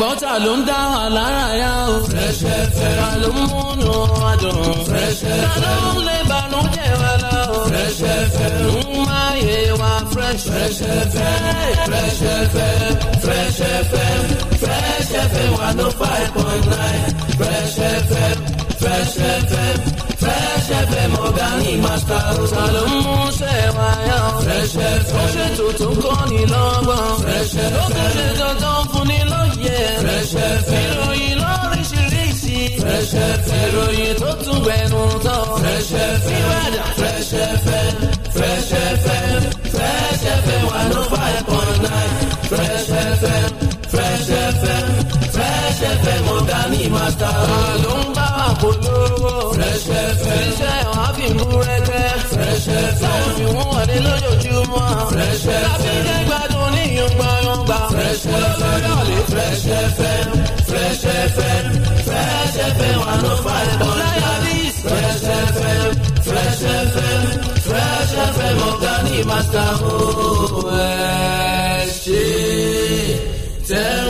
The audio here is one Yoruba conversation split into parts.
ẹ̀gbọ́n ta ló ń dá wa lára yá o. Fresh FM ta ló ń múnú wa dùn. Fresh FM ta ló ń lé ìbànújẹ́ wa lọ. Fresh FM ń máa yé wa. Fresh FM Fresh FM Fresh FM Fresh FM one oh five point nine Fresh FM Fresh FM ọ̀gáàní màsítà ta ló ń mú sẹ́wà yá o. fẹsẹ̀ fẹsẹ̀ tuntun kọ́ ni lọ́gbọ̀n. fẹsẹ̀ fẹsẹ̀ lókè ṣe dandan fún ni lóye. fẹsẹ̀ fẹsẹ̀ ìròyìn lóríṣiríṣi. fẹsẹ̀ fẹsẹ̀ ìròyìn tó tún gbẹnu tán. fẹsẹ̀ fẹsẹ̀ ìwádà fẹsẹ̀ fẹsẹ̀ fẹsẹ̀ fẹsẹ̀ wà ló five point nine. fẹsẹ̀ fẹsẹ̀ fẹsẹ̀ fẹsẹ̀ fẹsẹ̀ fẹsẹ̀ mọ̀gáàní màsítà. kì í mú rẹ́gẹ́. fẹsẹ̀ fẹ́ àwọn fi wọ́n wà ní lójoojúmọ́. fẹsẹ̀ fẹ́ lábí jẹ́ gbádùn ní yọ̀ngbàyọ̀ngbà. fẹsẹ̀ fẹ́ lọ́lẹ̀ fẹsẹ̀ fẹ́ fẹsẹ̀ fẹ́ fẹsẹ̀ fẹ́ wà ló fà ẹ̀ bọ̀ láyàlís. fẹsẹ̀ fẹ́ fẹsẹ̀ fẹ́ fẹsẹ̀ fẹ́ mọ̀gá ní màtàmú ẹ̀ ṣe tẹ́lẹ̀.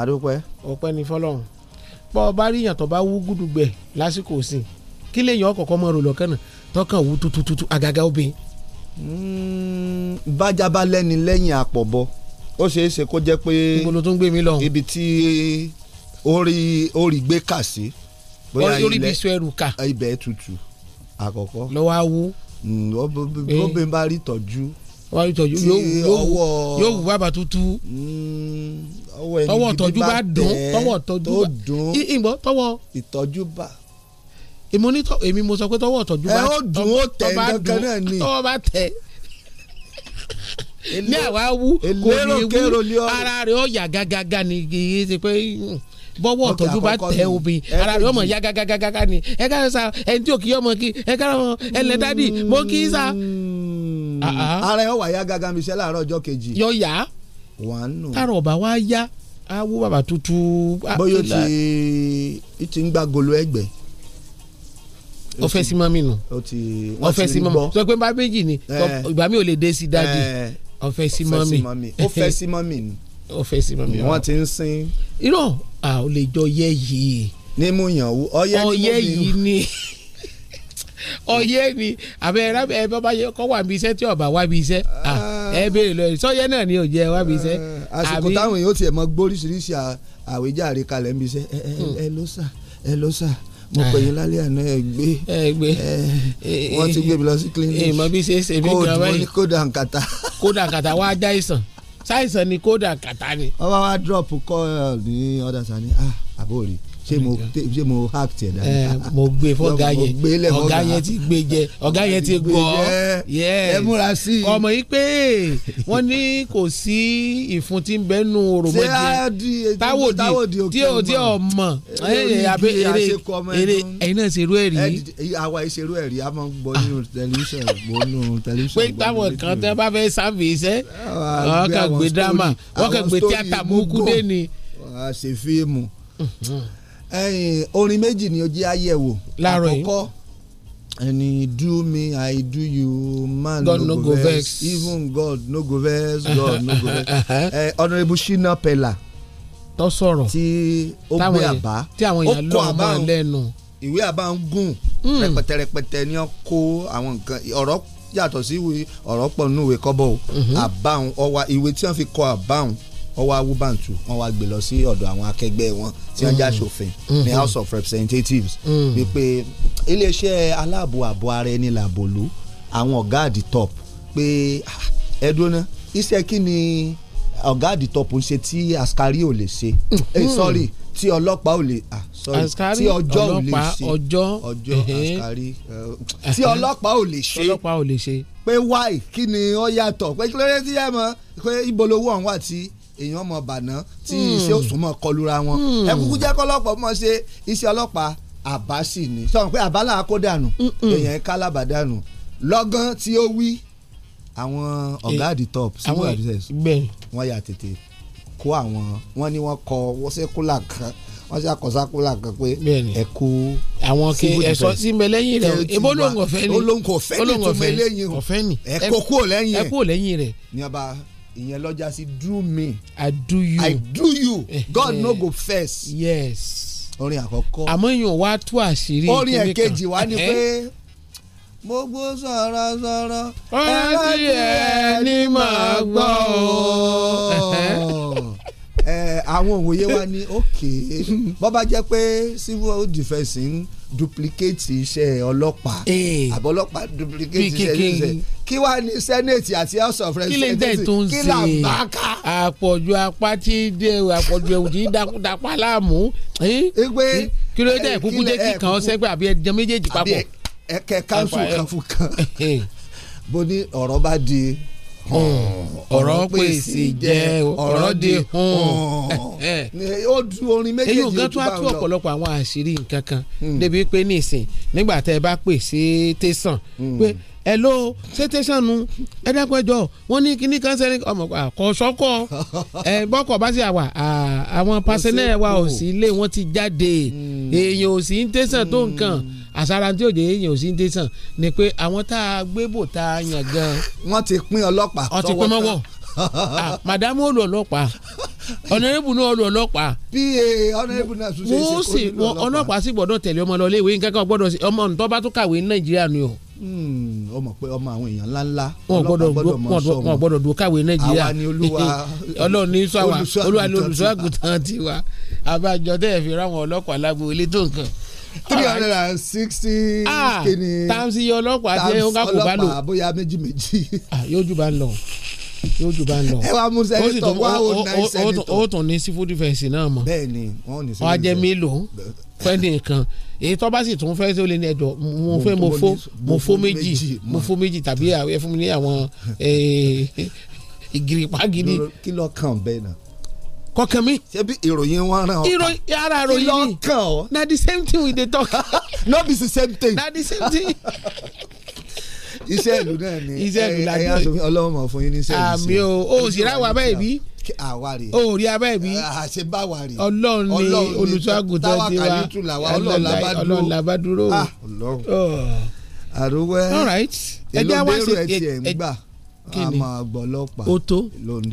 àdúpẹ́. ọpẹ́ ni fọlọ́run bọ́ ọ bá rí ìyàn tó bá wú gúdùgbẹ lásìkò òsìn kí lèèyàn ọkọ̀ọ̀kan mọ̀ ròlọ́ kànnà tọkàn wú tututu àgàgà obìnrin. Hmm, bájá bá lẹ́ni lẹ́yìn àpọ̀bọ ó ṣeé ṣe kó jẹ́ pé ibo ló tún gbé mi lọ ibi tí orí gbé kà sí. orí bí sọ ẹrù kà. Ah, ibẹ̀ tutù àkọ́kọ́. lọ́wọ́ á wú. Hmm, eh. obìnrin bá rí tọ́jú. wọ́n rí tọ́jú yóò wú bàbá tútù tọwọ́ tọ́jú bá dùn tọwọ́ tọ́jú bá dùn ìgbọ́ tọwọ́ ìtọ́jú bá èmi ní èmi mo sọ pé tọwọ́ tọ́jú bá ẹ ó dùn ó tẹ nǹkan náà ni tọwọ́ bá tẹ ní àwa wú kò ní wú ara rẹ̀ ó yà gágágá ni kì ṣe pé hmm, bọ́wọ́ ọ̀tọ́jú bá tẹ obìnrin ara rẹ̀ ọmọ ya gágágágá ni ẹ káàárọ̀ sa ẹni tí ò kí ọmọ kí ẹ káàárọ̀ ọmọ ẹlẹ́ dádì mo kí sa. Hmm. Ah, ah. ara ẹ̀ wà ya gágá mi ṣe láàárọ̀ ọjọ́ kejì. yọ ya. wàá nù. tààrọ̀ ọba wa ya awo bàbá tútù. bóyá ti ti ń gba golo ẹgbẹ. ọfẹ sí mami nù ọfẹ sí mami sọ pé bá méjì ni eh. ìgbà mi ò lè dé sí eh. dáàdi ọfẹ sí mami ọfẹ sí mami ni ọfẹ sí mami. wọn ti ń sin. irọ́ a ò lè jọ yẹ yìí. ní mu yàn ọyẹ ni mo mi. ọyẹ yìí ni. ọyẹ ni àbẹ ẹ bá bá yẹ kọ wà bí iṣẹ́ tí ọba wà bí iṣẹ́ ẹ béèrè lọ ẹ sọyẹ náà ni ò jẹ wà bí iṣẹ́. àsìkò táwọn èèyàn tiẹ̀ mọ gbóríṣiríṣi àwéjáre kalẹ̀ ń bí iṣẹ́ hmm. ẹ ló sà ẹ ló sà mo pè yín lálẹ́ àná ẹ gbé ẹ gbé wọ́n ti gbé mi lọ sí clinic ìmọ̀ bí ṣe ṣe mí gan báyìí kódà nkàtà kódà nkàtà wá já ìsàn ṣáìsàn ni kódà nkàtà ni. wọ́n bá wá drop call ní ọ̀dà sani ah àbórí ṣé mo ṣé mo act ẹ̀ dáadáa. Eh, mo gbé fọ́gá yẹn ọ̀gá yẹn ti gbé jẹ ọ̀gá yẹn ti gọ̀ ẹ múra sí i. ọmọ yìí pé wọ́n ní kò sí ìfun tí ń bẹ nù òròmọdé táwòdì tí ò tí ò mọ̀ àbẹ eh, eré eré ẹ̀yin náà ṣerú ẹ̀ rí. àwa ìṣerú ẹ̀ rí a máa ń gbọ́ nínú tẹlifíṣàn gbọ́ nínú tẹlifíṣàn. pé táwọn kan tẹ́ bá fẹ́ sáfì iṣẹ́ wọ́n kàn gbé drama wọ́n kàn gbé tíátà mú kúdé ni. wọ́n á ṣe fíìmù. Mm-hmm orin méjì ni o jẹ́ àyẹ̀wò àkọ́kọ́ ẹni do me i do you man god no, go vex. even god no go vex god no go vex. ẹ honourable shina pella. tó sọ̀rọ̀ tí ó gbé àbá ó kọ àbá lẹ́nu. ìwé àbá ń gùn hmm. rẹpẹtẹ rẹpẹtẹ ni ó kó àwọn nǹkan ọ̀rọ̀ yàtọ̀ sí ọ̀rọ̀ pọ̀ nínú ìwé kọ́bọ̀ o mhm. àbá òun ọwa ìwé tí wọ́n fi kọ àbá òun wọ́n wá wúbàǹtù wọ́n wá gbé lọ sí ọ̀dọ̀ àwọn akẹgbẹ́ wọn tí wọ́n já mm. ṣòfin mm-hmm. ní house of representatives mm. wípé iléeṣẹ́ aláàbò àbọ̀ ara ẹni làbòlú àwọn ọ̀gá àdì top pé ah, ẹ̀dùn náà iṣẹ́ kí ni ọ̀gá àdì top ń ṣe tí askari ò lè ṣe mm-hmm. eh, sorry tí ọlọ́pàá ò lè ah sorry tí ọjọ́ ò lè ṣe ọjọ́ ọjọ́ eh, eh. askari tí ọlọ́pàá ò lè ṣe ọlọ́pàá ò lè ṣe pé why kí ni ó yàtọ̀ pé kí ló dé tí yẹ mọ́ pé ibo ọ̀hún wà tí èèyàn mọ̀ bàná tí hmm. iṣẹ́ òsùn mọ̀ kọlura wọn hmm. ẹ kúkú jẹ́ kọ́lọ́pọ̀ mọ̀ ṣe iṣẹ́ ọlọ́pàá àbá sì ni sọ̀rọ̀ pé àbá làá èèyàn kálábà dànù lọ́gán tí ó wí àwọn ọ̀gá eh, àdì top civil service wọ́n yà tètè kó àwọn wọ́n ní wọ́n kọ wọ́n ṣe kúlà kan wọ́n ṣe àkọsákúlà kan pé ẹ kó àwọn kí ẹ̀sọ́ sí mi lẹ́yìn rẹ̀ ebó lóhùn ọ̀fẹ́ ni olóhùn ọ̀fẹ́ ni tùmọ̀ lẹ́yìn ẹ kó kúrò lẹ́yìn rẹ̀ ni ọba ìyẹn lọ́jà sí do me. I do you. I do you. Eh, God no eh. go first. yes. orin àkọ́kọ́. àmọ́ èèyàn wá tú àṣírí. orin ẹ̀kejì wá ni eh, pé gbogbo sọ̀rọ̀ sọ̀rọ̀ ẹ̀rọ tiẹ̀ ni màá gbọ́ o. àwọn òwòye wa ni ok bó bá jẹ́ pé civil defence ń duplicate iṣẹ́ ọlọ́pàá àbọ̀ ọlọ́pàá duplicate iṣẹ́ iṣẹ́ kí wàá ní senate àti house of representatives kí là ń bá ká. àpọ̀jù apá tí dé àpọ̀jù ẹ̀wù tí dapá láàmú. kí ló dé kúkú jẹ́ kí kàn ọ́ sẹ́gbẹ́ àbí ẹ̀jẹ̀ méjèèjì papọ̀. ẹ̀kẹ́ kanṣu kan fún kan bó ní ọ̀rọ̀ bá di ọ̀rọ̀ pèsè jẹ́ ọ̀rọ̀ de ó du orin méjèèjì èyí ògán tún á tú ọ̀pọ̀lọpọ̀ àwọn àṣírí nǹkan kan hmm. débi pé nísìn nígbà tẹ́ ẹ bá pèsè tẹ̀sán hmm. pé ẹ ló ṣe tẹ̀sán nu ẹ dákọ̀jọ wọ́n ní kíní kan sẹ́ni ọmọ àkọ́sọ́kọ́ ẹ bọ́kọ̀ bá sì wà àwọn pàṣẹ náà wà ò sí ilé wọn ti jáde hmm. èèyàn ò sí ń tẹ̀sán tó nǹkan àsára tí òjò yẹn ò sí ń ni pé àwọn tá a gbé bò tá a yàn gan. wọ́n ti pín ọlọ́pàá tọwọ́ tán ọtí pín mọ́wọ́ màdámù olú ọlọ́pàá ọ̀nàrẹ́bù náà olú ọlọ́pàá. pa ọ̀nàrẹ́bù náà tún ṣe é ṣe kó olú ọlọ́pàá. ọlọ́pàá sì gbọ́dọ̀ tẹ̀lé ọmọ lọ léèwé nǹkan kan gbọ́dọ̀ sí ọmọ ntọ́ bá tún kàwé ní nàìjíríà ni o. ó hmm, mọ̀ pé ọmọ àwọn èèyàn ńláńlá ọlọ́pàá gbọ́dọ̀ wọn. wọn gbọ́dọ̀ kàwé nàìjíríà àwa ni olúwa ọlọ́run ní sọ àwa olúwa ni olùṣọ́ àgùntàn tiwa àbájọ tẹ́ẹ̀ fi ráwọn ọlọ́pàá lágbo ilé tó nǹkan three hundred and sixty ah, kini times iye ọlọ́pàá àti ẹ̀yọ́ kákò bá lò bóyá méjì méjì. Ah, yóò jù bá ń lọ yóò jù bá ń lọ. ẹ wá mú sẹ́nitọ̀ wá ó náà sẹ́nitọ̀. ó tún ní civil defence náà mọ̀. bẹ́ẹ̀ni wọn ò ní civil defence. ọjẹ mélòó fẹ́ni nǹkan èyí tó bá sì tún fẹ́ tó lé ní ẹjọ́ mo fẹ́ mo fó mo fó méjì mo fó méjì tàbí ẹ fún mi ní àwọn ìgìrìpá gidi. kí ló kàn bẹ́ẹ̀ náà kọkàn mi. ṣebí ìròyìn wọn ràn ọ. ìròyìn ara ìròyìn mi ìlọkàn ọ. na the same thing we dey talk. no be the same thing. na the same thing. iṣẹ́ ìlú náà ni iṣẹ́ ìlú lajọ ẹ̀yà sọ ọlọ́run mọ̀ fún yín ní iṣẹ́ ìlú sí. àmì o ò sì ráwà bẹ́ẹ̀ bí. àwa rè. o rí abẹ́ bí. àṣẹ bá wa rè. ọlọ́run ni olùṣọ́àgùtàn ti wa ọlọ́run làbá dúró. ọlọ́run àròwẹ́ èlò bẹ́rù ẹ̀ tiẹ̀ ń gbà a máa gbọ́ ọlọ́pàá ó tó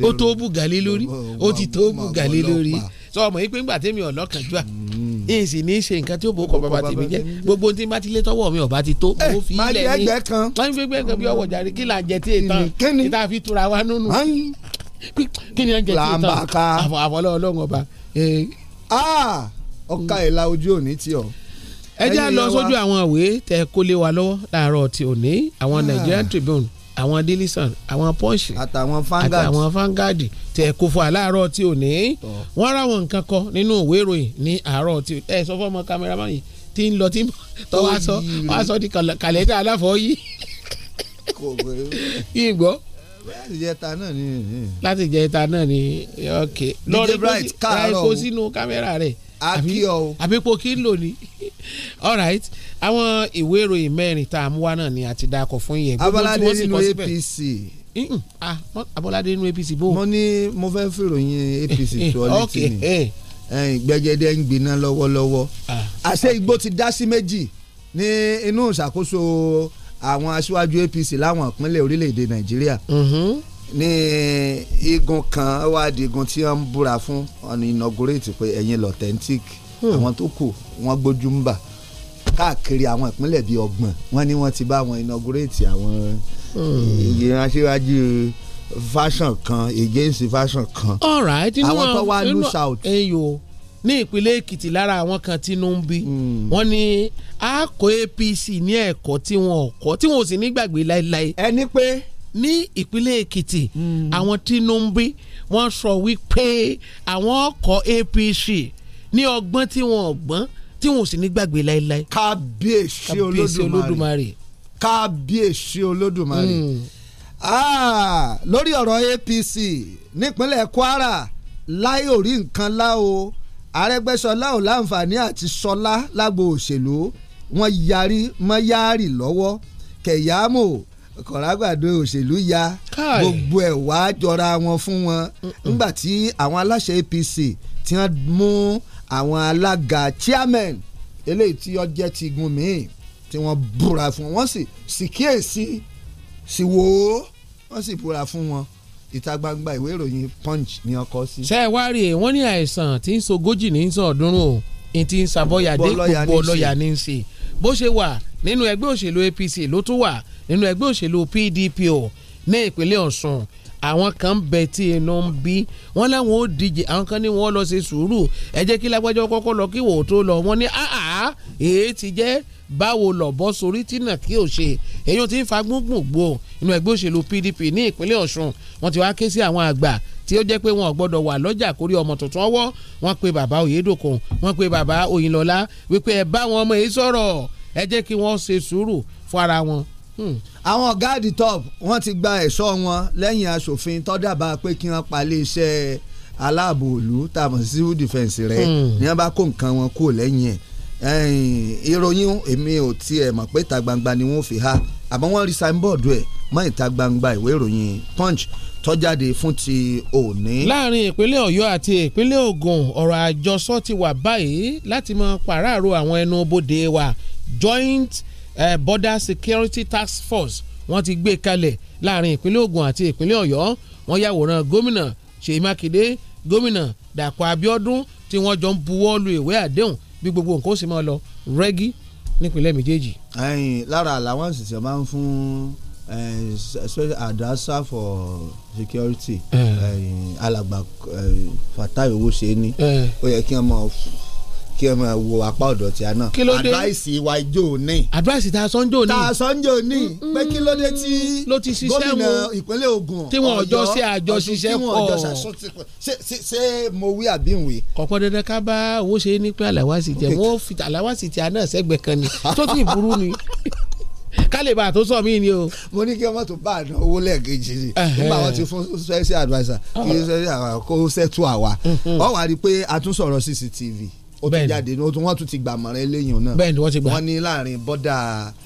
ó tó bùgàlé lórí ó ti tó bùgàlé lórí sọ ọmọ yìí pé ńgbà tẹ́mi ọ̀lọ́kàn jù à èyí mm. sì ní í ṣe nǹkan tí ó bò kọ bàbá tèmi jẹ gbogbo tí n bá ti lé tọwọ́ mi ọba ti tó eh, owó fi ilẹ̀ ní wọ́n fi gbẹ́ kan bí ọwọ́ jàre kí la ń jẹ tí ètàn ìta fi tura wa nínú kí ni à jẹ tí ètàn àfọlọ́ ọlọ́run ọba. Eh. ọkà mm. ìlà ojú òní tí ọ. ẹ jẹ́ lọ sójú àwọn ìwé tẹ kólé wa lọ́wọ́ láàárọ̀ tí òní àwọn ah. Nigerian Tribune àwọn Daily Sun àwọn Punch àtàwọn Vanguard àtàwọn Vanguard tẹ kó fún aláàárọ̀ tí ò ní. wọ́n ráwọn nǹkan kọ nínú ìwé ìròyìn ní àárọ̀ tí ẹ sọ fún ọmọ kámẹ́rámà yìí tí ń lọ tí tọ́ wá sọ wá sọ di kàlẹ́tà aláfọ̀ọ́yí. kò gbé. yìí gbọ́ láti jẹta náà ni. láti jẹta náà ni ok. lórí bright káàárọ̀ o láì kó sínú kámẹ́rà rẹ̀. a kí ọ o. àbí po kí n lò ní. all right àwọn ìwé ìròyìn mẹ́rin tá a mú wá náà ni àti dakọ̀ fún yẹn. abolade nínú APC. Ah, abolade nínú APC bó. mo ní mo fẹ́ fìròyìn APC tó eh, ọ létí ni eh. gbẹgẹdẹ ń gbiná lọ́wọ́lọ́wọ́ ah, àṣẹ igbó ti dá sí méjì ní inú ìṣàkóso àwọn aṣáájú APC láwọn ìpínlẹ̀ orílẹ̀-èdè Nàìjíríà mm-hmm. ní igun kan wá di igun tí wọ́n ń búra fún ọ̀nà inaugurate pé ẹ̀yin lọ́tẹ́ntíkì hmm. àwọn tó kù wọ́n gbójú ń bà káàkiri àwọn ìpínlẹ̀ bíi ọgbọ̀n wọ́n ní wọ́n ti bá wọn inaugurate àwọn hmm. ìgbìmọ̀ fashion kan against fashion kan. all right inú àwọn tó wá loose out. eyo ní ìpínlẹ̀ Èkìtì lára àwọn kan tí inú ń bí hmm. wọ́n ní a kó APC ní ẹ̀kọ́ tí wọn ò kọ́ tí wọn ò sì ní gbàgbé láéláé. ẹni pé ní ìpínlẹ̀ Èkìtì hmm. àwọn tí inú ń bí wọ́n sọ wípé àwọn ọkọ̀ APC ní ọgbọ́n tí wọn ò gbọ́n tí wọn ò sì ní gbàgbé láéláé. kábíyèsí olódùmarè kábíyèsí olódùmarè hmm. ah, lórí ọ̀rọ̀ APC nípínlẹ̀ Kwara láì ò rí nǹkan lá o Arẹ́gbẹ́ṣọlá ò láǹfààní àti Ṣọlá lágbo òṣèlú wọn yarí mọ́ yáàrì lọ́wọ́ kẹ̀yàmó kọ̀rágbàdo òṣèlú ya gbogbo ẹ̀ wá jọra wọn fún wọn nígbà tí àwọn aláṣẹ APC ti hàn mú àwọn alága chairman eléyìí tí ó jẹ́ ti gun míì tí wọ́n búra fún wọ́n sì sì kíyèsí sì wò ó wọ́n sì búra fún wọn ìta gbangba ìwé ìròyìn punch ni ọkọ sí. ṣé ẹ wá rí i wọ́n ní àìsàn tí ń sogójì ní sọ̀ọ́dúnrún o ní ti ń sàbọ̀yàdé gbogbo ọlọ́yà ní í ṣe bó ṣe wà nínú ẹgbẹ́ òṣèlú APC ló tún wà nínú ẹgbẹ́ òṣèlú PDP o ní ìpínlẹ̀ Ọ̀ṣun àwọn kan bẹ tí inú ń bí wọn láwọn ó díje àwọn kan ní wọn lọ ṣe sùúrù ẹ jẹ́ kí lágbájá kọ́kọ́ lọ kí wò ó tó lọ wọn ní àá èé ti jẹ́ báwo lọ bọ́ sórí tí náà kí o ṣe èyí tí ń fa gbùngbùn gbò inú ẹgbẹ́ òṣèlú PDP ní ìpínlẹ̀ Ọ̀ṣun wọn ti wá ké sí àwọn àgbà tí ó jẹ́ pé wọn ò gbọ́dọ̀ wà lọ́jà kórí ọmọ tuntun ọwọ́ wọn pe bàbá Oyèdòkun wọn pe bàbá Oyinlọ́lá wípé ẹ bá wọn ọmọ yìí sọ̀rọ̀ ẹ jẹ́ kí wọ́n ṣe sùúrù fún ara wọn Hmm. àwọn gáàdì top wọ́n ti gba ẹ̀ṣọ́ wọn lẹ́yìn aṣòfin tọ́dàbà pé kí wọ́n palẹ̀ iṣẹ́ aláàbò òlu tàbí civil defence rẹ̀ hmm. ní wọ́n bá kó nǹkan wọn kó lẹ́yìn ẹ̀ ìròyìn èmi ò tiẹ̀ mọ̀ pé ta gbangba ni wọ́n fi há àmọ́ wọ́n rí signboard ẹ̀ mọ́ ìta gbangba ìwé ìròyìn punch tọ́jáde fún ti òní. láàrin ìpínlẹ̀ ọ̀yọ́ àti ìpínlẹ̀ ògùn ọ̀rọ̀ àjọsọ ti wà báyìí láti mọ pàráàrò àwọn ẹnu bodè wa joint eh, border security task force wọ́n ti gbé kalẹ̀ láàrin ìpínlẹ̀ Ògùn àti ìpínlẹ̀ Ọ̀yọ́ wọ́n yàwòrán gómìnà Ṣèyí Mákindé gómìnà Dàpọ̀ Abíọ́dún tí wọ́n jọ ń buwọ́ lu ìwé àdéhùn bí gbogbo nǹkan ó sì máa lọ rẹ́gí nípínlẹ̀ méjèèjì. lára àláwọ̀ ṣiṣẹ́ máa ń fún àdásá for security eh. alàgbà Fatai Owóṣeni eh. ó yẹ kí wọ́n máa kí ẹ máa wo apá ọ̀dọ̀ tí a náà kí ló dé advice wa jò ní. advice ta sọ́njò ní. ta sọ́njò ní pé kí ló dé tí gómìnà ìpínlẹ̀ Ògùn tí wọn ọjọ́ sí àjọṣiṣẹ́ pọ̀. ṣé mo wí àbí n wí. kọ̀pọ̀ dandan ká bá owó ṣe ní pé aláwàsí tẹ wọ́n fi aláwàsí tí a náà sẹ́gbẹ̀ẹ́ kan ni tó ti burú ni kálíbà tó sọ mí ni o. mo ní kí ọmọ tó bá àná owó lẹ́ẹ̀kejì ni nígbà wọn ti fún special adviser kí special kó ṣètò àwa ó mm-hmm. wá rí i pé a tún sọ̀rọ̀ CCTV ó ti jáde wọ́n tún ti gbà mọ̀ràn eléyìí náà bẹ́ẹ̀ ni wọ́n ti gbà wọ́n ní láàrin bọ́dà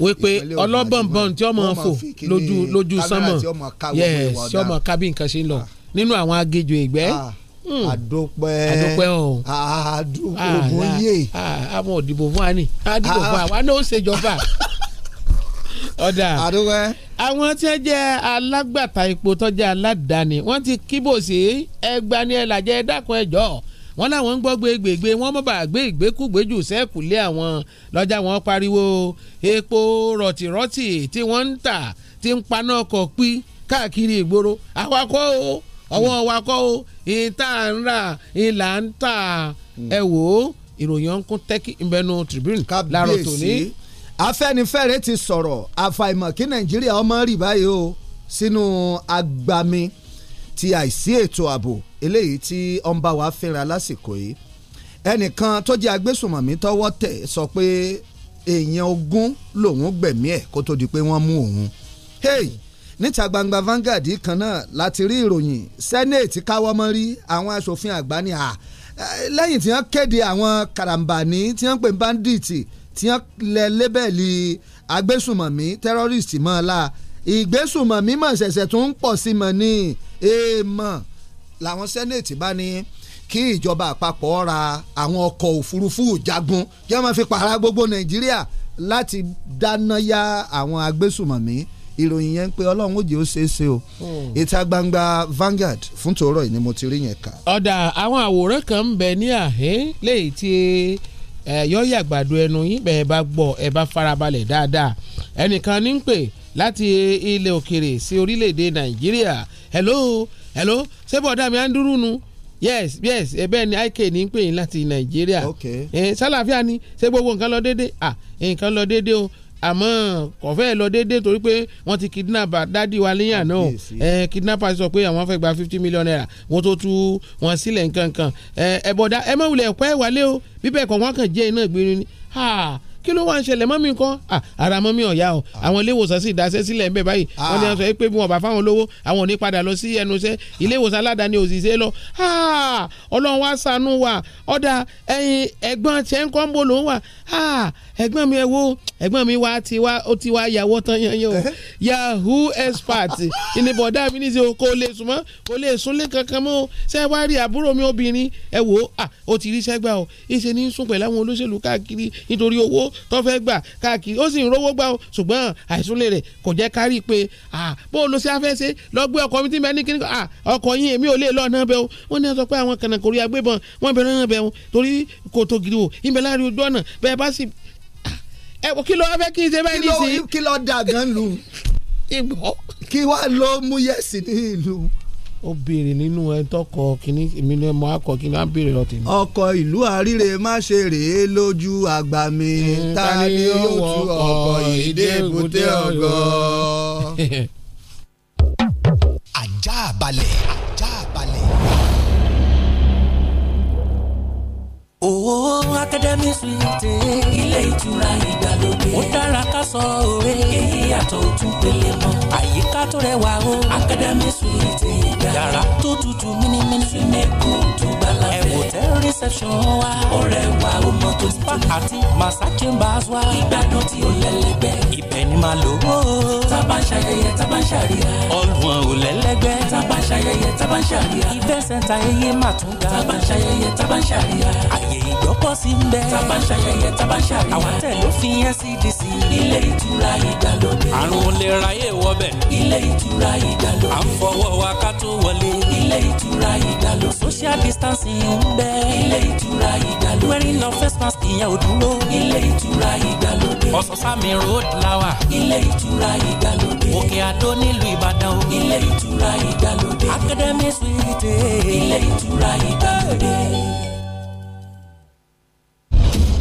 wípé ọlọ́bọ̀nbọ̀n tí ọmọ fò lójú lójú sánmọ̀ yẹ́ẹ̀ ọmọ kábí nǹkan ṣe ń lọ ah. nínú àwọn agéjò ìgbẹ́ ah, hmm. àdópẹ́ àdópẹ́ o ah, àdópẹ́ oyè àwọn òdìbò fún wa ni àdìbò fún wa wa ni ó ṣèjọba ọ̀dà àwọn tí wọ́n jẹ́ alágbàtà epo tó aládàáni wọ́n ti kíbòsí ẹgbani ẹ̀làjẹ́ dákun ẹ̀jọ́ wọ́n láwọn ń gbọ́ gbégbègbè wọ́n mọ̀ bá gbé ìgbékúgbé jù sẹ́ẹ̀kùlé àwọn lọ́jà wọn pariwo epo rọ̀tìrọ̀tì tí wọ́n ń tà tí ń paná ọkọ̀ pí káàkiri ìgboro awakọ̀ o ọwọ́ awakọ̀ o ìta ń rà ìlà ń tà hmm. ẹ wò ó ìròyìn ọ̀nkún tẹ́kì ìbẹnu Tribune láàárọ̀ tòní. Afẹ́nifẹ́re ti sọ̀rọ̀ àfàìmọ̀ kí Nàìjíríà ọmọ rì báyìí o sínú agbami ti àìsí ètò ààbò eléyìí tí ó ń bá wa fínra lásìkò yìí ẹnìkan tó jẹ́ agbésùnmọ̀mí tọ́wọ́ tẹ̀ sọ pé èèyàn ogún lòun gbẹ̀mí ẹ̀ kó tó di pé wọ́n mú òun hey níta gbangba Vanguard kan náà láti rí ìròyìn senate káwọ́ mọ́ rí àwọn asòfin àgbà ni à lẹ́yìn tí wọ́n kéde àwọn karambani tí wọ́n pè bandit tí wọ́n lẹ lébẹ̀lì agbésùnmọ̀mí terrorist mọ́ la ìgbésùnmọ̀mí mọ̀ ṣẹ̀ṣẹ̀ tó ń pọ̀ sí mọ̀ ní èèmọ̀. E, làwọn sẹ́nẹ̀tì bá ní kí ìjọba àpapọ̀ ra àwọn ọkọ̀ òfurufú jagun kí wọ́n máa fi pààrà gbogbo nàìjíríà láti dáná ya àwọn agbésùmọ̀mí ìròyìn yẹn ń pe ọlọ́run òjì ó ṣeé o hmm. ìta gbangba Vanguard fún tòórọ́ yìí ni mo ti rí yẹn kà. ọ̀dà àwọn àwòrán kan ń bẹ ní àhẹ́ léyìí tí yọ̀ọ́yì àgbàdo ẹnu yín bẹ́ẹ̀ bá gbọ́ ẹ bá farabalẹ̀ dáadáa ẹnìkan ní ń pè láti ilẹ̀ òkèrè sí orílẹ̀-èdè Nàìjíríà hello hello ṣé bọ̀dá mi andrew nu yes yes eh, ẹ̀bẹ̀ ni ik ní pè yín láti nàìjíríà sálàáfíà eh, ni ṣé gbogbo nǹkan lọ déédé ah nǹkan lọ déédé o àmọ́ kò fẹ́ lọ déédé torí pé wọ́n ti kidnap dádì wa léyàn náà ẹ kidnapper sọ pé àwọn fẹ́ fifty million naira wọ́n tó tú wọn sílẹ̀ nǹkan kan eh, ẹ bọ̀dá ẹ má o bíbẹ̀ kọ̀ wọ́n kàn jẹ́ iná gbinrin ni kí ló wà ń ṣẹlẹ̀ mọ́mí nǹkan ara mọ́mí ọ̀yá o ah. àwọn ilé ìwòsàn sì dáṣẹ́ sílẹ̀ ń bẹ̀ báyìí wọ́n ti ah. sọ pé bí wọ́n bá fáwọn lówó àwọn ò ní padà lọ sí ẹnu iṣẹ́ ilé ìwòsàn aládàáni òṣìṣẹ́ lọ ah! ọlọ́run wá ṣàánú wa ọ̀dà ẹ̀yin ẹ̀gbọ́n tiẹ̀ ń kọ́ ń bò ló wà ẹ̀gbọ́n mi ẹ̀ wo ẹ̀gbọ́n mi wa ti wa ó ti wa yàwọ́ tán yanyan o yahoo expert ìnìbọ̀dá mi ní ṣe kò lè sùnmọ́ kò lè súnlé kankan mọ́ o ṣé wàá rí àbúrò mi obìnrin ẹ̀ wò ó ti rí sẹ́gbà o ìṣe ní sùn pẹ̀lú àwọn olóṣèlú káàkiri nítorí owó tó fẹ́ gbà káàkiri ó sì ń rówó gbà ó ṣùgbọ́n àìsúnlé rẹ̀ kò jẹ́ ká rí i pé bó ló ṣe afẹ́ ṣe lọ́gbẹ́ ọkọ̀ mi tí mẹ́ni kí ọkọ̀ yín èmi ò lè lọ náà bẹ́ẹ̀ o wọ́n ní sọ pé àwọn kànáńkórí agbébọn wọ́n bẹ̀rẹ̀ náà bẹ́ẹ̀ o torí kò tó gidi o ìbẹ̀ láàrin ojú ọ̀nà bẹ́ẹ̀ bá sì ẹ kí ló fẹ́ kí n ṣe báyìí nísìnyí. kí ló dà gan lu. ìgbọ́. kí wàá lọ mú yẹ̀sì ó béèrè nínú ẹ tọkọ kínní èmi ni mo akọ kínní á béèrè lọ tèmi. ọkọ̀ ìlú àríre má ṣe rèé lójú àgbà mi ta ni yóò tu ọkọ̀ ìdè èbúté ọgọ́. ajá balẹ̀ ajá balẹ̀. Owó Akademi Suite. Ilé ìtura ìgbàlódé. Ó dára ká sọ òwe. Èyí yàtọ̀ ojú pele mọ́. Àyíká tó rẹwà o. Akademi Suite ìgbà. Yàrá tó tutù mímímí. Súnmẹ́kù tó gbàlá fẹ́. Hotel reception wa. Ọ̀rẹ́ wa ó mọ tó ti tó. Àti Massa Chambers wa. Ìgbádùn tí ó lẹ́lẹ́gbẹ́. Ibẹ̀ ni màá lò ó. Tábà ń ṣayẹyẹ, tábà Ọlùwọ̀n ò lẹ́lẹ́gbẹ́. Tábà ń Ìfẹsẹ̀ta ẹyẹ mà tún ga ààyè ìgbọ́kọ̀sí ń bẹ. tá a bá ń ṣayẹyẹ tá a bá ń ṣàríyá. àwọn tẹ̀ ló fi NCDC. E ilé ìtura ìdàlódé. àrùn olè ráyè wọbẹ̀. ilé ìtura ìdàlódé. à ń fọwọ́ wa ká tó wọlé. ilé ìtura ìdàlódé. social distancing ń bẹ. ilé ìtura ìdàlódé. wearing no face mask ìyẹn ò dúró. ilé ìtura ìdàlódé. ọ̀sán-sámi road lawa. ilé ìtura ìdàlódé. òkè àdó nílùú ìbàdàn o. ilé ìtura ìdàlódé. academy suite. ilé ìtura ìdàlódé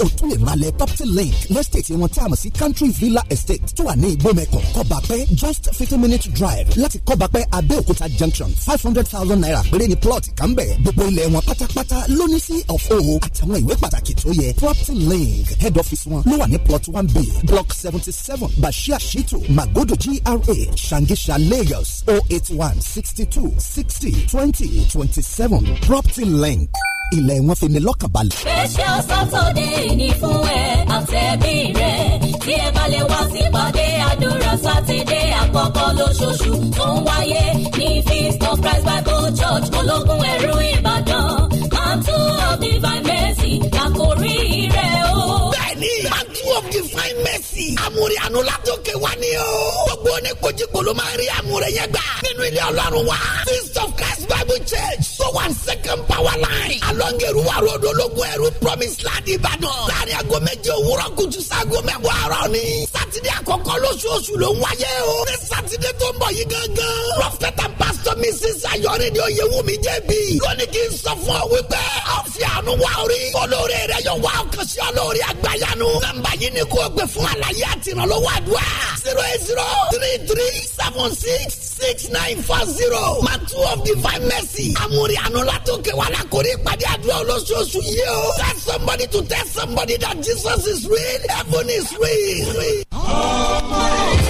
o tún lè property link lọ́sítẹ̀tì wọn tí a mọ̀ sí country villa estate tó wà ní ìgbọ́mẹ̀kọ̀ kọ́bàpẹ́ just fifty minute drive láti kọ́bàpẹ́ abẹ́òkúta junction five hundred thousand naira péré ni plot kan bẹ̀ gbogbo ilẹ̀ wọn pátápátá ló sí of o àtàwọn ìwé pàtàkì tó yẹ property link head office wọn ló wà ní plot one b block seventy seven bashir shitu magodo gra shangisha lagos oh eight one sixty two sixty twenty twenty seven property link ilẹ̀ wọn fi ni lọ́kàn balẹ̀. special saturday ni fún ẹ àtẹ̀bí rẹ tí ẹ bá lè wá sípàdé àdúrà sátidé àkọ́kọ́ lóṣooṣù tó ń wáyé ní feast of christ bible church ológun ẹ̀rú ìbàdàn mantle of divine mercy làkórí rẹ̀ o. bẹ́ẹ̀ni mantle of divine mercy amúre àánú wá ni o. gbogbo oníkojúkò ló máa rí amúre gbà nínú ilé ọlọ́run wa feast of christ bible church tó wà second power line along Eruwa road ológun ẹrú promise land Ìbàdàn láàrin aago méje òwúrọ̀ kùtù sago mẹ́wàá àárọ̀ ni sátidé àkọ́kọ́ lóṣooṣù ló ń wáyé o ní sátidé tó ń bọ̀ yìí gangan prophet and pastor mrs ayọ̀rẹ́dẹ́ oyèwùmí jẹ́bi lónìí kì í sọ fún ọ wípé ọ̀fi àánú wá orí olóore rẹ yóò wá ọkàn sí olóore àgbáyanu nọ́mbà yìí ni kò gbé fún àlàyé àtìrànlọ́wọ́ àdúrà zero eight zero three three seven six six nine four zero man two of divine mercy amúlẹ̀ lórí àánú wà lákòrí ìpàdé àdúrà olóṣooṣù yìí o. tell somebody to tell somebody that Jesus is real heaven is real. Oh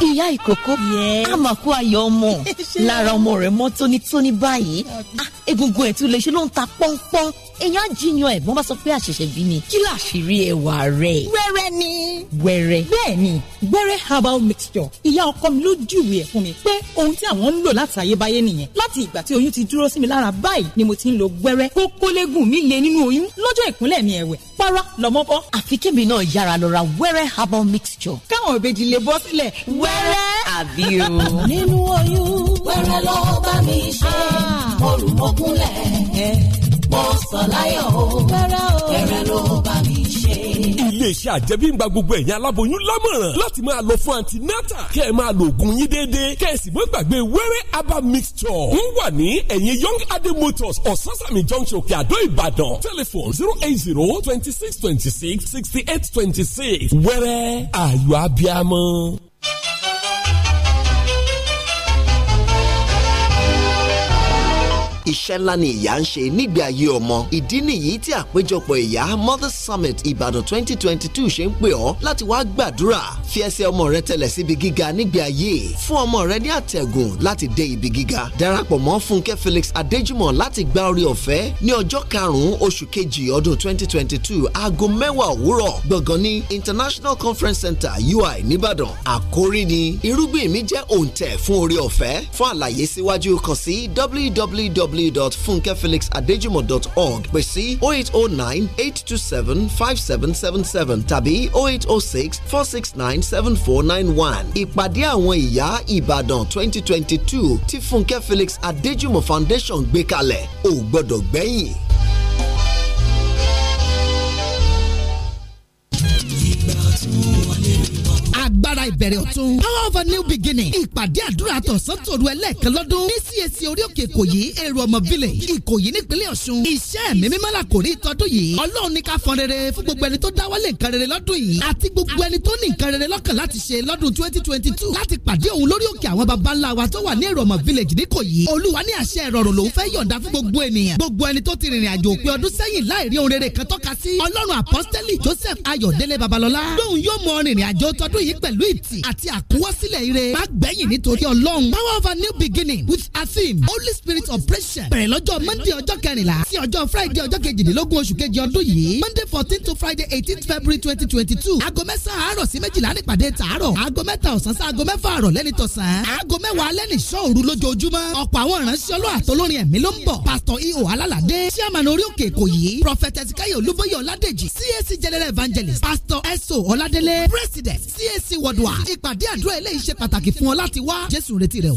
ìyá ìkókó amaku ayọ̀ ọmọ lára ọmọ rẹ̀ mọ́ tónítóní báyìí ah, egungun ẹ̀ tún lè ṣe ló ń ta pọ́npọ́n èèyàn jiyan ẹ̀gbọ́n bá sọ pé àṣẹ̀ṣẹ̀ bí ni kí láṣìírí ẹwà rẹ̀. wẹ́rẹ́ ni. wẹ́rẹ́. bẹ́ẹ̀ni wẹ́rẹ́ herbal mixture ìyá ọkọ mi ló júwèé ẹ̀ fún mi pé ohun tí àwọn ń lò láti àyébáyé nìyẹn láti ìgbà tí oyún ti dúró sí mi lára báyìí ni mo ti ń lo wẹ́rẹ́ kókólégùn mi lè nínú oyún lọ́jọ́ ìkúnlẹ̀ mi ẹ̀wẹ̀ para lọ́mọ bọ́. àfi kébì náà yára lọ ra wẹ́rẹ́ herbal mixture. káwọn òbejì lè bọ́ sílẹ̀ w wẹ́rẹ́ àbí o. nínú oyún wẹ́rẹ́ ló bá mi ṣe ah. mo rù mo kúnlẹ̀ eh. mo sọ láyọ̀ o wẹ́rẹ́ ló bá mi ṣe iléeṣẹ́ àjẹmíngba gbogbo ẹ̀yin aláboyún lámọ̀ràn láti máa lọ fún antinata kẹ́ ẹ̀ máa lo oògùn yín déédéé kẹ́ ẹ̀ sì mọ́ gbàgbé wẹ́rẹ́ herbal mixture ń wà ní ẹ̀yìn young adé motors ososani junction kíadó ìbàdàn telephone zero eight zero twenty six twenty six sixty eight twenty six wẹ́rẹ́ ayọ̀ abiamọ. iṣẹ́ ńlá ni ìyá ń ṣe nígbà ayé ọmọ ìdí nìyí tí àpéjọpọ̀ ìyá mother summit ìbàdàn 2022 twenty two ṣe ń pè ọ́ láti wá gbàdúrà fi ẹsẹ̀ ọmọ rẹ tẹ̀lẹ̀ síbi gíga nígbà ayé fún ọmọ rẹ ní àtẹ̀gùn láti dé ibi gíga darapọ̀ mọ́ fúnkẹ́ felix adéjúmọ̀ láti gba orí ọ̀fẹ́ ní ọjọ́ karùn-ún oṣù kejì ọdún twenty aago mẹ́wàá òwúrọ̀ gbọ̀ngàn ní international conference center ui nìbàdàn àkórí ni irúgbìn mi jẹ́ òǹtẹ̀ fún orí ọ̀fẹ́ fún àlàyé síwájú kàn sí www www.funkefelixadejumo.org pè sí 08098275777. 827 5777 tàbí 0806 469 7491. Ìpàdé àwọn ìyá Ìbàdàn 2022 tí Funke Felix Adejumo Foundation gbé kalẹ̀ ò gbọ́dọ̀ gbẹ̀yìn. ìgbà tó wọlé agbára ìbẹ̀rẹ̀ ọ̀tun power of a new beginning ìpàdé àdúrà tọ̀sán tòru ẹlẹ́ẹ̀kan lọ́dún ní CAC orí òkè ìkòyí èrò ọmọ village ìkòyí nípínlẹ̀ ọ̀ṣun iṣẹ́ mi mímọ́ la kò rí ìtọ́dún yìí ọlọ́run ní ká fọn rere fún gbogbo ẹni tó dáwọ́lé nǹkan rere lọ́dún yìí àti gbogbo ẹni tó ní nǹkan rere lọ́kàn láti ṣe lọ́dún twenty twenty two láti pàdé òun lórí village níkòyí olúwa ní àṣẹ ìrọ̀rùn lòún fẹ́ yọ̀ǹda fún gbogbo ènìyàn gbogbo ẹni tó ti rìnrìn àjò òpin ọdún sẹ́yìn láì rí ohun rere kan tọ́ka sí ọlọ́run àpọ́stẹ́lì joseph eléyìí pẹ̀lú ìtì àti àkúwọ́sílẹ̀ ire má gbẹ̀yìn nítorí ọlọ́run power of a new beginning with asim holy spirit operation bẹ̀rẹ̀ lọ́jọ́ monday ọjọ́ kẹrìnlá sí ọjọ́ friday ọjọ́ kejìdínlógún oṣù kejì ọdún yìí monday fourteen to friday eighteen february twenty twenty two aago mẹ́sàn-án àárọ̀ sí méjìlá nípàdé tààrọ̀ aago mẹ́ta ọ̀sán sí aago mẹ́fà àrọ̀ lẹ́ni tọ̀sán aago mẹ́wàá lẹ́ni ìṣọ́ òru lójoojúmọ́ ọ̀pọ̀ àwọn ìránṣẹ́ ọlọ́ àtolórin ẹ̀mí ló ń bọ̀ pásítọ̀ e prophet ezekiel olúbóyè ọládèjì cac general evangelist pastor eso ọládélé president CAC Worldwide. Ìpàdé àdúrà eléyìí ṣe pàtàkì fún ọ láti wá. Jésù retí rẹ o.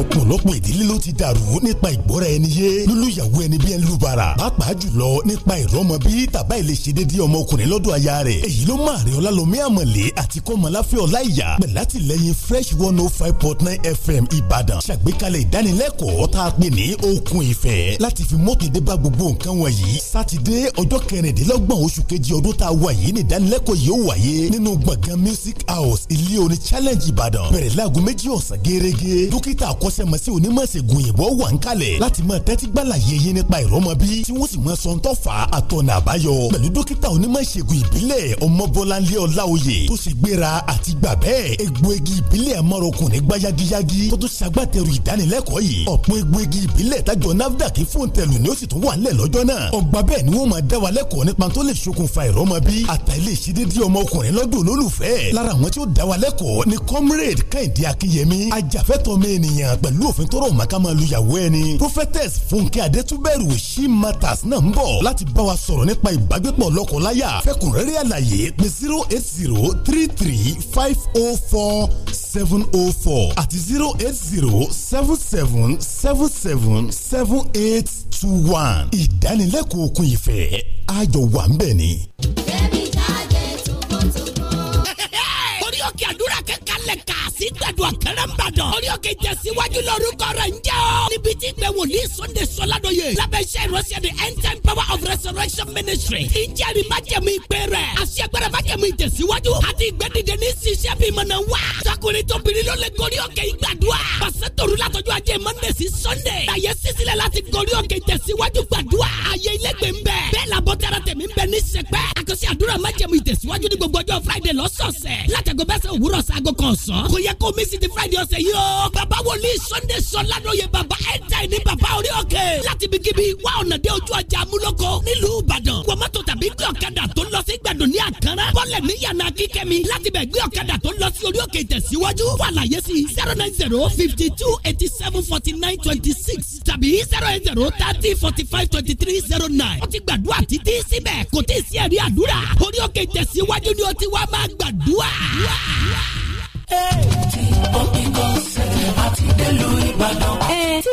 Ọ̀pọ̀lọpọ̀ ìdílé ló ti dàrú nípa ìgbọ́ra ẹni yé. Lúlú ìyàwó ẹni bí ẹ ń lu bara. Pàápàá jùlọ nípa ìrọ́mọ bí tàbá ilé ṣe dédé ọmọkùnrin lọ́dọ̀ aya rẹ̀. Èyí ló máa rí Ọlálọ́mí Àmọ̀lé àti Kọ́mọláfẹ́ Ọláìyá. Pẹ̀látìlẹ́yìn Fresh one oh five point nine FM Ìbàdàn. Ṣàgbékalẹ̀ ìdánilẹ́kọ̀ọ́ tá a pè ní Okun Ìfẹ́. Láti fi mọ́tòdé bá gbogbo nǹkan wọ̀nyí. Sátidé ọjọ́ kẹrìndínlọ́gbọ̀n oṣù kejì ọdún tá a wà yìí ní ìdánilẹ́kọ̀ọ́ yóò wáyé nínú gbọ̀ngàn music house ilé orin challenge ìbàdàn bẹ̀rẹ̀ láago méjì ọ̀sán gẹ́gẹ́ dókítà akọ́ṣẹ́mọṣẹ́ onímọ̀ṣègùn òyìnbó wà ń kalẹ̀ láti máa tẹ́tí gbàlàyé yín nípa ìrọ́mọbí tí wọ́n sì máa sọ̀ńtọ́ fà á àtọ̀nà àbáyọ pẹ̀lú dókítà onímọ̀ṣègùn ìbílẹ̀ ọmọbọ́láńlé ọláoyè tó sì gbéra àti gbà bẹ́ẹ̀ egbòogi ìbílẹ̀ amọ̀rọ̀kùn ní gbáyagíyágí tó tún ṣagbátẹrù ìbílẹ̀ ni ó sì tún wà ńlẹ̀ lọ́jọ́ náà ọgbà bẹ́ẹ̀ ni wọ́n máa dá wa lẹ́kọ̀ọ́ nípa tó lè ṣokùnfà ìrọ́mọbí olólùfẹ́ lára àwọn tí ó dá wa lẹ́kọ̀ọ́ ni comrade kẹ́hìndé akínyẹmí ajàfẹ́tọ̀ọ́ mi ènìyàn pẹ̀lú òfin tó rọ̀ màkà máa lùyàwó ẹni prophetess fúnkẹ́ adétúbẹ̀rù she matters náà ń bọ̀ láti bá wa sọ̀rọ̀ nípa ìbágbépọ̀ lọ́kọláya fẹ́kùnrẹ́rẹ́ àlàyé pé zero eight zero three three five oh four seven oh four àti zero eight zero seven seven seven seven seven eight two one ìdánilẹ́kọ̀ọ́ òkun ìfẹ́ àjọ wà ń bẹ̀ ni. bẹ́ẹ̀ni jáde. sí gbẹ̀dọ̀ kẹrẹ́mbàdàn orí òkè tẹ̀síwájú lórúkọ rẹ̀ ń jẹ́ o. níbi tí gbẹ wòlíì sunday sọládọ̀yè lábẹ́sẹ̀ ìrọsẹ̀ the end time power of resurrection ministry ti ń jẹ́rìí májẹ̀mú ìpè rẹ̀ àṣegbẹ̀rẹ̀ májẹ̀mú ìtẹ̀síwájú àti ìgbẹ́dìde ní ṣiṣẹ́ bíi mọ̀nà wá. sakore tóbìnrin ló lè gorí òkè ìgbàdúrà. pàṣẹ tòru látọjú ajé monday sí sunday. àyè sísílẹ̀ láti gorí òkè ìtẹ̀síwájú gbàdúrà. àyè ilégbè ń bẹ. bẹ́ẹ̀ làbọ̀ tẹ́ra tẹ̀mí ń bẹ ní sẹpẹ́. àkọsí àdúrà májẹ̀mú ìtẹ̀síwájú ní gbogbo ọjọ́ friday lọ́sọ̀ọ̀sẹ̀. látàgọ́ bẹ́sẹ̀ òwúrọ̀ sago kan ọ̀sán. kò y yẹ kó mi ti friday ọ̀sẹ̀ yìí o. bàbá wòlíì sunday sọlá ló yẹ bàbá ẹ̀ńtà ní bàbá orí òkè. láti bí kíbi wá ọ̀nà dé ojú ọjà amúlòkọ nílùú ìbàdàn. wọ́mọ́tò tàbí gbé ọ̀kadà tó lọ sí gbàdùn ní àkàrà. bọ́lẹ̀ ní yànnà kíkẹ́mi láti bẹ̀ gbé ọ̀kadà tó lọ sí orí òkè tẹ̀síwájú. wàlàyé sí zero nine zero fifty two eighty seven forty nine twenty six tàbí zero eight zero thirty forty five twenty three zero nine. ó ti gbàdúrà títí síbẹ̀ kò tí ì sí ẹ̀rí àdúrà. orí òkè tẹ̀síwájú ni ó ti wá máa gbàdúrà tí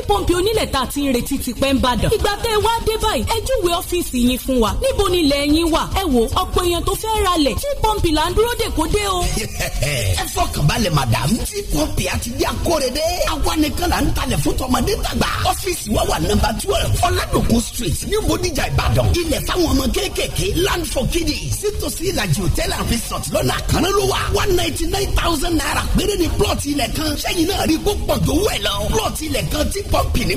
pọ́ǹpì onílẹ̀ ti ń retí ti pẹ́ ń bàdàn. ìgbà tẹ́ ẹ wá dé báyìí ẹ júwe ọ́fíìsì yín fún wa níbo ni ilẹ̀ yín wà ẹ wò ọ̀pọ̀ èèyàn tó fẹ́ ra lẹ̀ tí pọ́ǹpì là ń dúró dè kó dé o. ẹ fọkàn balẹ̀ madam tí pọ́ǹpì àti bí akóredé Awa nìkan là ń talẹ̀ fún tọmọdé tàgbà. ọ́fíìsì wa wà nọ́mbà twelve ọ̀làdòkun street ní bodijà ìbàdàn ilẹ̀ fáwọn ọmọ kéékèèké land for kiddies sítòsí ìlàjì hòtẹ́ẹ̀lì àfisọ̀t lọ́nà àkànlélówà one ninety nine thousand náírà péré ni plọ̀tì ilẹ̀ kan sẹ́yìn náà rí kó pọ̀ jówó ẹ̀ lọ. plọ̀tì ilẹ̀ kan ti pọ́ǹpì ní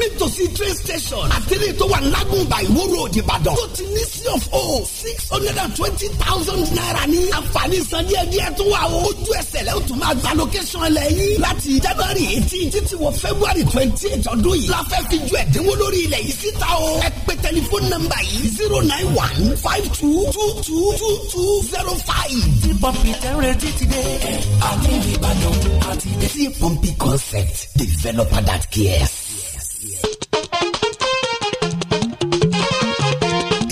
nítòsí train station àtẹ̀lé tó wà lágùnbà ìwó road ìbàdàn tó ti ní sí of o six hundred and twenty thousand naira. ní àǹfààní san díẹ̀ díẹ̀ tó wà o ojú ẹsẹ̀ lẹ́yìn tó máa gba location ẹlẹ́ yìí láti january eighteen títí wọ february twenty eight ọdún yìí la fẹ́ fi ju ẹ̀dínwó lórí ilẹ̀ yìí síta o ẹ pè tẹlifóònù nọ́mbà yìí zero nine one five two two two two zero five. tí pọ́ǹpì tẹ́ ń retí ti dé àti Ìbàdàn àti the pump concept developer that cares.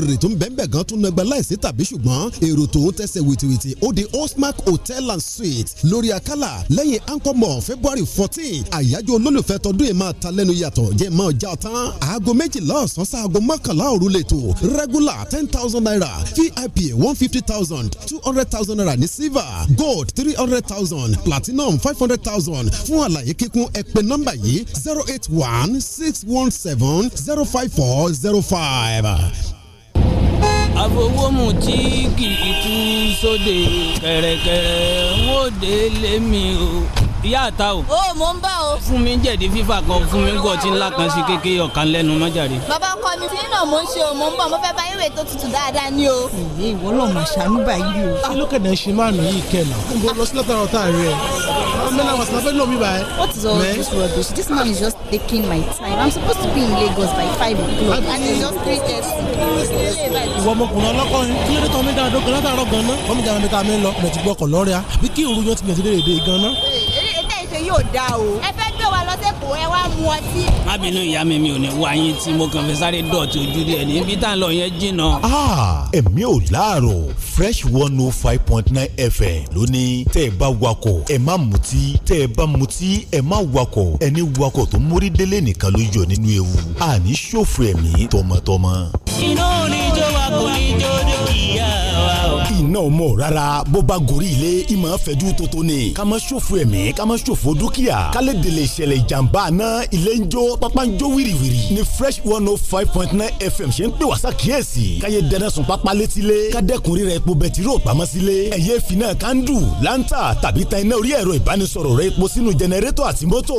rere tó ń bẹ́ẹ̀nbẹ́ gan tún nàgbà láìsí tàbí ṣùgbọ́n èrò tòun tẹ̀sẹ̀ wìtìwìtì ó di Housemark Hotel and suite lórí Akala lẹ́yìn Anchor Mall February fourteen àyájọ́ olólùfẹ́ tọdún yìí máa ta lẹ́nu yàtọ̀ jẹ́ máa já tán aago méjìlá ọ̀sán sáago mọ́kànlá òru lẹ́tọ̀ regular ten thousand naira VIP one fifty thousand two hundred thousand naira ní silver gold three hundred thousand platinum five hundred thousand fún àlàyé kíkún ẹ pè nọ́mbà yìí zero eight one six one seven zero five four zero five àfọwọ́mù tí kì í kú sóde kẹ̀rẹ̀kẹ̀rẹ̀ ń wò dé lémi o ìyá àta o. ó mò ń bá o. fún mi jẹ̀dí fífà kan fún mi gọ̀ọ́tì ńlá kan sí kékeré ọ̀kan lẹ́nu mọ́jàre. bàbá ọkọ mi tí náà mò ń ṣe o mò ń bọ̀ mo fẹ́ bá ìwé tó tutù dáadáa ní o. ìwé ìwọ náà mà ṣàánú báyìí o. kí ló kẹ̀dẹ̀ ń ṣe máa nù yìí kẹ̀ náà. mo lọ sí lọ́tà ọ̀tá rẹ̀. mẹ́lá wà sínú abẹ́nú mi báyìí. What is all this rubbish? This man is just taking my time. I'm supposed to be in Lagos by five o'clock and it's just three thirty. ìwọ ọmọkùnrin ọlọ́kọ̀rin kí ló dé tọ́ mi dáadọ́ kan látàárọ̀ gan-an. wọ́n mi jáde mi ká mi lọ mẹ̀tí gbọ́kọ̀ lọ́rẹ́à àbí kí òru yan ti yàn ti dé ṣe yóò dáa o ẹ fẹ́ gbé wa lọ sẹ́kọ̀ọ́ ẹ wá mu ọtí. má bínú ìyá mi mi ò ní wá yín tí mo kàn fẹ́ sáré dọ̀tí ojú rẹ̀ ní bí tá lọ yẹn jìnnà. Ah, ẹ̀mí ò láàárọ̀ fresh one oh five point nine fm lónìí tẹ́ ẹ bá wakọ̀ ẹ má mutí tẹ́ ẹ bá mutí ẹ má wakọ̀ ẹni wakọ̀ tó mórí délé nìkan ló yọ nínú ewu àní ṣòfò ẹ̀mí tọmọtọmọ. inú oníjó wa kò ní jó dé kíyà iná ò rárá bó bá gorí ilé ìmọ̀ fẹ́jú tótó ni ká má ṣòfò ẹ̀mí ká má ṣòfò dúkìá kálẹ̀ délé ìṣẹ̀lẹ̀ ìjàmbá náà ilé ń jó pápá ń jó wìrìwìrì ni fresh one oh five point nine fm ṣe ń pè wá sàkíyèsí káyé dẹ́nà sùn pápá létílé kádẹ́kùnrin rẹ̀ epo bẹtiró pamọ́ sílé ẹ̀yẹ́ finá kándù láńtà tàbí tan iná orí ẹ̀rọ ìbánisọ̀rọ̀ rẹ̀ epo sínú jẹnẹrétọ̀ àti mọ́tò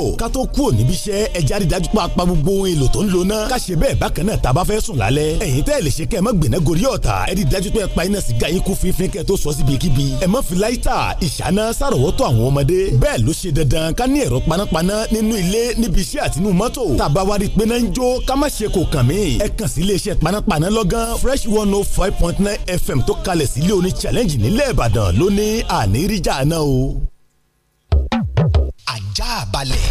fífín kẹ́ tó sọ síbi kíbi ẹ má fi láyítà ìṣáná sàrọ̀wọ́tò àwọn ọmọdé bẹ́ẹ̀ ló ṣe dandan ká ní ẹ̀rọ panápaná nínú ilé níbi iṣẹ́ àtinú mọ́tò tàbá wa rí ń jó ká má ṣe kò kàn mí ẹ kàn sí iléeṣẹ́ panápaná lọ́gán fresh one oh five point nine fm tó kalẹ̀ sílé oní challenge nílẹ̀ ìbàdàn lónìí àníríjà náà o. ajá balẹ̀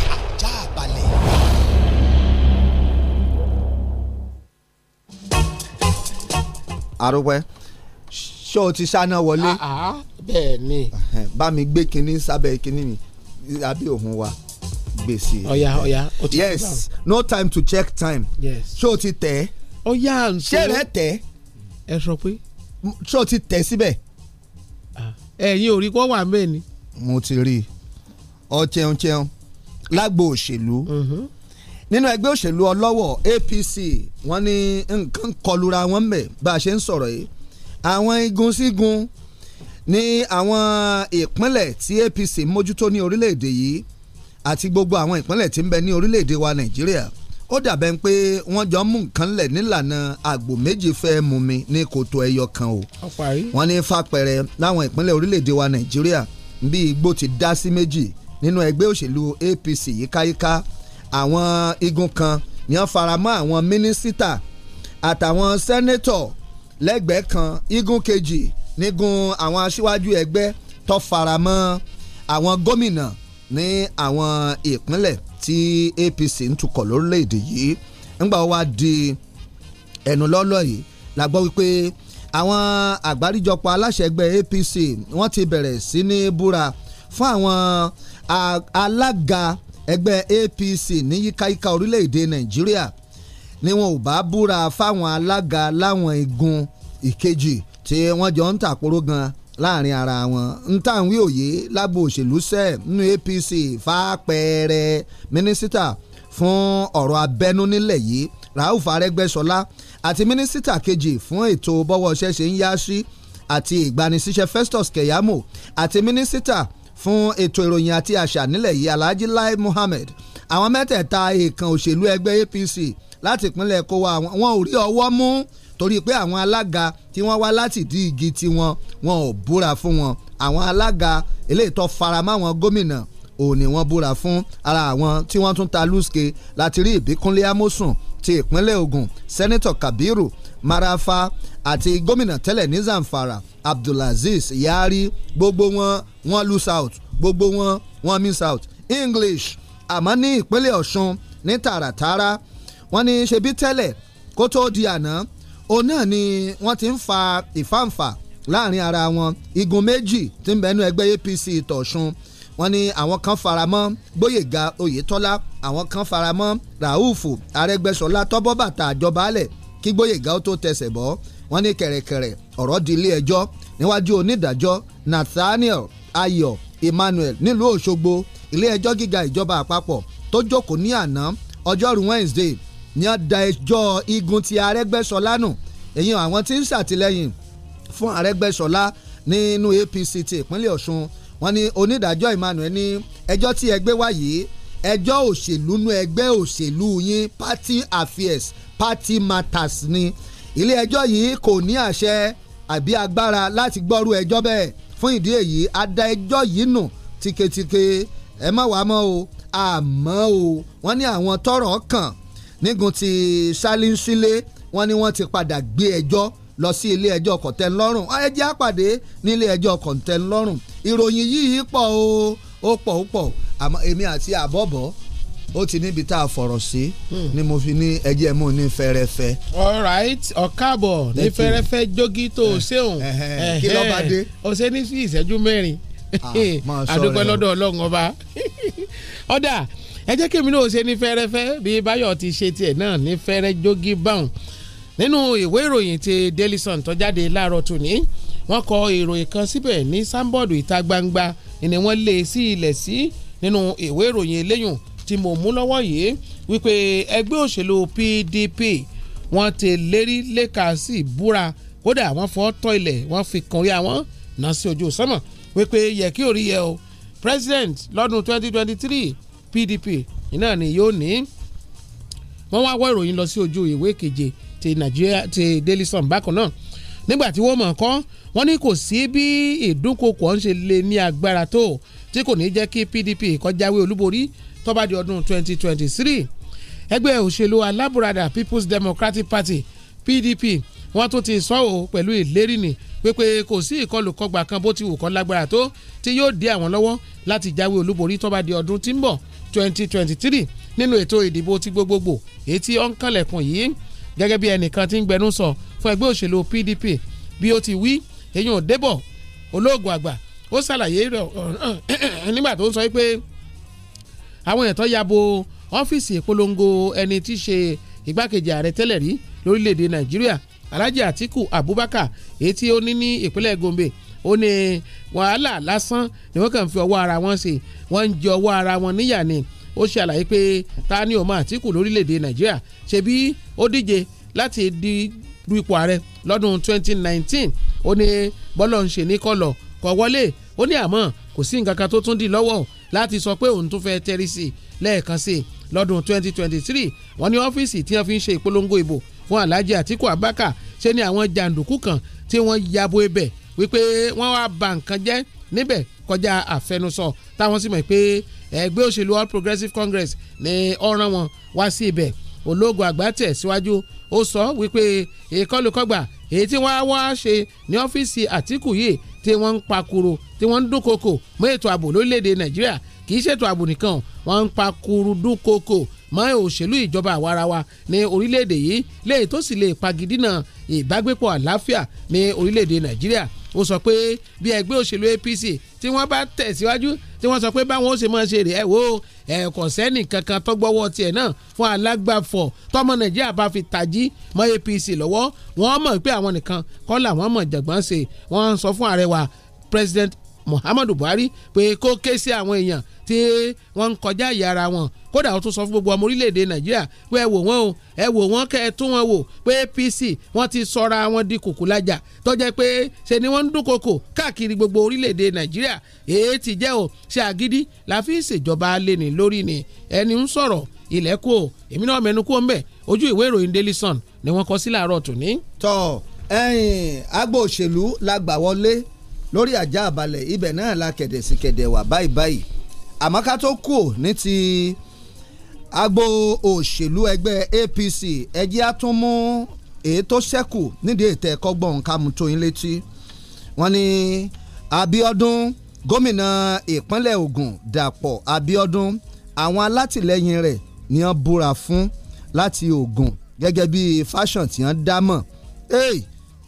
ajá ṣé o ti ṣáná wọlé. Ah, ah, bẹ́ẹ̀ ni. bá mi gbé kinní sábẹ́ kinní mi àbí òun wa gbèsè. ọ̀ya ọ̀ya o ti tẹ̀ yes no time to check time. yes ṣé o ti tẹ̀. ọ̀ya nsọ ṣé rẹ tẹ̀. ẹ sọ pé. ṣé o ti tẹ̀ síbẹ̀. Ah, ẹ̀yin ò rí kó wà mẹ́ẹ̀ ni. mo ti rí i ọ cheun cheun lágbo òṣèlú mm-hmm. nínú ẹgbẹ́ òṣèlú ọlọ́wọ̀ APC wọ́n ní nǹkan kọlura wọn mẹ́ bá a ṣe ń sọ̀rọ̀ yìí àwọn igun ní àwọn ìpínlẹ̀ tí APC mójútó ní orílẹ̀-èdè yìí àti gbogbo àwọn ìpínlẹ̀ tí ń bẹ ní orílẹ̀-èdè wa Nàìjíríà ó dàbẹ̀ ń pé wọ́n jọ mú nǹkan lẹ̀ nílànà àgbò méjì fẹ́ mú mi ní kòtò ẹyọ kan o wọ́n ní fàpẹẹrẹ láwọn ìpínlẹ̀ orílẹ̀-èdè wa Nàìjíríà bí igbó ti dá sí méjì nínú ẹgbẹ́ òṣèlú APC yíkáyíká àwọn igun kan ni wọ́n fara mọ́ àwọn mínísítà àtàwọn sẹ́nẹ́tọ̀ lẹ́gbẹ̀ẹ́ kan igun kejì nígun àwọn aṣíwájú ẹgbẹ́ tó faramọ́ àwọn gómìnà ní àwọn ìpínlẹ̀ tí APC ń tukọ̀ lórílẹ̀‐èdè yìí ńgbà wá di ẹnu lọ́lọ́ yìí la gbọ́ wípé àwọn àgbáríjọpọ̀ aláṣẹ ẹgbẹ́ APC wọ́n ti bẹ̀rẹ̀ sí ní búra fún àwọn alága ẹgbẹ́ APC ní yíkáyíká orílẹ̀‐èdè Nàìjíríà ni wọn ò bá búra fáwọn alága láwọn igun ìkejì tí wọ́n jọ ń tàkóró gan láàrin ara wọn ń tàn wí òye lábò òṣèlú sẹ nínú APC fàápẹẹrẹ mínísítà fún ọ̀rọ̀ abẹ́nú nílẹ̀ yìí Rauf Arẹ́gbẹ́ṣọlá àti mínísítà kejì fún ètò bọ́wọ́ ṣẹ̀ṣẹ̀ ń yá àti ìgbanisíṣẹ́ Festus Keyamo àti mínísítà fún ètò ìròyìn àti àṣà nílẹ̀ yìí Alhaji Lai Muhammed àwọn mẹ́tẹ̀ẹ̀ta èèkàn òṣèlú ẹgbẹ́ APC láti ìpínlẹ̀ kó wa wọn ò rí ọwọ́ mú torí pé àwọn alága tí wọ́n wá láti dí igi tiwọn wọn ò búra fún wọn àwọn alága eléyìí tó faramọ́ àwọn gómìnà òun ni wọ́n búra fún ara àwọn tí wọ́n tún ta lùsùkè láti rí ìbíkúnlé amósùn ti ìpínlẹ̀ Ògùn sẹ́nẹ́tọ̀ Kabiru Marafa àti gómìnà tẹ́lẹ̀ ní Zamfara Abdulaziz Yari gbogbo wọn wọn lose out gbogbo wọn wọn miss out English àmọ́ ní ìpínlẹ̀ Ọ̀ṣun ní tààràtààrà wọ́n ní ṣebí tẹ́lẹ̀ kó tó di àná òun náà ni wọ́n ti ń fa ìfáǹfà láàrin ara wọn igun méjì tí ń bẹnu ẹgbẹ́ APC ìtọ̀sùn wọ́n ní àwọn kan faramọ́ Gbóyèga Oyètọ́lá àwọn kan faramọ́ Rauf Arẹ́gbẹ́ṣọlá tọ́bọ́ bàtà àjọbalẹ̀ kí Gbóyèga ó tó tẹsẹ̀ bọ́ wọ́n ní kẹ̀rẹ̀kẹ̀rẹ̀ ọ̀rọ̀ di ilé ẹjọ́ níwájú onídàájọ́ Nathaniel Ayọ̀ Emmanuel nílùú Òṣogbo ilé ẹjọ́ gíga ìjọba àpapọ̀ tó jókòó ní àná ọjọ́rú Wednesday ní ọ̀dà ẹjọ́ igun ti Arẹ́gbẹ́ṣọlá nù èyí àwọn tí ń ṣàtìlẹ́yìn fún Arẹ́gbẹ́ṣọlá nínú APC ti ìpínlẹ̀ Ọ̀ṣun wọ́n ní onídàájọ́ Emmanuel ní ẹjọ́ tí ẹgbẹ́ wá yìí ẹjọ́ òṣèlú nú ẹgbẹ́ òṣèlú yín party affairs party matters ni ilé ẹjọ́ yìí kò ní àṣẹ àbí agbára láti gbọ́rú ẹjọ́ bẹ́ẹ̀ fún ìdí èyí a dá ẹjọ́ yìí nù tìketìke ẹ má wàá mọ́ o àmọ́ o wọ́n ní àwọn tọ́rọ̀ kàn nígun ti salinsile wọ́n ní wọ́n ti padà gbé ẹjọ́ lọ sí ilé ẹjọ́ kọ̀tẹ́nlọ́rùn ẹ jẹ́ àpàdé ní ilé ẹjọ́ kọ̀tẹ́nlọ́rùn ìròyìn yìí pọ̀ o ó pọ̀ ó pọ̀ àmọ́ èmi àti àbọ̀bọ̀ ó ti níbi tá a fọ̀rọ̀ sí hmm. ni mo fi ní ẹjẹ́ mú ní fẹ́rẹ́fẹ́. alright ọ̀káàbọ̀ ní fẹ́rẹ́fẹ́ jógí tó o eh, ṣeun eh, eh, kí ló bá dé. o ṣe ní sí ìṣẹ́jú mẹ́rin ah, a lọ́dọ̀ ọlọ́run ọba ọ̀dà ẹ jẹ́ kémi náà ṣe ní fẹ́rẹ́fẹ́ bí Báyọ̀ ti ṣe tiẹ̀ náà ní fẹ́rẹ́ jógí báwọn nínú ìwé ìròyìn ti Daily Sun tó jáde láàárọ̀ tòní wọ́n kọ ìròyìn kan síbẹ̀ ní sáńbọ̀dù ìta gbangba ni wọ́n lé e sí ilẹ̀ sí nínú ìwé ìròyìn eléyùn tí mo mú lọ́wọ́ yìí wípé ẹgbẹ́ òṣèlú PDP wọ́n ti lérí léka sí ìbúra kódà wọ́n fọ́ tọ́ ilẹ̀ wọ́n fi kàn rí àwọn náà sí ojú sánmọ̀ wípé yẹ kí òrí yẹ o president lọ́dún 2023 PDP iná ni yóò ní wọ́n wá wọ́ ìròyìn lọ sí ojú ìwé keje ti Nàìjíríà ti Daily Sun bákan náà nígbà tí wọ́n mọ̀ kọ́ wọ́n ní kò sí bí ìdúnkokò ọ̀hún ṣe lè ní agbára tó tí kò ní jẹ́ kí PDP kọjáwé olúborí tó ọdún 2023 ẹgbẹ́ òṣèlú alábùradà People's Democratic Party PDP wọ́n tún ti sọ ọ́ pẹ̀lú ìlérí ni pépé kò sí ìkọlù kọgbà kan bó ti wù kó lágbára tó tí yóò dé àwọn lọ́wọ́ láti jáwé olúborí tó ọdún tí ń bọ̀ twenty twenty three nínú ètò ìdìbò ti gbogbogbò èyí tí ó ń kànlẹ̀kùn yìí gẹ́gẹ́ bí ẹnìkan ti ń gbẹnu fún ẹgbẹ́ òṣèlú PDP bí ó ti wí èyí ò débọ̀ olóògùn àgbà ó ṣàlàyé rẹ̀ nígbà tó ń sọ pé àwọn èèyàn tó ya bo ọ́fíìsì ìpolongo ẹni tí í ṣe igbákejì ààrẹ tẹ́lẹ̀ rí lórílẹ̀‐èdè Nàìjíríà Alhaji Atiku Abubakar èyí tí ó ní ní ìpínlẹ̀ Gombe ó ní wàhálà lásán ni wọ́n kàn fi ọwọ́ ara wọn ṣe wọ́n ń jẹ ọwọ́ ara wọn níyà ni ó ṣe pé ta ni ó máa Àtíkù Nàìjíríà ṣebí ó díje láti di du ipò ààrẹ lọ́dún 2019 ó ní bọ́lọ̀ ń ṣe ní kọlọ̀ kọ̀ wọlé ó ní àmọ́ kò sí nǹkan kan tó tún di lọ́wọ́ láti sọ pé òun tún fẹ́ tẹ́rí sí i lẹ́ẹ̀kan sí i lọ́dún 2023 wọ́n ní ọ́fíìsì tí wọ́n fi ń ṣe ìpolongo ìbò fún Alhaji Atiku Abubakar ṣe ni àwọn jàǹdùkú kan tí wọ́n yabo ibẹ̀ wípé wọ́n wá ba nǹkan jẹ́ níbẹ̀ kọjá àfẹnusọ táwọn sì mọ̀ pé ẹgbẹ́ òṣèlú All Progressives Congress ni ọ̀ràn wọn wá sí ibẹ̀ ológun àgbà tẹ̀ síwájú ó sọ wípé ìkọlùkọgbà èyí tí wọ́n á wá ṣe ní ọ́fíìsì Àtíkù yìí tí wọ́n ń pakuru tí wọ́n ń dúnkokò mọ́ ètò ààbò lórílẹ̀‐èdè Nàìjíríà kì í ṣètò ààbò nìkan wọ́n ń pakuru dúnkokò mọ́ òṣèlú ìjọba àwarawa ní orílẹ̀-èdè yìí léyìí tó sì lè pagidínà ìbágbépọ̀ àlàáfíà ní orílẹ̀-èdè nàìjíríà ó sọ pé bí ẹgbẹ́ òṣèlú APC tí wọ́n bá tẹ̀síwájú tí wọ́n sọ pé báwọn ó ṣe máa ṣe rè ẹ̀ wò ẹ̀ kò sẹ́nì kankan tó gbọ́wọ́ tiẹ̀ náà fún alágbàfọ̀ tọmọ nàìjíríà bá fi tají mọ́ APC lọ́wọ́ wọ́n mọ̀ pé àwọn nìkan kọ́ làwọn mọ̀ jàgbọ́n ṣe wọ́n sọ fún ààrẹ wa President Muhammadu Buhari pé kó ké sí àwọn èèyàn tí wọ́n ń kọjá ìyá ara wọn kódà ó tún sọ fún gbogbo ọmọ orílẹ̀-èdè Nàìjíríà pé ẹ wò wọ́n o ẹ wò wọ́n kẹ́ ẹ tún wọn wò pé APC wọ́n ti sọra wọn di kùkùlájà tó jẹ́ pé ṣe ni wọ́n ń dúnkokò káàkiri gbogbo orílẹ̀-èdè Nàìjíríà èyí ti jẹ́ o ṣe àgídí la fi ń ṣèjọba lẹ́ni lórí ni ẹni ń sọ̀rọ̀ ilẹ̀kùn o èmi náà mẹ́nu kú ńbẹ̀ ojú ìwé ìròyìn Daily Sun ni wọ́n kọ sí láàárọ̀ tòní. tọ́ ẹ̀yìn agbóòṣèlú la gbà wọlé lórí àjà àbálẹ̀ ibẹ̀ náà la kẹ̀dẹ̀ sí kẹ̀dẹ̀ wà báyìí báyìí àmọ́ ká tó kù ní ti agbo òṣèlú ẹgbẹ́ APC ẹjẹ́ á tún mú èyí tó ṣẹ́kù nídìí ètò ẹ̀kọ́ gbọ̀n ká mú tó yín létí wọ́n ní Abíọ́dún gómìnà ìpínlẹ̀ Ògùn Dàpọ̀ Abíọ́dún àwọn alátìlẹyìn rẹ̀ ni wọ́n búra fún láti Ògùn gẹ́gẹ́ bí fashion tí wọ́n dá mọ̀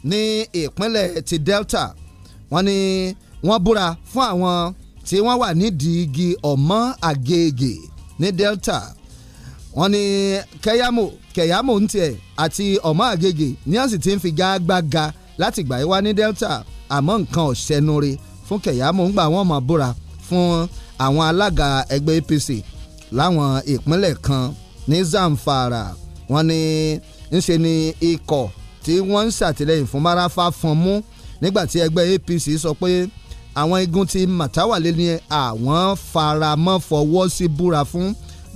ní ìpínlẹ̀ ti Delta wọ́n ní wọ́n búra fún àwọn tí wọ́n wà nídìí igi ọ̀mọ́ àgègè ní Delta wọ́n ní kẹyàmó kẹyàmó ń tiẹ̀ àti ọ̀mọ́ àgègè ní àsì tí ń fi gágbága láti gbà yí wá ní Delta àmọ́ nǹkan ọ̀sẹ̀nure fún kẹyàmó ń gbà wọ́n mọ̀ búra fún àwọn alága ẹgbẹ́ APC láwọn ìpínlẹ̀ kan ní Zamfara wọ́n ní ńṣe ni ikọ̀ tí wọ́n ń ṣàtìlẹ́yìn fún Marafa fọn mú nígbà tí ẹgbẹ́ APC sọ pé àwọn igun ti Matawalle ni àwọn faramọ́ fọwọ́ sí búra fún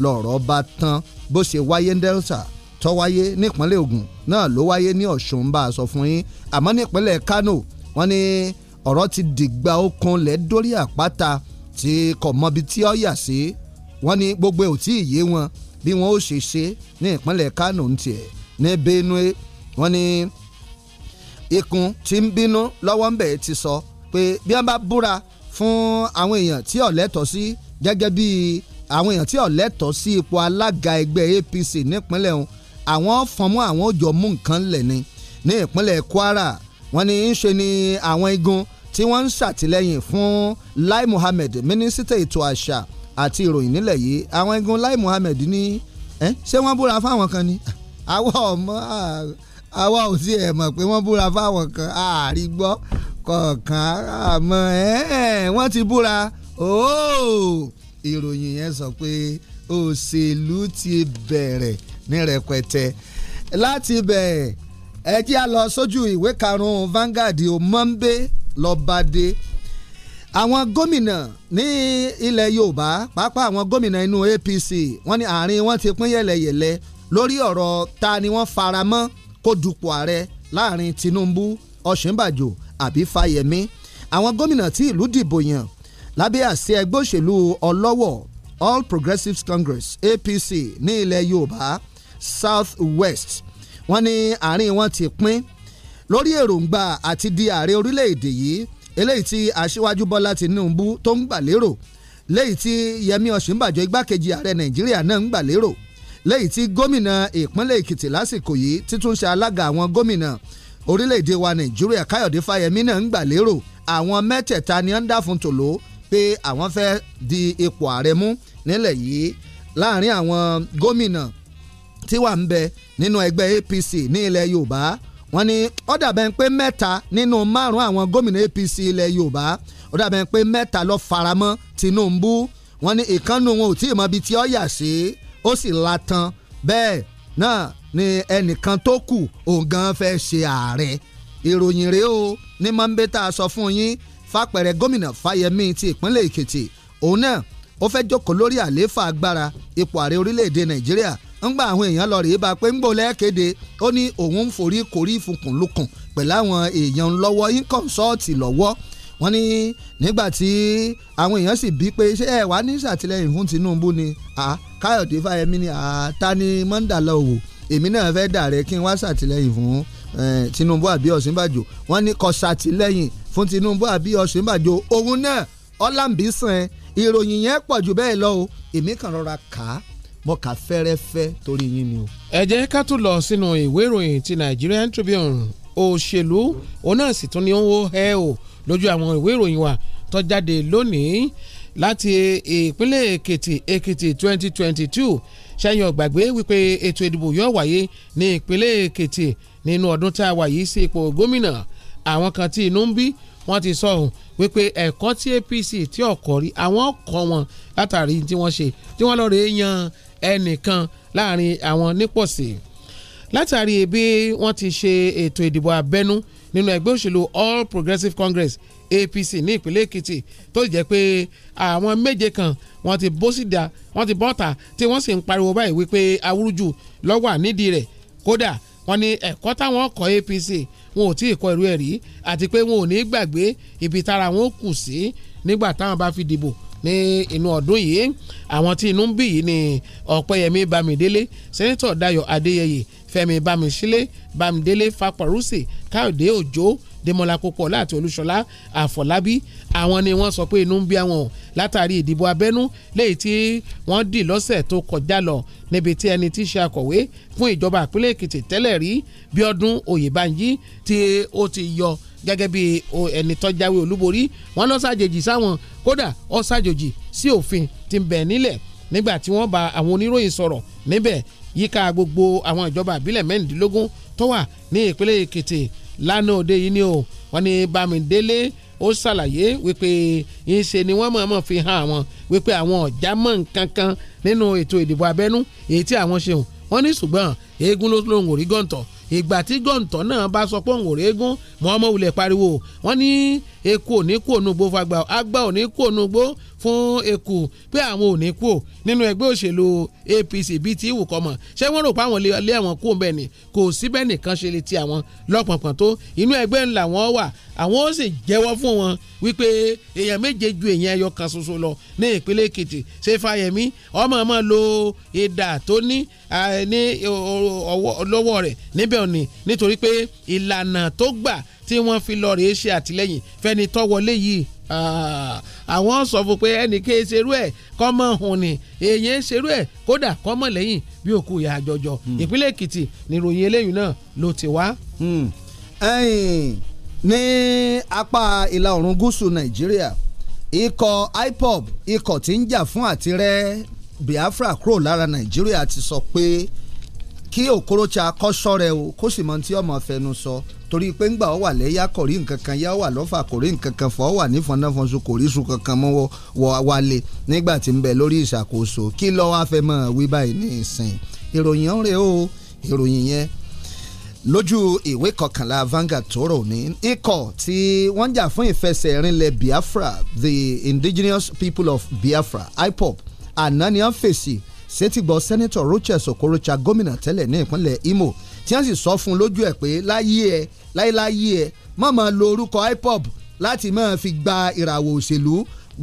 lọ́rọ̀ bá tán bó ṣe wáyé Delta tó wáyé nípínlẹ̀ Ògùn náà ló wáyé ní Ọ̀ṣun bá a sọ fún yín àmọ́ nípínlẹ̀ Kano wọ́n ní ọ̀rọ̀ ti dìgbà okun lẹ̀ dórí àpáta tí kò mọbi tí ó yà sí wọ́n ní gbogbo ẹ̀ ò wọn bí wọ́n ó ṣe ṣe ní ìpínlẹ̀ Kano ń tiẹ̀ ní Benue wọ́n ní ikùn tí ń bínú lọ́wọ́ ń bẹ̀ ti sọ pé bí wọ́n bá búra fún àwọn èèyàn tí ó lẹ́tọ̀ọ́ sí gẹ́gẹ́ bí àwọn èèyàn tí ó lẹ́tọ̀ọ́ sí ipò alága ẹgbẹ́ APC nípínlẹ̀ ọ̀hún àwọn fọnmọ́ àwọn òjò mú nǹkan lẹ̀ ni ní ìpínlẹ̀ Kwara wọ́n ní í ṣe ni àwọn igun tí wọ́n ń ṣàtìlẹ́yìn fún Lai Muhammed mínísítà ètò àṣà àti ìròyìn nílẹ̀ yìí àwọn igun Lai Muhammed ní ṣé wọ́n búra fáwọn kan ni àwọn ọmọ àwa ò sí ẹ̀ mọ̀ pé wọ́n búra fáwọn kan àárí gbọ́ kọ̀ọ̀kan àmọ́ wọ́n ti búra ìròyìn yẹn sọ pé òṣèlú ti bẹ̀rẹ̀ ní rẹpẹtẹ láti bẹ̀ẹ̀ ẹ kí a lọ sójú ìwé karùn-ún Vanguard omombe lọ́bàdé àwọn gómìnà ní ilẹ̀ Yorùbá pàápàá àwọn gómìnà inú APC wọ́n ní àárín wọn ti pín yẹ̀lẹ̀yẹ̀lẹ̀ lórí ọ̀rọ̀ ta ni wọ́n fara mọ́ kó dupò ààrẹ láàrin Tinubu Ọ̀ṣínbàjò àbí Fáyẹmí àwọn gómìnà tí ìlú dìbò yàn lábẹ́ àṣẹ ẹgbẹ́ òṣèlú ọlọ́wọ̀ All Progressives Congress APC ní ilẹ̀ Yorùbá South West wọ́n ní àárín wọn ti pín lórí èròǹgbà àti di ààrẹ orílẹ̀-èdè yìí eléyìí tí aṣíwájú Bọ́lá Tinubu tó ń gbà lérò léyìí tí Yẹmí Ọ̀ṣínbàjò igbákejì ààrẹ Nàìjíríà náà ń gbà lérò lẹ́yìn tí gómìnà ìpínlẹ̀ èkìtì lásìkò yìí títún ṣe alága àwọn gómìnà orílẹ̀-èdè wa nàìjíríà káyọ̀dé fáyẹmí náà ń gbà lérò àwọn mẹ́tẹ̀ẹ̀ta ni ó ń dà fún tòló pé àwọn fẹ́ di ipò ààrẹ mú nílẹ̀ yìí láàrin àwọn gómìnà tí wà ń bẹ nínú ẹgbẹ́ APC ní ilẹ̀ yorùbá wọ́n ní ó dàbẹ̀ pé mẹ́ta nínú márùn-ún àwọn gómìnà APC ilẹ̀ yorùbá ó dàbẹ̀ pé mẹ́ta ló faramọ́ Tinubu wọ́n ní ìkànnù wọn ò tí ì mọ ibi tí ó yà sí i ó sì la tan bẹ́ẹ̀ náà ni ẹnìkan tó kù òun gan fẹ́ ṣe ààrẹ ìròyìn rèé o ní mọ́ńbé a sọ fún yín fàpẹ̀rẹ̀ gómìnà fáyemí ti ìpínlẹ̀ èkìtì òun náà ó fẹ́ jókòó lórí àlééfà agbára ipò ààrẹ orílẹ̀-èdè nàìjíríà ńgbà àwọn èèyàn lọ rèé bá pé ńgbò lẹ́ẹ̀kéde ó ní òun ń forí korí ìfukùn lukùn pẹ̀lú àwọn èèyàn lọ́wọ́ íńkọ̀nsọ́ọ̀tì lọ́wọ́ wọ́n ní nígbà tí àwọn èèyàn sì bí pé ṣé ẹ wàá ní sàtìlẹ́yìn fún Tinubu ni à káyọ̀dé fáyemí ni ata ni mọ́ńdàlá òwò èmi náà fẹ́ dà rẹ kí n wá ṣàtìlẹ́yìn fún Tinubu àbí Ọ̀ṣínbàjò wọ́n ní kó ṣàtìlẹ́yìn fún Tinubu àbí Ọ̀ṣínbàjò òun náà ọ̀làǹbìsàn ìròyìn yẹn pọ̀ jù bẹ́ẹ̀ lọ o èmi kàn rọra kà á mo kà fẹ́rẹ́fẹ́ torí yín ni o. ẹ jẹ́ ká tún lọ sínú ìwé ìròyìn ti Nigerian Tribune òṣèlú òun náà sì tún ni ó ń wo ẹ o lójú àwọn ìwé ìròyìn wa tó lónìí láti ìpínlẹ̀ èkìtì èkìtì twenty twenty two ṣẹ́yìn ọ̀gbàgbé wípé ètò ìdìbò yóò wáyé ní ìpínlẹ̀ èkìtì nínú ọdún tá a wà yìí sí ipò gómìnà àwọn kan tí inú ń bí wọ́n ti sọ ohun wípé ẹ̀kọ́ tí APC tí ọ̀kọ́ rí àwọn ọkọ̀ wọn látàrí tí wọ́n ṣe tí wọ́n lọ rèé yan ẹnìkan láàrin àwọn nípòsí látàrí bí wọ́n ti ṣe ètò ìdìbò abẹ́nú nínú ẹgbẹ́ òṣèlú All progressive Congress APC ní ìpínlẹ̀ Èkìtì tó jẹ́ pé àwọn méje kan wọ́n ti bó sì dá wọ́n ti bọ́ta tí wọ́n sì ń pariwo báyìí wípé awúrúju lọ́wọ́ ànídìí rẹ̀ kódà wọ́n ní ẹ̀kọ́ táwọn kọ́ APC wọn ò tí ì kọ́ irú ẹ̀ rí àti pé wọn ò ní gbàgbé ibi tára wọn kù sí nígbà táwọn bá fi dìbò ní inú ọdún yìí àwọn tí inú ń bì yìí ni Ọ̀pẹ́yẹmí Bámidélé sẹ́nitọ̀ Dayọ̀ Adéyẹyè fẹ́mi bámisílẹ̀ bámidélé fapọ̀rúsì káyọ̀dé òjó dẹ́mọ́lá kópọ̀lá àti olúṣọlá àfọlábí àwọn ni wọ́n sọ pé inú ń bí àwọn látàrí ìdìbò abẹ́nú léyìí tí wọ́n dì lọ́sẹ̀ tó kọjá lọ níbi tí ẹni tí í ṣe akọ̀wé fún ìjọba àpínlẹ̀ èkìtì tẹ́lẹ̀ rí bíọ́dún oyèbánjí tí ó ti yọ gẹ́gẹ́ bí ẹni tó jáwé olúborí wọ́n lọ ṣàjèjì sáwọn kódà ó ṣàjèjì sí òfin tí bẹ nílẹ̀ nígbà tí wọ́n bá àwọn oníròyìn sọ̀rọ̀ níbẹ̀ yíká gbogbo àwọn ìjọba ìbílẹ̀ mẹ́rìndínlógún tó wà ní ìpínlẹ̀ Èkìtì lánàá òde yìí ni o wọ́n ní Bámidélé ó ṣàlàyé wípé ìṣe ni wọ́n mọ̀ọ́mọ̀ fi hàn àwọn wípé àwọn ọ̀já mọ̀ nǹkan kan nínú ètò ìdìbò abẹ́nú èyí tí àwọn ṣe hàn wọ́n ní ṣùgbọ́n eégún ló lóun ò rí gọ̀ǹtọ̀ ìgbà tí gọ̀ǹtọ̀ náà bá sọ pé òun ò rí eégún mọ́ wulẹ̀ pariwo wọ́n ní eku ò ní kú ònú gbó fagbá agbá ò ní kú ònú gbó fún eku pé àwọn ò ní kú nínú ẹgbẹ́ òṣèlú APC bíi ti ìwù kọ́mọ̀ ṣé wọ́n rò pé àwọn lé àwọn kú bẹ́ẹ̀ ni kò síbẹ̀ nìkan ṣe lè ti àwọn lọ́pọ̀npọ̀n tó inú ẹgbẹ́ ńlá wọn wà àwọn ó sì jẹ́wọ́ fún wọn wípé èèyàn méje ju èèyàn ẹyọ kan ṣoṣo lọ ní ìpínlẹ̀ Èkìtì ṣé Fáyẹmí ọmọ ọmọ lo ìdà tó ní ní lọ́wọ́ rẹ̀ níbẹ̀ òní nítorí pé ìlànà tó gbà tí wọ́n fi lọ rèé ṣe àtìlẹ́yìn fẹ́ni tọ́wọlé yìí ah, àwọn sọ fún pé ẹnì kéé ṣerú ẹ̀ kọ́mọ̀ hùn ni èèyàn ṣerú ẹ̀ kódà kọ́mọ̀ lẹ́yìn bí òkú ìyá àjọjọ hmm. ìpínlẹ̀ Èkìtì níròyìn eléyìí náà ló ti wá. Hmm. ní apá ìlà oòrùn gúúsù Nàìjíríà ikọ̀ IPOB ikọ̀ tí ń jà fún àtirẹ́ Biafra kúrò lára Nàìjíríà ti sọ pé kí Okorocha kọ́sọ́ rẹ o kó sì mọ tí ọmọ fẹnu sọ torí pé ńgbà ọ wà lẹ́yà kò rí nǹkan kan yá wà lọ́fà kò rí nǹkan kan fọ́ wà ní fọnáfọ́nso kò rí su kankan mọ́ wọ wálé nígbà tí ń bẹ lórí ìṣàkóso kí lọ́ wá fẹ́ mọ́ wí báyìí ní ìsìn ìròyìn ọ̀rẹ́ o ìròyìn yẹn lójú ìwé kọkànlá Vanguard tó ní ikọ̀ tí wọ́n jà fún ìfẹsẹ̀rinlẹ̀ Biafra the Indigenous People of Biafra IPOB àná ni wọ́n sétígbọ́ sẹ́nẹ́tọ̀ Rochas Okorocha gómìnà tẹ́lẹ̀ ní ìpínlẹ̀ Imo tí wọ́n sì sọ fún un lójú ẹ̀ pé láyé ẹ láyéláyé ẹ má máa lo orúkọ IPOB láti máa fi gba ìràwọ̀ òṣèlú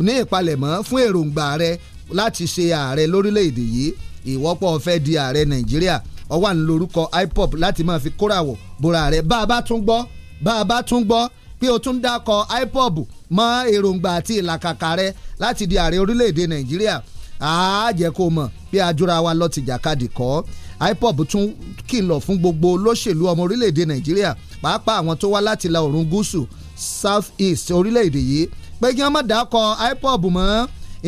ní ìpalẹ̀mọ́ fún èròǹgbà rẹ láti ṣe ààrẹ lórílẹ̀‐èdè yìí ìwọ́pọ̀ fẹ́ di ààrẹ Nàìjíríà ọwọ́ à ń lorúkọ IPOB láti máa fi kóràwọ̀ bora rẹ bá a bá tún gbọ́ bá a bá tún gbọ́ pé o tún dákọ̀ IPOB mọ́ èròǹgbà àti ìlàkàkà rẹ láti di ààrẹ orílẹ̀‐èdè Nàìjíríà á jẹ́ kó mọ̀ bí ajúra wa lọ ti jàkadì kọ́ IPOB tún kìlọ̀ fún gbogbo olóṣèlú ọmọ orílẹ̀-èdè Nàìjíríà pàápàá àwọn tó wá láti la oòrùn gúúsù South East orílẹ̀-èdè yìí pé kí wọ́n má dákọ̀ IPOB mọ́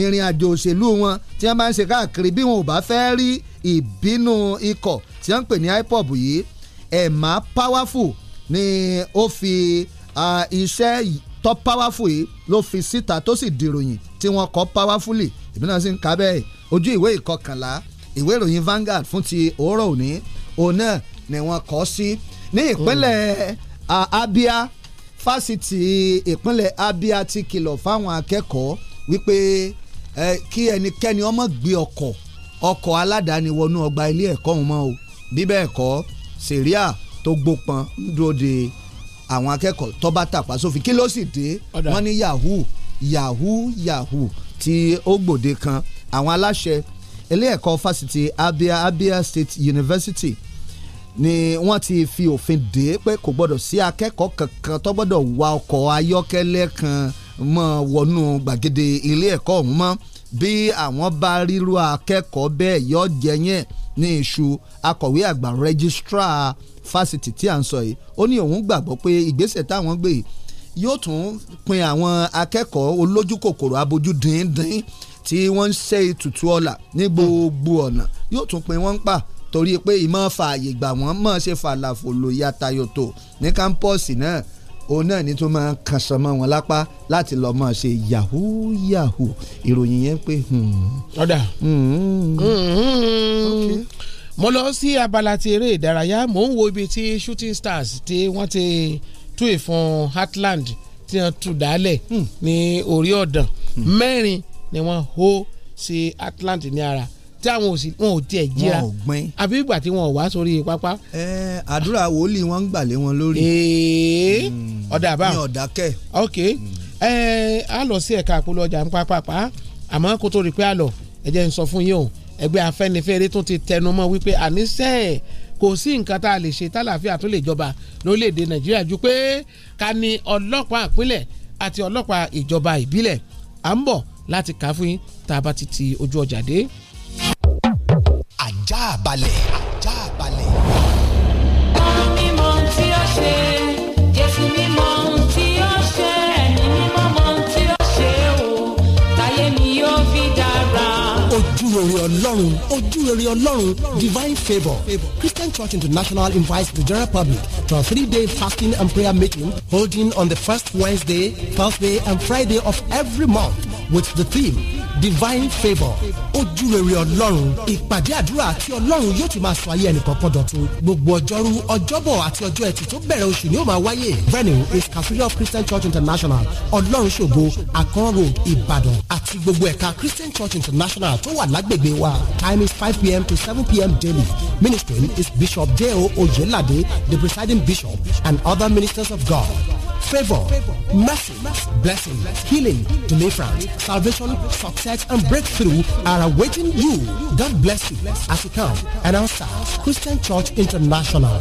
ìrìn àjò òṣèlú wọn tí wọ́n bá ń ṣe káàkiri bí wọn ò bá fẹ́ rí ìbínú ikọ̀ tí wọ́n ń pè ní IPOB yìí Emma Powerful ni ó fi iṣẹ́ tó powerful yìí ló fi síta tó sì dìròyìn tí wọ́n kọ powerfully èmi náà sì ń ka bẹ́ẹ̀ ojú ìwé ìkọkànlá ìwé ìròyìn Vanguard fún ti òórọ̀ òní òun náà ni wọ́n kọ sí ní ìpínlẹ̀ Abia fásitì ìpínlẹ̀ Abia ti kìlọ̀ fáwọn akẹ́kọ̀ọ́ wípé kí ẹnikẹ́ni ọmọ gbé ọkọ̀ ọkọ̀ aládàáni wọnú ọgbà ilé ẹ̀kọ́ òun mọ́ o bí bẹ́ẹ̀ kọ́ sẹ̀ríà tó gbópọn ń dúró de àwọn akẹ́kọ̀ọ́ tó bá tàpá sófin kí ló sì dé wọ́n ní yahoo yahoo yahoo Ti ó gbòde kan àwọn aláṣẹ ilé ẹ̀kọ́ fásitì Abia Abia State University ni wọ́n ti fi òfin dè é pé kò gbọ́dọ̀ sí akẹ́kọ̀ọ́ kankan tó gbọ́dọ̀ wa ọkọ̀ ayọ́kẹ́lẹ́ kan mọ́ wọnú gbàgede ilé ẹ̀kọ́ ọ̀hún mọ́ bí àwọn bá ríru akẹ́kọ̀ọ́ bẹ́ẹ̀ yọ jẹ́yẹn ní iṣu akọ̀wé àgbà rẹ́gísítrà fásitì tí à ń sọ yìí ó ní òun gbàgbọ́ pé ìgbésẹ̀ táwọn gbé yìí yóò tún pin àwọn akẹ́kọ̀ọ́ olójú kòkòrò abojú díndín tí wọ́n ń ṣe ètùtù ọ̀la ní gbogbo ọ̀nà yóò tún pin wọ́n ń pa torí pé ìmọ̀ fààyè gbà wọ́n mọ̀ ṣe fàlàfòlò yàtayòtò ní kámpọ́ọ̀sì náà òun náà ni tó máa kan san mọ́ wọn lápá láti lọ́ọ́ máa ṣe yahoo yahoo ìròyìn yẹn pé. Hmm. ọ̀dà hmm. Hmm. mo lọ sí abala ti eré ìdárayá mò ń wo ibi tí shooting stars tí wọ́n ti tú ìfún heartland tí wọ́n tú dálẹ̀ ní orí ọ̀dàn mẹ́rin ni wọ́n hó sí heartland ní ara tí àwọn ò sí wọn ò tiẹ̀ jíra àbí ìgbà tí wọn ò wá sórí pápá. ẹ àdúrà wòlíì wọn ń gbàlé wọn lórí. Hmm. ọ̀dà àbá mi ọ̀dà kẹ̀. ok ẹ a lọ sí ẹ̀ka àpolọ ọjà ń pápápá àmọ́ kó tó rí pé a lọ ẹ jẹ́ sọ fún yín o ẹgbẹ́ afẹ́nifẹ́re tún ti tẹnu mọ́ wípé àníṣe kò sí nǹkan tá a lè ṣe tálàáfíà tó lè jọba lórílẹ̀‐èdè nàìjíríà ju pé ká ní ọlọ́pàá ìpínlẹ̀ àti ọlọ́pàá ìjọba ìbílẹ̀ à ń bọ̀ láti kà fún yín tá a bá ti ti ojú ọjà dé ajá balẹ̀. ajá balẹ̀. ọmọ mímọ tí ó ṣe é. rere ọlọ́run ojú rere ọlọ́run divine favour christian church international invites the general public to a three-day fasting and prayer meeting holding on the first wednesday thursday and friday of every month with the theme divine favour ojúrere ọlọ́run ìpàdé àdúrà àti ọlọ́run yóò ti máa sọ ayé ẹnì kọ̀ọ̀kan dọ̀tun gbogbo ọjọ́rú ọjọ́bọ̀ àti ọjọ́ ẹtì tó bẹ̀rẹ̀ oṣù ni ó máa wáyé venue is cathedral christian church international ọlọ́run ṣògo akọ́rọ̀ ìbàdàn àti gbogbo ẹ̀ka christian church international tó wà lágbàá lágbègbè wa time is five pm to seven pm daily ministering is bishop deo oyelade the presiding bishop and other ministers of god favor mercy blessing healing deliverance salvation success and breakthrough are awaiting you god bless you as you come announcer christian church international.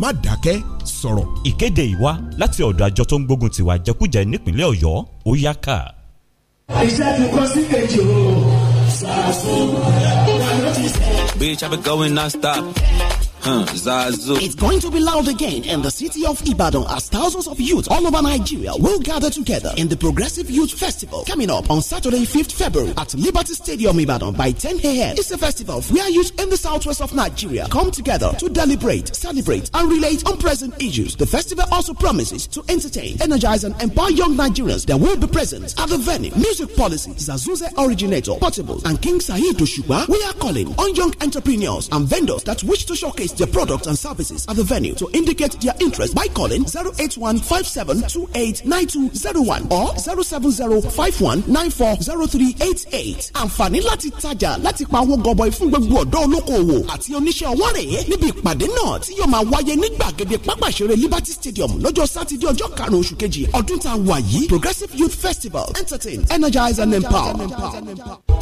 má dákẹ́ sọ̀rọ̀. ìkéde ìwá láti ọ̀dọ̀ àjọ tó ń gbógun tiwa jẹkújẹ nípínlẹ̀ ọ̀yọ́ ó yá ká. iṣẹ́ ti kọ́ sí kejì o ṣàṣù wà ló ti sẹ́. bitch stop. it's going to be loud again in the city of Ibadan as thousands of youths all over Nigeria will gather together in the Progressive Youth Festival coming up on Saturday, 5th February at Liberty Stadium, Ibadan by 10 a.m. It's a festival where youth in the southwest of Nigeria come together to deliberate, celebrate, and relate on present issues. The festival also promises to entertain, energize, and empower young Nigerians that will be present at the venue. Music policy, Zazuze originator, Portable, and King Saheed Oshuba. We are calling on young entrepreneurs and vendors that wish to showcase list their products and services at the venue to indicate their interest by calling 08157289201 or 07051940388. Àǹfààní láti tajà láti pa owó gọbọi fún gbogbo ọ̀dọ́ olókoòwò àti oníṣẹ́ ọwọ́ rẹ̀ níbi ìpàdé náà tí yóò máa wáyé ní gbàgede pápá ìṣeré Liberty Stadium lọ́jọ́ sátidé ọjọ́ karùn-ún oṣù kejì ọdún tá a wà yìí Progressive Youth Festival entertain energize and empower.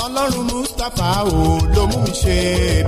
Ọlọ́run Mustapha ò ló mú mi ṣe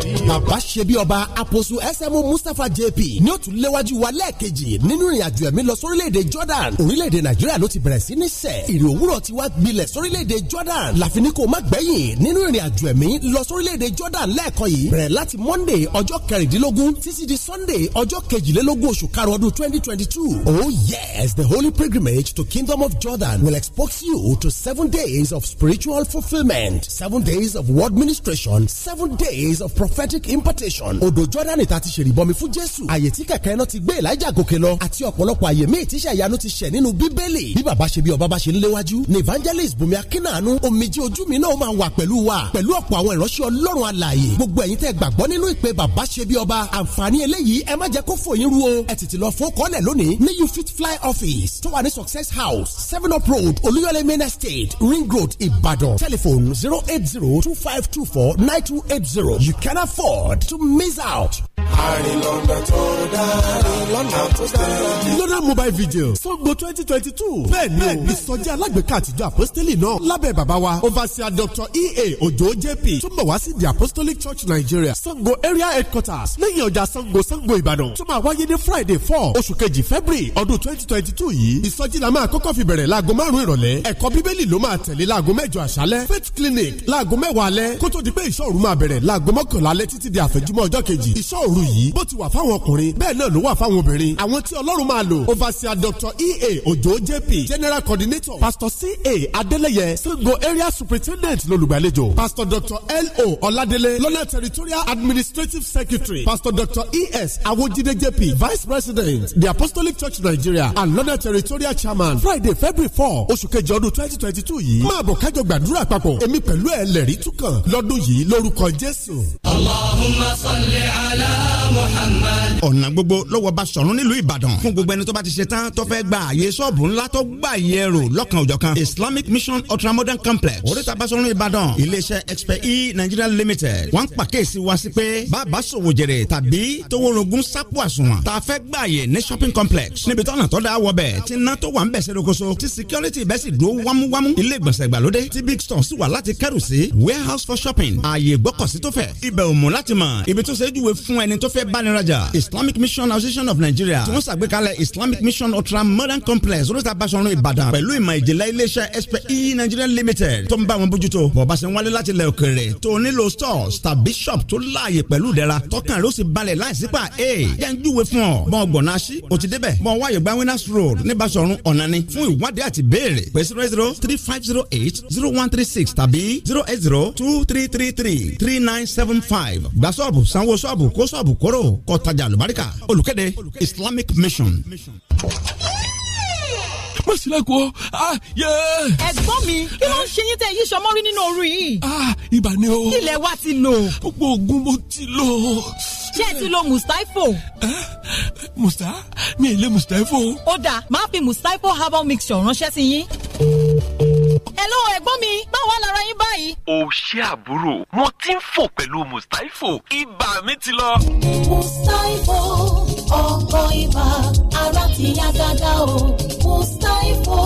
bí ọba. Bàbá ṣe bí ọba Apostle S. SMO Mustapha JP ní ó tún léwájú wa lẹ́ẹ̀kejì nínú ìrìnàjò ẹ̀mí lọ sórílẹ̀-èdè Jordan orílẹ̀-èdè Nàìjíríà ló ti bẹ̀rẹ̀ sí ní sẹ̀ ìrìn òwúrọ̀ ti wá gbilẹ̀ sórílẹ̀ Jordan láfi ní kó má gbẹ̀yìn nínú ìrìnàjò ẹ̀mí lọ sórílẹ̀ Jordan lẹ́ẹ̀kan yìí bẹ̀rẹ̀ láti Monday ọjọ́ kẹrìndínlógún títí di Sunday ọjọ́ kejìlélógún oṣù karùn-ún ọdún twenty twenty two oh yes the holy pilgrimage to kingdom of Jordan will expose you to seven days of spiritual fulfilment seven days of word ministration seven days of prophetic impartation odò Jordan ìta láti ṣèrìbọmi fún jésù àyè tí kẹ̀kẹ́ náà ti gbé èlíjà gòkè lọ àti ọ̀pọ̀lọpọ̀ àyè míì tíṣà ìyanu ti ṣẹ̀ nínú bíbélì bí bàbá ṣe bí ọba bá ṣe ń léwájú ni evangelist bùnmi akínàánú omijì ojú mi náà máa wà pẹ̀lú wa pẹ̀lú ọ̀pọ̀ àwọn ìránṣẹ́ ọlọ́run alààyè gbogbo ẹ̀yin tẹ́ gbàgbọ́ nínú ìpè bàbá ṣe bí ọba àǹfààní eléyìí ẹ má jẹ́ kó fòyín ru o ẹ tètè lọ fún kọ́lẹ̀ lónìí ní you fit fly office tó wà ní success house seven up road olúyọ̀lé main estate ring road ìbàdàn telephone zero eight zero two five two four nine two eight zero you can afford to miss out àrìnlọ́nà tó dára àrìnlọ́nà tó dára. lọ́nà mobile vigil sango twenty twenty two bẹ́ẹ̀ ni ìsọjí alágbèéká àtijọ́ apostoli náà lábẹ́ bàbá wa overseer doctor ea ojo jp túnbọ̀ wá sí the apostolic church nigeria sango area headquarters lẹ́yìn ọjà sango sango ìbàdàn tó máa wáyé ní friday four oṣù kejì february ọdún twenty twenty two yìí ìsọjí la máa kọ́kọ́ fi bẹ̀rẹ̀ láago márùn ìrọ̀lẹ́ ẹ̀kọ́ bíbélì ló máa tẹ̀lé láago mẹ́jọ àṣálẹ́ faith clinic láago mẹ́wàá alẹ́ kó tó di pé ìṣọ́ òru máa bẹ̀rẹ̀ láago mọ́kànlá alẹ́ títí ìṣọ́ òru òru yìí bó ti wà fáwọn ọkùnrin bẹ́ẹ̀ náà ló wà fáwọn obìnrin àwọn tí ọlọ́run máa lò overseer dr ea ojo jp general coordinator pastor ca adeleye sango area superintendent lolùgbàlejò pastor dr lo ọládélé lọ́nà territorial administrative secretary pastor dr es awojide jp vice president the apostolic church nigeria and lọ́nà territorial chairman friday february four oṣù kejì ọdún twenty twenty two yìí máa bọ̀ kájọ gbàdúrà papọ̀ èmi pẹ̀lú ẹ̀ lẹ́rìí túkàn lọ́dún yìí lórúkọ jésù. allahumma salli ala. Muhammad. ọ̀nà gbogbo lọ́wọ́ bá sọ̀rọ̀ nílùú Ìbàdàn fún gbogbo ẹni tó bá ti ṣe tán tó fẹ́ gba àyè sọ́ọ̀bù ńlá tó gbà yẹ rò lọ́kàn òjọ̀kan Islamic Mission Ultramodern Complex oríta Basọ̀run Ìbàdàn iléeṣẹ́ expert e Nigeria Limited wọ́n ń pàkíyèsí wa sí pé bàbá sòwò jèrè tàbí toworogun sápò àsùnwọ̀n tá a fẹ́ gba àyè ní shopping complex níbi tọ́nà tó dáa wọbẹ̀ tí iná tó wà ń bẹ̀ ṣe rokoṣo tí security bẹ́ẹ̀ sì dúró wámúwámú ilé ìgbọ̀nsẹ̀ ìgbàlódé tí big store sì wà láti kẹ́rù sí warehouse for shopping àyè gbọ́kọ̀sí tó fẹ̀ ibẹ̀ ò mú láti mọ̀ ibi tó ṣe é júwe fún ẹni ẹni tó fẹ́ bá rajà islamic mission association of nigeria tí wọ́n ṣàgbékalẹ̀ islamic mission ultra modern complex olóòtú abasanru ìbàdàn pẹ̀lú ìmọ̀ ìjìnlẹ̀ iléeṣẹ́ expe nigeria limited tó ń bá wọn bójútó bọ̀bá ṣe ń wálé láti ilẹ̀ òkèèrè tó nílò stores ta bishop tó láàyè pẹ̀lú ìdẹ̀ra tọkàn ló sì balẹ̀ láìsí pa e jẹ́ ń júwe fún ọ mọ ọgbọ̀n náà sí o ti débẹ̀ mọ wáyé gba winners road ní Basọ̀run ọ̀nani fún ìwádìí àti béèrè pé zero zero three five zero eight zero one three six tàbí zero eight zero two three three three three nine seven five gba sanwó sọ́ọ̀bù kó sọ́ọ̀bù àbùkóró kọ́tajà àlùbáríkà olùkéde Islamic Mission má sí lẹ́kọ̀ọ́ ah, ẹ̀gbọ́n mi kí ló ń ṣe yín tẹ yí sọmọ rí nínú òru yìí. Ah, ibà ni o. ilẹ̀ wa ti lò. gbogbo oògùn mo ti lò. ṣé ẹ ti lo mustapho. musta mi ì lé mustapho. ó dáa máa fi mustapho herbal mixture ránṣẹ́ sí yín hello ẹ̀gbọ́n mi báwo lára yín báyìí. o ṣé àbúrò wọn ti ń fò pẹ̀lú mustapho ibà mi ti lọ. mustapho ọkọ ibà ara ti yá gágá o mustapho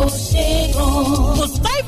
ò ṣe é gan. mustapho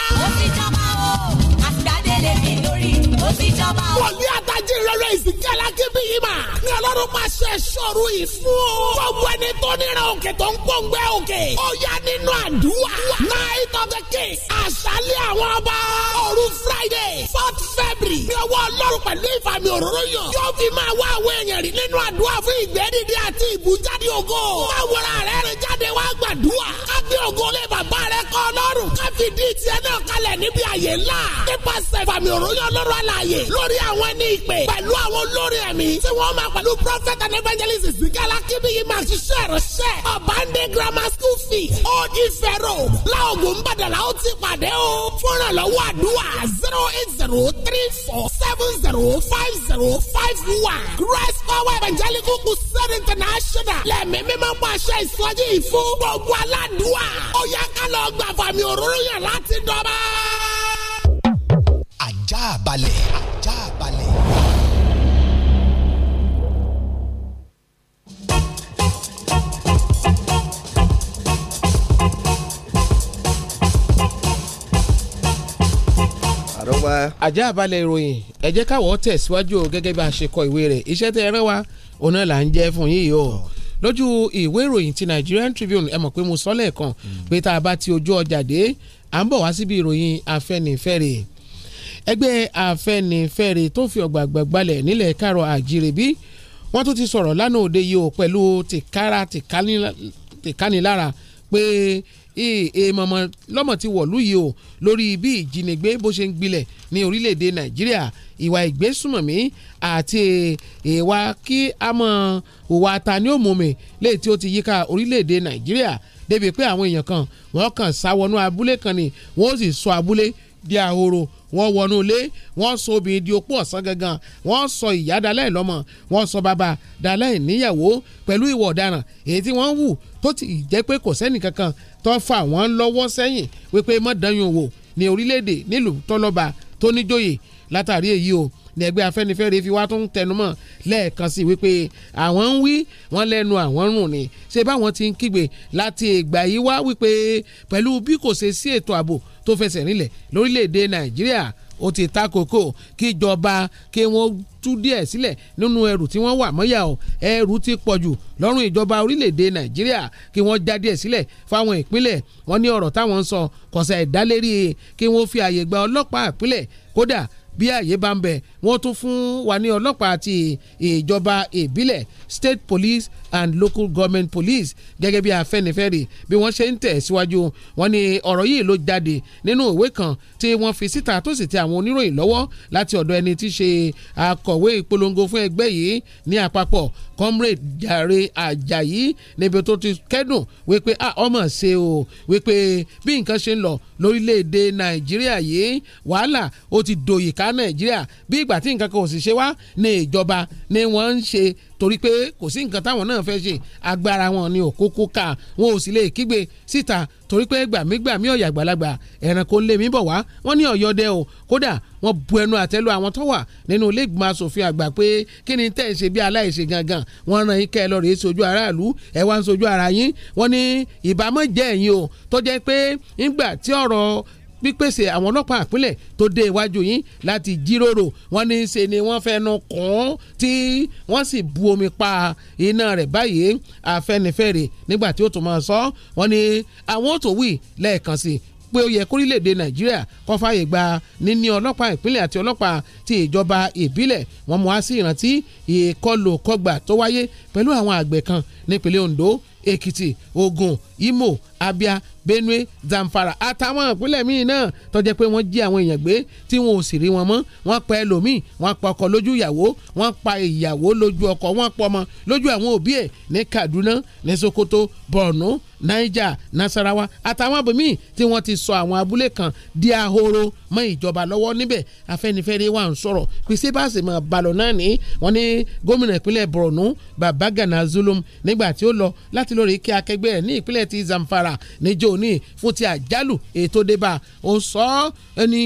fi jọba. wòlíì àtàjì rere ìsìnkí alájí bí yìí mà. ní ọlọ́run máa ṣe ìṣòro yìí fún o. gbogbo ẹni tó níran òkè tó ń pòǹgbẹ òkè. ó yá nínú àdúrà. night of the king. àṣálẹ̀ àwọn ọba. òru friday fourth february. ní ọwọ́ ọlọ́run pẹ̀lú ìfàmì òróró yàn. yóò fi máa wá àwọn èèyàn rí nínú àdúrà fún ìgbẹ́dìde àti ìbújáde ògo. máa wọra rẹ̀ rìn jáde wá gbàdúrà. á gbé ògo lé bàbá rẹ kọ́ lọ́rùn ká fìdí tiẹ̀ náà kalẹ̀ níbi àyè ńlá nípasẹ̀ ìfàmì òróyìn ọlọ́run àlàyé lórí àwọn ẹni ìpè pẹ̀lú àwọn olórí ẹ̀mí tí wọ́n máa pẹ̀lú prophet and evangelist zikala kíbíyì máa ṣiṣẹ́ ìránṣẹ́ ọ̀bánde grammar school fee old ife road láògùn ńbàdàn làwọn ti pàdé o fúnra lọ́wọ́ àdúrà zero eight zero three four seven zero five zero five one christ power evangelical crusade international lẹ́ẹ̀mí mímọ́ pàṣẹ ìsọjí ìfún gbogbo aládùúgbò wa. ó yá ká lọ gbà fàmì òróró yàn láti dọ́ba. ajá balẹ̀ ajá balẹ̀. wa. ajá balẹ̀ ìròyìn ẹ jẹ́ káwọ́ tẹ̀síwájú gẹ́gẹ́ bá a ṣe kọ ìwé rẹ̀ iṣẹ́ tẹ́ ẹ rán wa òun náà là ń jẹ́ fún yíyí o lójú ìwé ìròyìn ti Nigerian Tribune ẹ mọ̀ pé mo sọ lẹ́ẹ̀kan pé tá a bá ti ojú ọjà dé à ń bọ̀ wá síbi ìròyìn Afẹ́nifẹ́re ẹgbẹ́ Afẹ́nifẹ́re tó fi ọ̀gbàgbà gbalẹ̀ nílẹ̀ kárọ̀ àjírẹ́bí wọ́n tún ti sọ̀rọ̀ lánàá òde yìí o pẹ̀lú tìkára tìkánilára pé èèmọ̀mọ̀ lọ́mọ̀ ti wọ̀lú yìí o lórí bí ìjínigbé bó ṣe ń gbilẹ̀ ní orílẹ̀-èdè nàìjíríà ìwà ìgbésùmọ̀mí àti ìwà kí a mọ̀ òwà ta ni ó mú mi léyìí tí ó ti yíká orílẹ̀-èdè nàìjíríà débi pé àwọn èèyàn kan wọ́n kàn sá wọnú abúlé kan ni wọ́n ó sì sọ abúlé di ahoro wọ́n wọnú ilé wọ́n sọ obìnrin di opó ọ̀sán gangan wọ́n sọ ìyá dalẹ́ lọ́mọ wọ́n sọ bàbá dalẹ́ níyàwó pẹ̀lú ìwà ọ̀daràn èyí tí wọ́n wù tó ti jẹ́ pé kò sẹ́nì kankan tó fà wọ́n lọ́wọ́ sẹ́yìn wípé mọ́dányún wò ní orílẹ̀-èdè nílùú tọ́lọ́ba tó níjòyè látàrí èyí o ní ẹgbẹ́ afẹ́nifẹ́re fi wá tó ń tẹnumọ́ lẹ́ẹ̀kan sí wípé àwọn ń wí wọ́n lẹ́nu àwọn rùn ni ṣé báwọn ti ń kígbe láti ìgbà yìí wá wípé pẹ̀lú bí kò ṣe sí ètò ààbò tó fẹsẹ̀ rinlẹ̀ lórílẹ̀‐èdè nàìjíríà ó ti ta kókó kíjọba kí wọ́n tú díẹ̀ sílẹ̀ nínú ẹrù tí wọ́n wà mọ́yà o ẹrù ti pọ̀ jù lọ́rùn ìjọba orílẹ̀-èdè nàìjíríà kí wọ́n já díẹ̀ sílẹ̀ fáwọn ìpínlẹ̀ wọ́n ní ọ̀rọ̀ táwọn ń sọ kọ̀sẹ̀ ìdálérí kí wọ́n fi àyè gba ọlọ́pàá ìpínlẹ̀ kódà bí àyè bá ń bẹ wọ́n tún fún wa ní ọlọ́pàá àti ìjọba ìbílẹ̀ state police and local government police gẹ́gẹ́ bí afẹ́nifẹ́re bí wọ́n ṣe ń tẹ̀síwájú wọ́n ní ọ̀rọ̀ yìí ló jáde nínú ìwé kan tí wọ́n fi síta tó sì tẹ àwọn oníròyìn lọ́wọ́ láti ọ̀dọ̀ ẹni tí ṣe akọ̀wé ìpolongo fún ẹgbẹ́ yìí ní àpapọ̀ comrade Jare àjàyí níbi tó ti kẹ́dùn wípé ah, ọmọ ṣe o wípé bí nǹkan ṣe ń lọ lórílẹ̀‐èdè nàìjíríà yìí wàhálà ó ti dòyìká nàìjíríà bí ìgbà tí nǹkan kan ò sì ṣe wá ní ìjọba ni wọ́n ń ṣe torí pé kò sí nǹkan táwọn náà fẹ́ ṣe agbára wọn ni òkókó ká wọn ò sì lè kígbe síta torí pé gbàmígbàmí ọ̀yà àgbàlagbà ẹranko ń lé mi bọ̀ wá wọ́n ní ọ̀yọ́dẹ o kódà wọ́n bu ẹnu àtẹ́lu àwọn tó wà nínú ilé ìgbìmọ̀ asòfin àgbà pé kí ni tẹ́ ẹ̀ ṣe bí aláìṣe gangan wọ́n ràn yín kẹ́ ẹ lọ rèé sojú aráàlú ẹ wá ń sojú ara yín wọ́n ní ìbámu jẹ́ ẹ̀yin o tó jẹ́ pé ńgbà tí ọ̀rọ̀ pípèsè àwọn ọlọ́pàá àpilẹ̀ tó dé iwájú yín láti jíròrò wọ́n ní í ṣe ni wọ́n fẹnu kàn án tí wọ́n sì bu omi pa iná rẹ̀ báyìí Afẹ́nifẹ́re nígbà tí ó tún máa sọ wọ́n ní àwọn ò tó lẹ́ẹ̀kan sí pé ó yẹ kórílẹ̀ nàìjíríà kó fààyè gba níní ọlọ́pàá ìpínlẹ̀ àti ọlọ́pàá ti ìjọba ìbílẹ̀ wọn mú wá sí ìrántí ìkọlù kọgbà tó wáyé pẹ̀lú àwọn àgbẹ̀ kan nípínlẹ̀ Ondo èkìtì Ogun, imo abia benue zamfara àtàwọn ìpínlẹ̀ míì náà tó jẹ́ pé wọ́n jí àwọn èèyàn gbé tí wọn ò sì rí wọn mọ́ wọ́n pa ẹlòmíì wọ́n pa ọkọ lójú ìyàwó wọ́n pa ìyàwó lójú ọkọ wọ́n pa ọmọ lójú àwọn òbí ẹ̀ ní kaduna ní sokoto borno niger nasarawa àtàwọn abòmíì tí wọ́n ti sọ àwọn abúlé kan di ahoro mọ́ ìjọba lọ́wọ́ níbẹ̀ afẹ́nifẹ́re wà ń sọ̀rọ̀ pèsè bá sì mọ̀ balọ̀ náà ní wọ́n ní gómìnà ìpínlẹ̀ borno babagana zulum nígbà tí ó lọ láti lórí kí akẹgbẹ́ rẹ̀ ní ìpínlẹ̀ ti zamfara níjó ní fún ti àjálù ètò débà ó sọ ẹni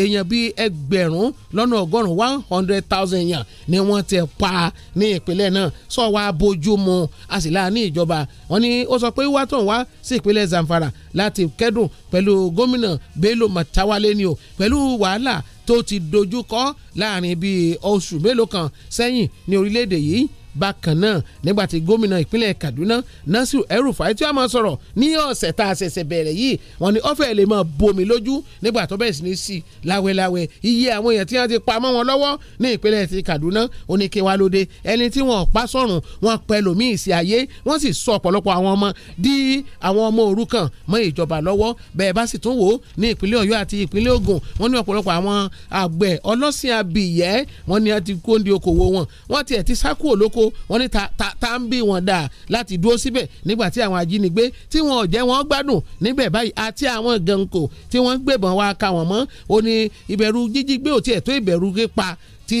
èèyàn bíi ẹgbẹ̀rún lọ́nà ọgọ́rùn-ún one hundred thousand èèyàn ni wọ́n ti pa ní ìpínlẹ̀ náà sọ wá bójú mu àsìlá ní ìjọba wọ́n ní ó sọ pé wá tó ń wá sí ìpínlẹ̀ zamfara láti kẹ́dùn pẹ̀lú gómìnà Bello Matawalle ni o pẹ̀lú wàhálà tó ti dojúkọ láàrin bíi oṣù mélòó kan sẹ́yìn ní orílẹ̀-èdè yìí bákan náà nígbà tí gómìnà ìpínlẹ̀ Kaduna Nasiru El-Rufai tí wọ́n máa sọ̀rọ̀ ní ọ̀sẹ̀ tá a ṣẹ̀ṣẹ̀ bẹ̀rẹ̀ yìí wọ́n ní ọ̀fẹ́ lè máa bomi lójú nígbà tó bẹ̀rẹ̀ sí ní sí láwẹ́láwẹ́ iye àwọn èèyàn tí wọ́n ti pa mọ́ wọn lọ́wọ́ ní ìpínlẹ̀ ti Kaduna ó ní kí wá lóde ẹni tí wọ́n pa sọ̀rùn wọ́n pẹ́ lómi ìsì ayé wọ́n sì sọ ọ̀pọ̀lọpọ̀ àwọn ọmọ di àwọn ọmọ òrukàn mọ́ ìjọba lọ́wọ́ bẹ́ẹ̀ bá sì tún wò ó ní ìpínlẹ̀ Ọ̀yọ́ àti ìpínlẹ̀ Ògùn wọ́n ní ọ̀pọ̀lọpọ̀ àwọn àgbẹ̀ ọlọ́sìn abìyẹ́ wọ́n ní a ti okòwò wọn wọ́n tiẹ̀ ti sá kúrò kó wọ́n ní ta ń bí wọn dáa láti dúró síbẹ̀ nígbà tí àwọn ajínigbé tí wọn ò jẹ́ wọn gbádùn níbẹ̀ báyìí àti àwọn gànkò tí wọ́n gbébọn wá ka wọ́n mọ́ ó ní ìbẹ̀rù jíjígbé ò tiẹ̀ tó ìbẹ̀rù pípa tí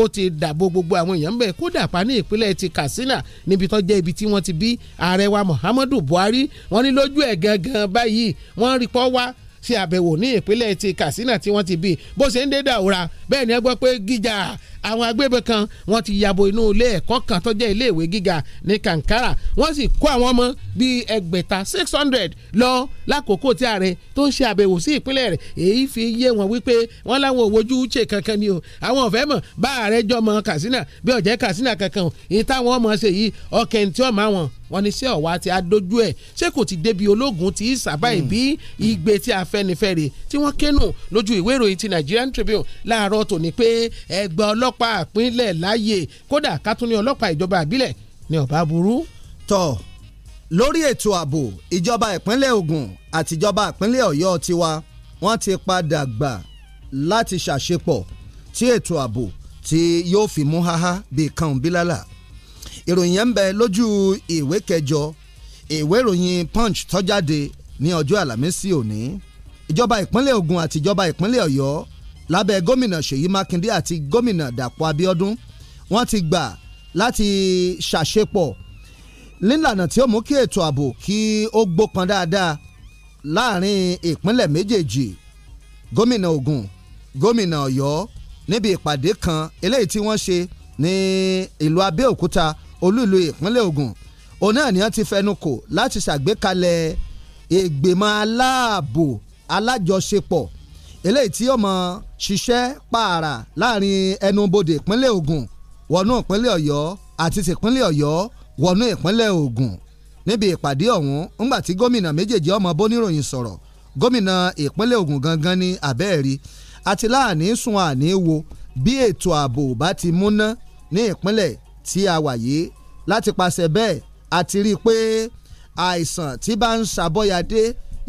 ó ti dàbò gbogbo àwọn èèyàn bẹ́ẹ̀ kódà pa ní ìpínlẹ̀ ti Katsina níbi tó jẹ́ ibi tí wọ́n ti bí ààrẹ wa Muhammadu Buhari wọ́n ní lójú ẹ̀ gangan báyìí wọ́n rí pọ́ wá ṣe àbẹ̀wò ní ìpínlẹ̀ ti Katsina tí wọ́n ti bí bó ṣe ń dé dàwòrà bẹ́ẹ̀ ni ẹ gbọ́ pé gíjà àwọn agbébọn kan wọ́n ti yabo inú ilé ẹ̀kọ́ kan tó jẹ́ iléèwé gíga ní Kankara wọ́n sì kó àwọn ọmọ bíi ẹgbẹ̀ta six hundred lọ lákòókò tí ààrẹ tó ń ṣe àbẹ̀wò sí ìpínlẹ̀ rẹ̀ èyí fi yé wọn wípé wọ́n láwọn òwojú ṣe kankan ni o àwọn ọ̀fẹ́ mọ̀ bá ààrẹ jọmọ Katsina bí ọ̀jẹ́ Katsina kankan o èyí táwọn ọmọ ṣe yìí ọkẹ́ntì ọmọ àwọn wọ́n ní ṣé ọ̀wá tí a dojú ẹ̀ ṣé kò ti débi ológun tí sábà hmm. ìbí igbe tí Afẹ́nifẹ́re tí wọ́n kẹ́nu lójú ìwé ìròyìn ti Nigerian Tribune láàárọ̀ tòní pé ẹgbẹ́ ọlọ́ ọlọ́pàá àpínlẹ̀ láàyè kódà kátúní ọlọ́pàá ìjọba àbílẹ̀ ní ọ̀bá burú. tọ lórí ètò ààbò ìjọba ìpínlẹ̀ Ògùn àtìjọba ìpínlẹ̀ Ọ̀yọ́ tiwa wọ́n ti padà gbà láti ṣàṣepọ̀ tí ètò ààbò tí yóò fi mú háhá bíi kan bílálà ìròyìn ń bẹ lójú ìwé kẹjọ ìwé ìròyìn Punch tó jáde ní ọjọ́ àlàmísì òní ìjọba ìpínlẹ̀ Ògùn àtìjọba ìpínlẹ̀ Ọ̀yọ́ lábẹ́ gómìnà Ṣèyí Mákindé àti gómìnà Dàpọ̀ Abíọ́dún wọ́n ti gbà láti ṣàṣepọ̀ nílànà tí ó mú kí ètò ààbò kí ó gbópọn dáadáa láàrin ìpínlẹ̀ méjèèjì gómìnà Ògùn gómìnà Ọ̀yọ́ níbi ìpàdé kan eléyìí tí wọ́n ṣe ní ìlú Abẹ́òkúta olú ìlú ìpínlẹ̀ Ògùn òun náà ni wọ́n ti fẹnu kò láti ṣàgbékalẹ̀ ìgbìmọ̀ aláàbò alájọṣepọ̀ eléyìí tí ọmọ ṣiṣẹ́ pààrà láàrin ẹnubodè ìpínlẹ̀ ogun wọnú ìpínlẹ̀ Ọ̀yọ́ àti tìpínlẹ̀ Ọ̀yọ́ wọnú ìpínlẹ̀ Ògùn níbi ìpàdé ọ̀hún ńgbà tí gómìnà méjèèjì ọmọ bóníròyìn sọ̀rọ̀ gómìnà ìpínlẹ̀ Ògùn gangan ní abẹ́ẹ̀rí àti láàní sùn àní wo bí ètò ààbò bá ti múná ní ìpínlẹ̀ tí a wà yìí láti pàṣẹ bẹ́ẹ̀ àti rí i pé àìsàn tí bá ń ṣàbọ̀yàdé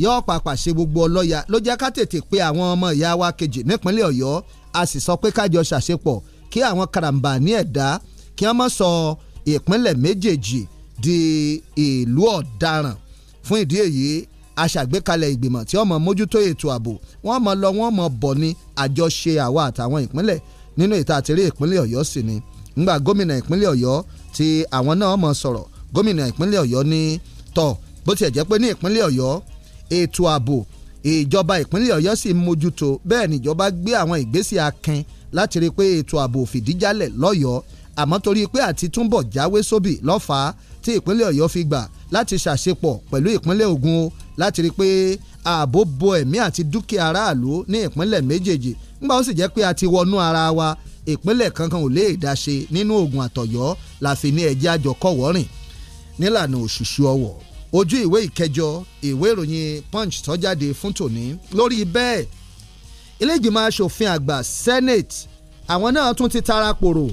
yọ pàpà ṣe gbogbo ọlọ́yà ló jẹ́ ká tètè pé àwọn ọmọ ìyá wa kejì nípínlẹ̀ ọ̀yọ́ a sì sọ pé kájọ ṣàṣepọ̀ kí àwọn karambà ní ẹ̀dá kí wọ́n mọ̀ sọ ìpínlẹ̀ méjèèjì di ìlú ọ̀daràn fún ìdí èyí aṣàgbékalẹ̀ ìgbìmọ̀ tí ọmọ mójútó ètò ààbò wọ́n mọ̀ lọ wọ́n mọ̀ bọ̀ ní àjọṣe àwa àtàwọn ìpínlẹ̀ nínú ìta àtẹ̀rẹ́ ìpínlẹ̀ ọ̀yọ́ sì ni ngbà gómìnà ìpínlẹ̀ ọ̀yọ́ tí àwọn náà mọ̀ sọ̀rọ̀ gómìnà ìpínlẹ̀ ọ̀yọ́ ní tọ̀ bó tiẹ̀ jẹ́ pé ní ìpínlẹ̀ ọ̀yọ́ ètò ààbò ìjọba ìpínlẹ̀ ọ̀yọ́ sì mójútó bẹ́ẹ̀ níjọba gbé àwọn ìgbésẹ̀ akin láti rí i pé ètò ààbò fìdíjálẹ̀ lọ́yọ̀ọ́ àmọ́ torí pé àti túnbọ̀ jáwé sóbì lọ́fàá tí ìpínlẹ̀ ọ̀yọ́ fi gbà láti ṣàṣepọ̀ pẹ̀lú ìpínlẹ̀ ògùn o láti rí i pé ààbò bo ẹ̀mí àti dúkìá aráàlú ní ìpínlẹ̀ méjèèjì ńgbà ó sì jẹ́ pé a ti wọnú ara wa ìpínlẹ̀ kankan ò lè dáṣe nínú ògùn àtọ̀yọ́ la fi ní ẹjẹ́ àjọkọ̀wọ́rìn nílànà òṣùṣù ọwọ́ ojú ìwé ìkẹjọ ìwé ìròyìn punch tó jáde fún tòní lórí bẹ́ẹ̀ ilé ìgbìmọ̀ asòfin àgbà senate àwọn náà tún ti tara pòrò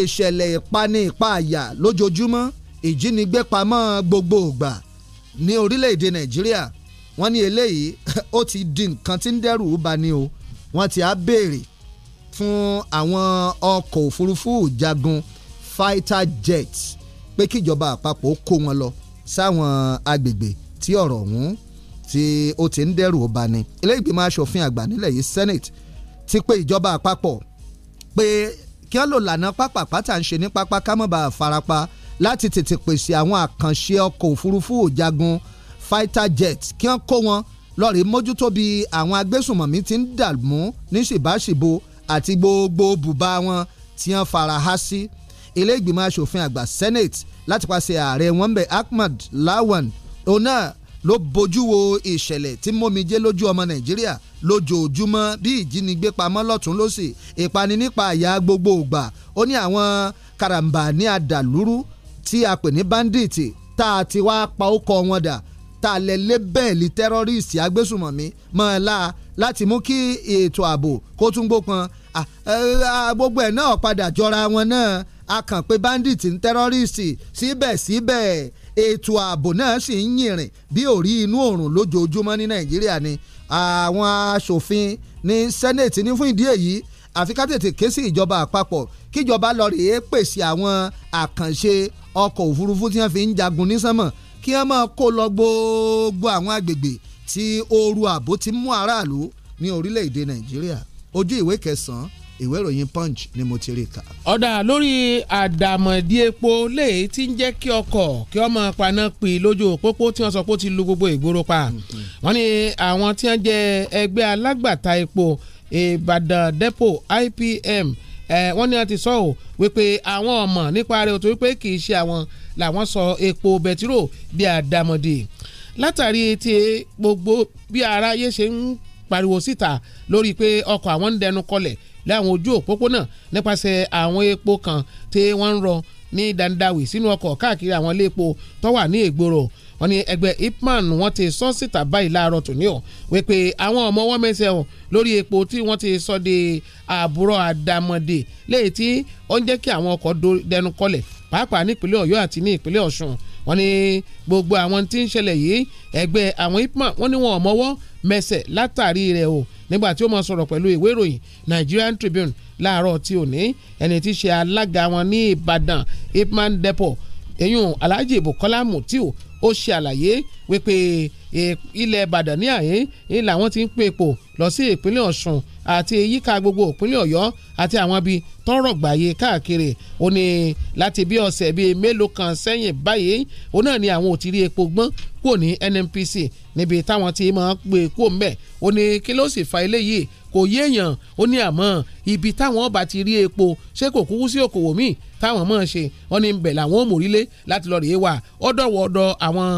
ìṣẹ̀lẹ̀ ìpani ìpààyà lójoojúmọ́ ìjínigbé pamọ́ gbogbo ìgbà ní orílẹ̀-èdè nàìjíríà wọ́n ní eléyìí ó ti di nǹkan tí ń dẹ́rù bà ni o wọ́n ti á béèrè fún àwọn ọkọ̀ òfurufú jagun fighter jets pé kíjọba àpapọ̀ kó wọn lọ sáwọn agbègbè tí ọ̀rọ̀ ọ̀hún tí ó ti ń dẹ́rù ó bani ilé ìgbìmọ̀ asòfin àgbà nílẹ̀ yìí senate ti pé ìjọba àpapọ̀ pé kí wọ́n lò lànà pápá pátá ń ṣe ní pápá kámọ́ba àfarapa láti tètè pèsè àwọn àkànṣe ọkọ̀ òfurufú òjagun fighter jet kí wọ́n kó wọn lọ́ọ̀rì mójútó bí àwọn agbésùnmọ̀mí ti ń dààmú ní ṣìbáṣìbo àti gbogbo bùbá wọn tí wọ́n fara há sí ilé ìgbìmọ̀ asòfin àgbà senate láti paṣẹ ààrẹ wọn bẹ Ahmad Lawan òun náà ló bójú wo ìṣẹ̀lẹ̀ tí mómijé lójú ọmọ Nàìjíríà lójoojúmọ́ bí ìjínigbé pamọ́ lọ́tún lọ́sì ìpani nípa àyà gbogbo ògbà ó ní àwọn karambà ní àdàlúrú tí a pè ní bandit tá a ti wá pa ó kọ wọn dà tá a lẹ lébẹ́ẹ̀lì tẹ́rọ́rìsì agbésùmọ̀mí mọ́ ẹ la láti mú kí ètò ààbò kó tún gbópọn gbogbo ẹ̀ náà padà jọra wọn náà akànpé bandit ń tẹ́rọ́rìsì síbẹ̀síbẹ̀ ètò ààbò náà sì ń yìnrìn bí òrí inú òrùn lójoojúmọ́ ní nàìjíríà ni àwọn aṣòfin ní senate ní fún ìdí èyí àfi ká tètè ké sí ìjọba àpapọ̀ kíjọba lọ rèé pèsè àwọn àkànṣe ọkọ̀ òfurufú tí wọ́n fi ń jagun ní sánmọ̀ kí wọ́n máa kó lọ gbogbo àwọn agbègbè tí ooru ààbò ti mú aráàlú ní orílẹ̀-èdè nàìjíríà ojú ìwé kẹsàn-án ìwé ìròyìn punch ni mo ti rí kà. ọ̀dà lórí àdàmọ̀dì epo lè ti ń jẹ́ kí ọkọ̀ kí ọmọ paná pè lójú òpópó tí wọ́n sọ pé ó ti lu gbogbo ìgboro pa. wọ́n ní àwọn tí wọ́n jẹ́ ẹgbẹ́ alágbàtà epo ìbàdàn depo IPM wọ́n ní wọ́n ti sọ ọ́ wípé àwọn ọmọ nípa rẹ̀ òtún wípé kì í ṣe àwọn làwọn sọ epo bẹtiró bí àdàmọ̀dì látàrí tí gbogbo bí aráyé ṣe ń pariwo síta lórí pé ọkọ̀ àwọn ń dẹnu kọlẹ̀ láwọn ojú òpópónà nípasẹ̀ àwọn epo kan tí wọ́n ń rọ ní dandawe sínú ọkọ̀ káàkiri àwọn ilé epo tó wà ní ìgboro wọ́n ní ẹgbẹ́ ipman wọ́n ti sọ síta báyìí láàárọ̀ tòní o wípé àwọn ọmọ wọn mẹsẹ̀ o lórí epo tí wọ́n ti sọ de àbúrò àdàmọ̀dè léyìí tí ó ń jẹ́ kí àwọn ọkọ̀ dẹnu kọlẹ̀ pàápàá nípínlẹ̀ Ọ̀yọ́ àti ní ìpínlẹ̀ Ọ̀ṣun wọ́n ní gbogbo àwọn tí ń ṣẹlẹ̀ yìí ẹgbẹ́ àwọn IPMAN wọ́n ní wọn ò mọwọ́ mẹsẹ̀ látàrí rẹ̀ o nígbà tí ó mọ sọ̀rọ̀ pẹ̀lú ìwé ìròyìn Nigerian Tribune láàárọ̀ tí ò ní ẹni tí ṣe alága wọn ní Ìbàdàn IPMAN depot eyín Alhaji Bukola Mutiu ó ṣe àlàyé wípé ilẹ̀ ìbàdàn ní àyín ní làwọn ti ń pe epo lọ sí ìpínlẹ̀ ọ̀ṣun àti yíká gbogbo ìpínlẹ̀ ọ̀yọ́ àti àwọn ibi tọ́rọ̀ gbàyè káàkiri ó ní láti bí ọ̀sẹ̀ bíi mélòó kan sẹ́yìn báyìí ó náà ni àwọn ò ti rí epo gbọ́n kúrò ní NNPC níbi táwọn ti máa ń gbé kúrò mbẹ̀ ó ní kí ló sì fa eléyìí kò yéèyàn ó ní àmọ́ ibi táwọn ọba ti rí epo ṣé kò kúkú sí òkòwò míì táwọn mọ̀ ṣe wọ́n ní bẹ̀ làwọn ò mórílé láti lọ́ọ́ rèé wà ọ̀dọ̀wọ̀ ọ̀dọ̀ àwọn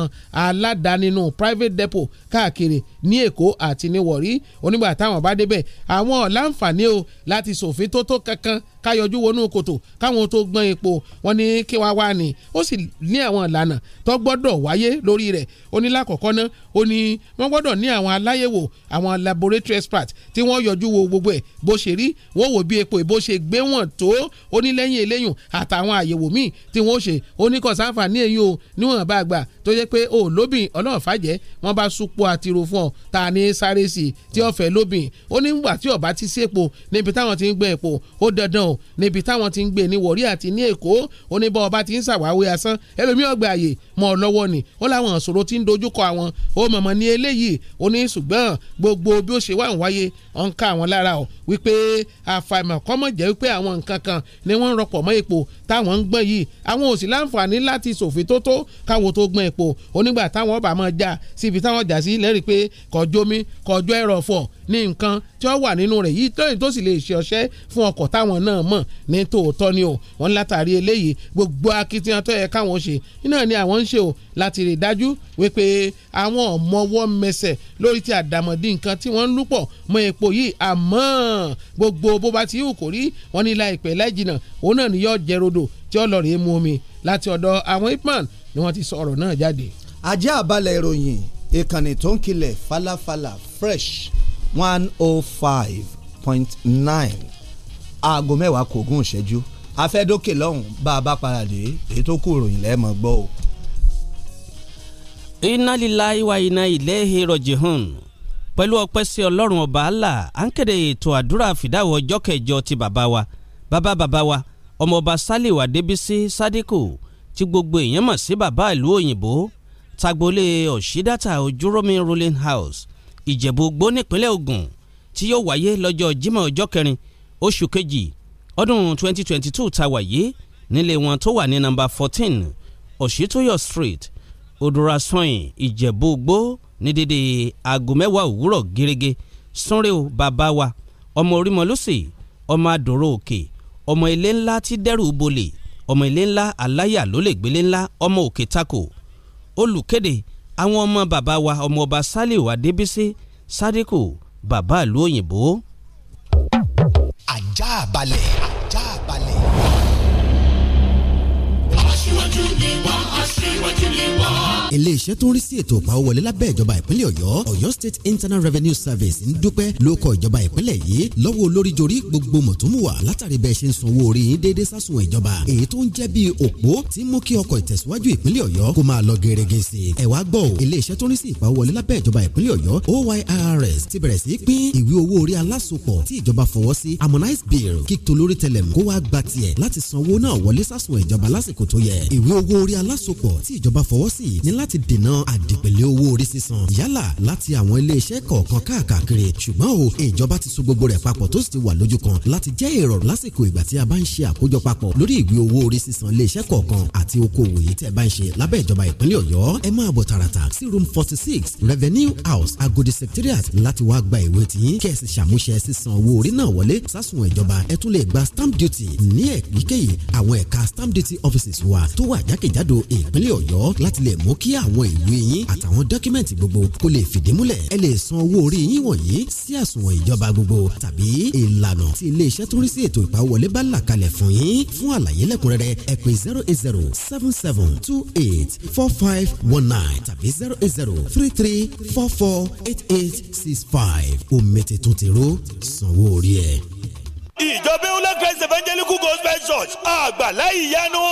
aládàánínú private depot káàkiri ní Èkó àti ní Wọ̀rí onígbà táwọn bá débẹ̀ àwọn ọ̀làǹfààní o láti ṣòfin tó tó kankan káyọjú wọnú kòtò káwọn tó gbọ́n epo wọn ní kí wá wá ni ó sì ní àwọn ìlànà tó gbọ́dọ̀ wáyé lórí rẹ̀ ó ní lákọ̀ọ́kọ́ ná ó ní wọ́n gbọ́dọ̀ ní àwọn aláyẹ̀wò àwọn laboratory experts tí wọ́n yọjú wo gbogbo ẹ̀ bó ṣe rí wọ́n wò bí epo ìbò ṣe gbé wọ́n tó ó eléyùn àtàwọn àyẹ̀wò míì tí wọ́n ṣe oníkọ̀sáfà ní èyí o níwọ̀n bá gbà tó jẹ́ pé o lóbìn ọlọ́run fàjẹ́ wọ́n bá supọ̀ àtirò fún ọ ta ní sáré sí i tí ọ̀fẹ́ lóbìn ó ní gbà tí ọ̀bá ti sí epo níbi táwọn ti ń gbẹ epo ó dandan o níbi táwọn ti ń gbé e ní wọ̀rí àti ní èkó ó ní bá ọba ti ń ṣàwáwé asán ẹlòmí ọgbà àyè mọ́ ọ lọ́wọ́ ni ó láwọn ìṣòro ti ń dojúkọ àwọn ó mọ̀mọ́ ní eléyìí ó ní ṣùgbọ́n gbogbo bí ó ṣe wà ń wáyé ọ̀ ń ká àwọn lára o wípé àfàìmọ̀ kọ́mọ̀ jẹ́ wípé àwọn nǹkan kan ni wọ́n ń rọpọ̀ mọ́ epo epo táwọn ń gbọ́n yìí àwọn ò sì láǹfààní láti ṣòfin tó tó káwọn tó gbọ́n epo onígbà táwọn ọba máa já síbi táwọn jà sí lẹ́rìí pé kọjọ́ mi kọjọ́ ẹ̀rọ̀fọ̀ ní nǹkan tí ó wà nínú rẹ̀ yìí tóyìn tó sì lè ṣe ọṣẹ́ fún ọkọ̀ táwọn náà mọ̀ ní tòótọ́ ni o wọ́n látàrí eléyìí gbogbo akitiyan tó yẹ káwọn ṣe iná ni àwọn ń ṣe o láti rí dájú wípé àwọn ọmọwọ́ mẹsẹ̀ lórí ti àdàmọ̀dì nǹkan tí wọ́n ń lúpọ̀ mọ́ epo yìí àmọ́ gbogbo bó bá ti hù kò rí wọn ní láìpẹ́ láìjìnà òun náà ni yóò jẹ rodò tí ó lọ rèé mu omi láti ọ̀dọ̀ àwọn ipman ni wọ́n ti sọ ọ̀rọ̀ náà jáde. ajá àbálẹ̀ ìròyìn ìkànnì tó ń kilẹ̀ falafala fresh one oh five point nine aago mẹ́wàá kò gún ìṣẹ́jú afẹ́dókè lọ́hùn bá a bá padà dé èyí tó kù ròyìn lẹ́ẹ̀mọ́ gbọ́ o. iná líla ìwà iná ilé ìrọ̀jì hàn pẹ̀lú ọpẹ́ sí ọlọ́run ọba àlà à ń kéde ètò àdúrà fìdáwọ̀ ọjọ́ kẹjọ ti bàbá wa bàbá bàbá wa ọmọọba sálíwà débísí sádíkù tí gbogbo èèyàn mọ̀ sí bàbá ìlú òyìnbó tagbolé ọ̀ṣídàtà ojúròmi ruling house ìjẹ̀bú gbó nípínlẹ̀ Ògùn tí yóò wáyé lọ́jọ́ Jímọ̀ ọjọ́ kẹrin oṣù kejì ọdún 2022 ta wáyé nílé wọn tó wà ní nọ́mbà 14 Òṣìtóyọ̀ Street odorasoyin ìjẹ̀bú gbó ní dédé aago mẹ́wàá òwúrọ̀ gẹ́rẹ́gẹ́ sùnrẹ́ bàbá wa ọmọ orímọlúsì ọmọ adòrò òkè ọmọ ilé ńlá tí dẹ́rù bolè ọmọ ilé ńlá aláyà lólè gbélé ńlá ọmọ òkè tako olùkéde àwọn ọmọ bàbá wa ọmọọba sálíù adébísí sádíkù bàbá ìlú òyìnbó. ajá balẹ̀ ajá balẹ̀. aṣíwájú ni wá aṣíwájú ni wá iléeṣẹ́ tó ń rí sí ètò ìpawówọlé lábẹ́ ìjọba ìpínlẹ̀ ọ̀yọ́ ọ̀yọ́ state internal revenue service ń dúpẹ́ ló kọ ìjọba ìpínlẹ̀ yìí lọ́wọ́ olóríjorí gbogbo mọ̀túnmùwà látàrí bẹ́ẹ̀ ṣe ń sanwó orí yín déédé sásùn ìjọba èyí tó ń jẹ́ bí òpó tí mú kí ọkọ̀ ìtẹ̀síwájú ìpínlẹ̀ ọ̀yọ́ kó máa lọ gẹ̀rẹ́gẹ̀ sí i. ẹ wá gbọ́ o iléeṣẹ́ tó ń rí sí ìpawówọlé lábẹ́ ìjọba ìpínlẹ̀ ọ̀yọ́ OYRS ti bẹ̀rẹ̀ sí pín ìwé láti dènà àdìpẹ̀lẹ̀ owó orí sísan yálà láti àwọn iléeṣẹ́ kọ̀ọ̀kan káàkiri ṣùgbọ́n o ìjọba ti so gbogbo rẹ̀ papọ̀ tó sì ti wà lójú kan láti jẹ́ ìrọ̀rùn lásìkò ìgbà tí a bá ń ṣe àkójọ papọ̀ lórí ìwé owó orí sísan iléeṣẹ́ kọ̀ọ̀kan àti okòwò yìí tẹ́ bá ń ṣe lábẹ́ ìjọba ìpínlẹ̀ ọ̀yọ́ ẹ máa bọ̀ tààràtà sí room forty six revenue house agodi secretariat láti wá gba ìwé tí kẹ́ ẹ sì ṣàmúṣẹ sísan owó orí náà wọlé sásùn ìjọba ẹ tún lè gba stamp duty ní èyíkéyìí àwọn ẹ̀ka stamp duty offices wa tó wà jákèjádò ìpínlẹ̀ ọ̀yọ́ láti lè mú kí kí àwọn ìwé yín àtàwọn dọ́kímẹ́ǹtì gbogbo kó lè fìdí múlẹ̀ ẹ lè san owó orí yín wọ̀nyí sí àsùnwọ̀n ìjọba gbogbo tàbí ìlànà tí iléeṣẹ́ tó ń rí sí ètò ìpawọlé bá là kalẹ̀ fún yín fún àlàyé lẹ́kùnrẹ́rẹ́ ẹ pè zero eight zero seven seven two eight four five one nine tàbí zero eight zero three three four four eight eight six five omi ti tún ti ró sanwó orí ẹ. ìjọba ewúlẹ́ christ evangelical gospel church àgbàlá ìyanu.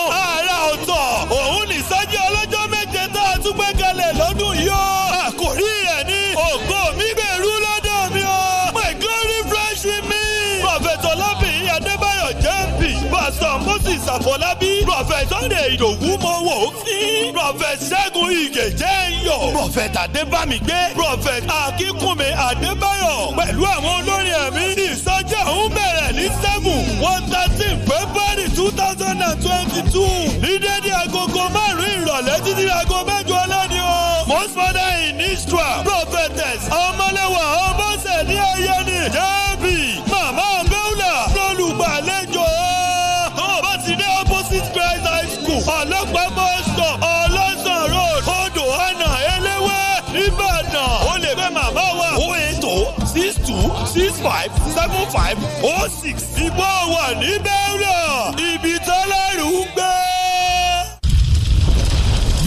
Sunday Ìdòwú mo wò ó fín. Prophet, Ṣẹ́gun Ìgèjẹ́ ń yọ̀. Prọfẹ̀t Adébámigbé. Prọfẹ̀t Akínkúnmi Adébáyọ̀. Pẹ̀lú àwọn olórin ẹ̀mí ìsọjí ọ̀hún bẹ̀rẹ̀ ní seven one thirteen February two thousand and twenty two. Ní dédé agogo márùn-ún ìrọ̀lẹ́ títí agogo mẹ́jọ lẹ́ni o. Most modern in history, Prophetess Ọmọlẹ́wà Ọmọ́sẹ̀ ní ẹyẹ ni. Jẹ́ ọlọ́pàá ọlọ́sàn road odò ọ̀nà eléwé ìbàdàn ó lè fẹ́ màmá wa ó ètò six two six five seven five O oh six ìbọn wà ní bẹ́ẹ̀rẹ̀ ibi tọ́lẹ́rù ń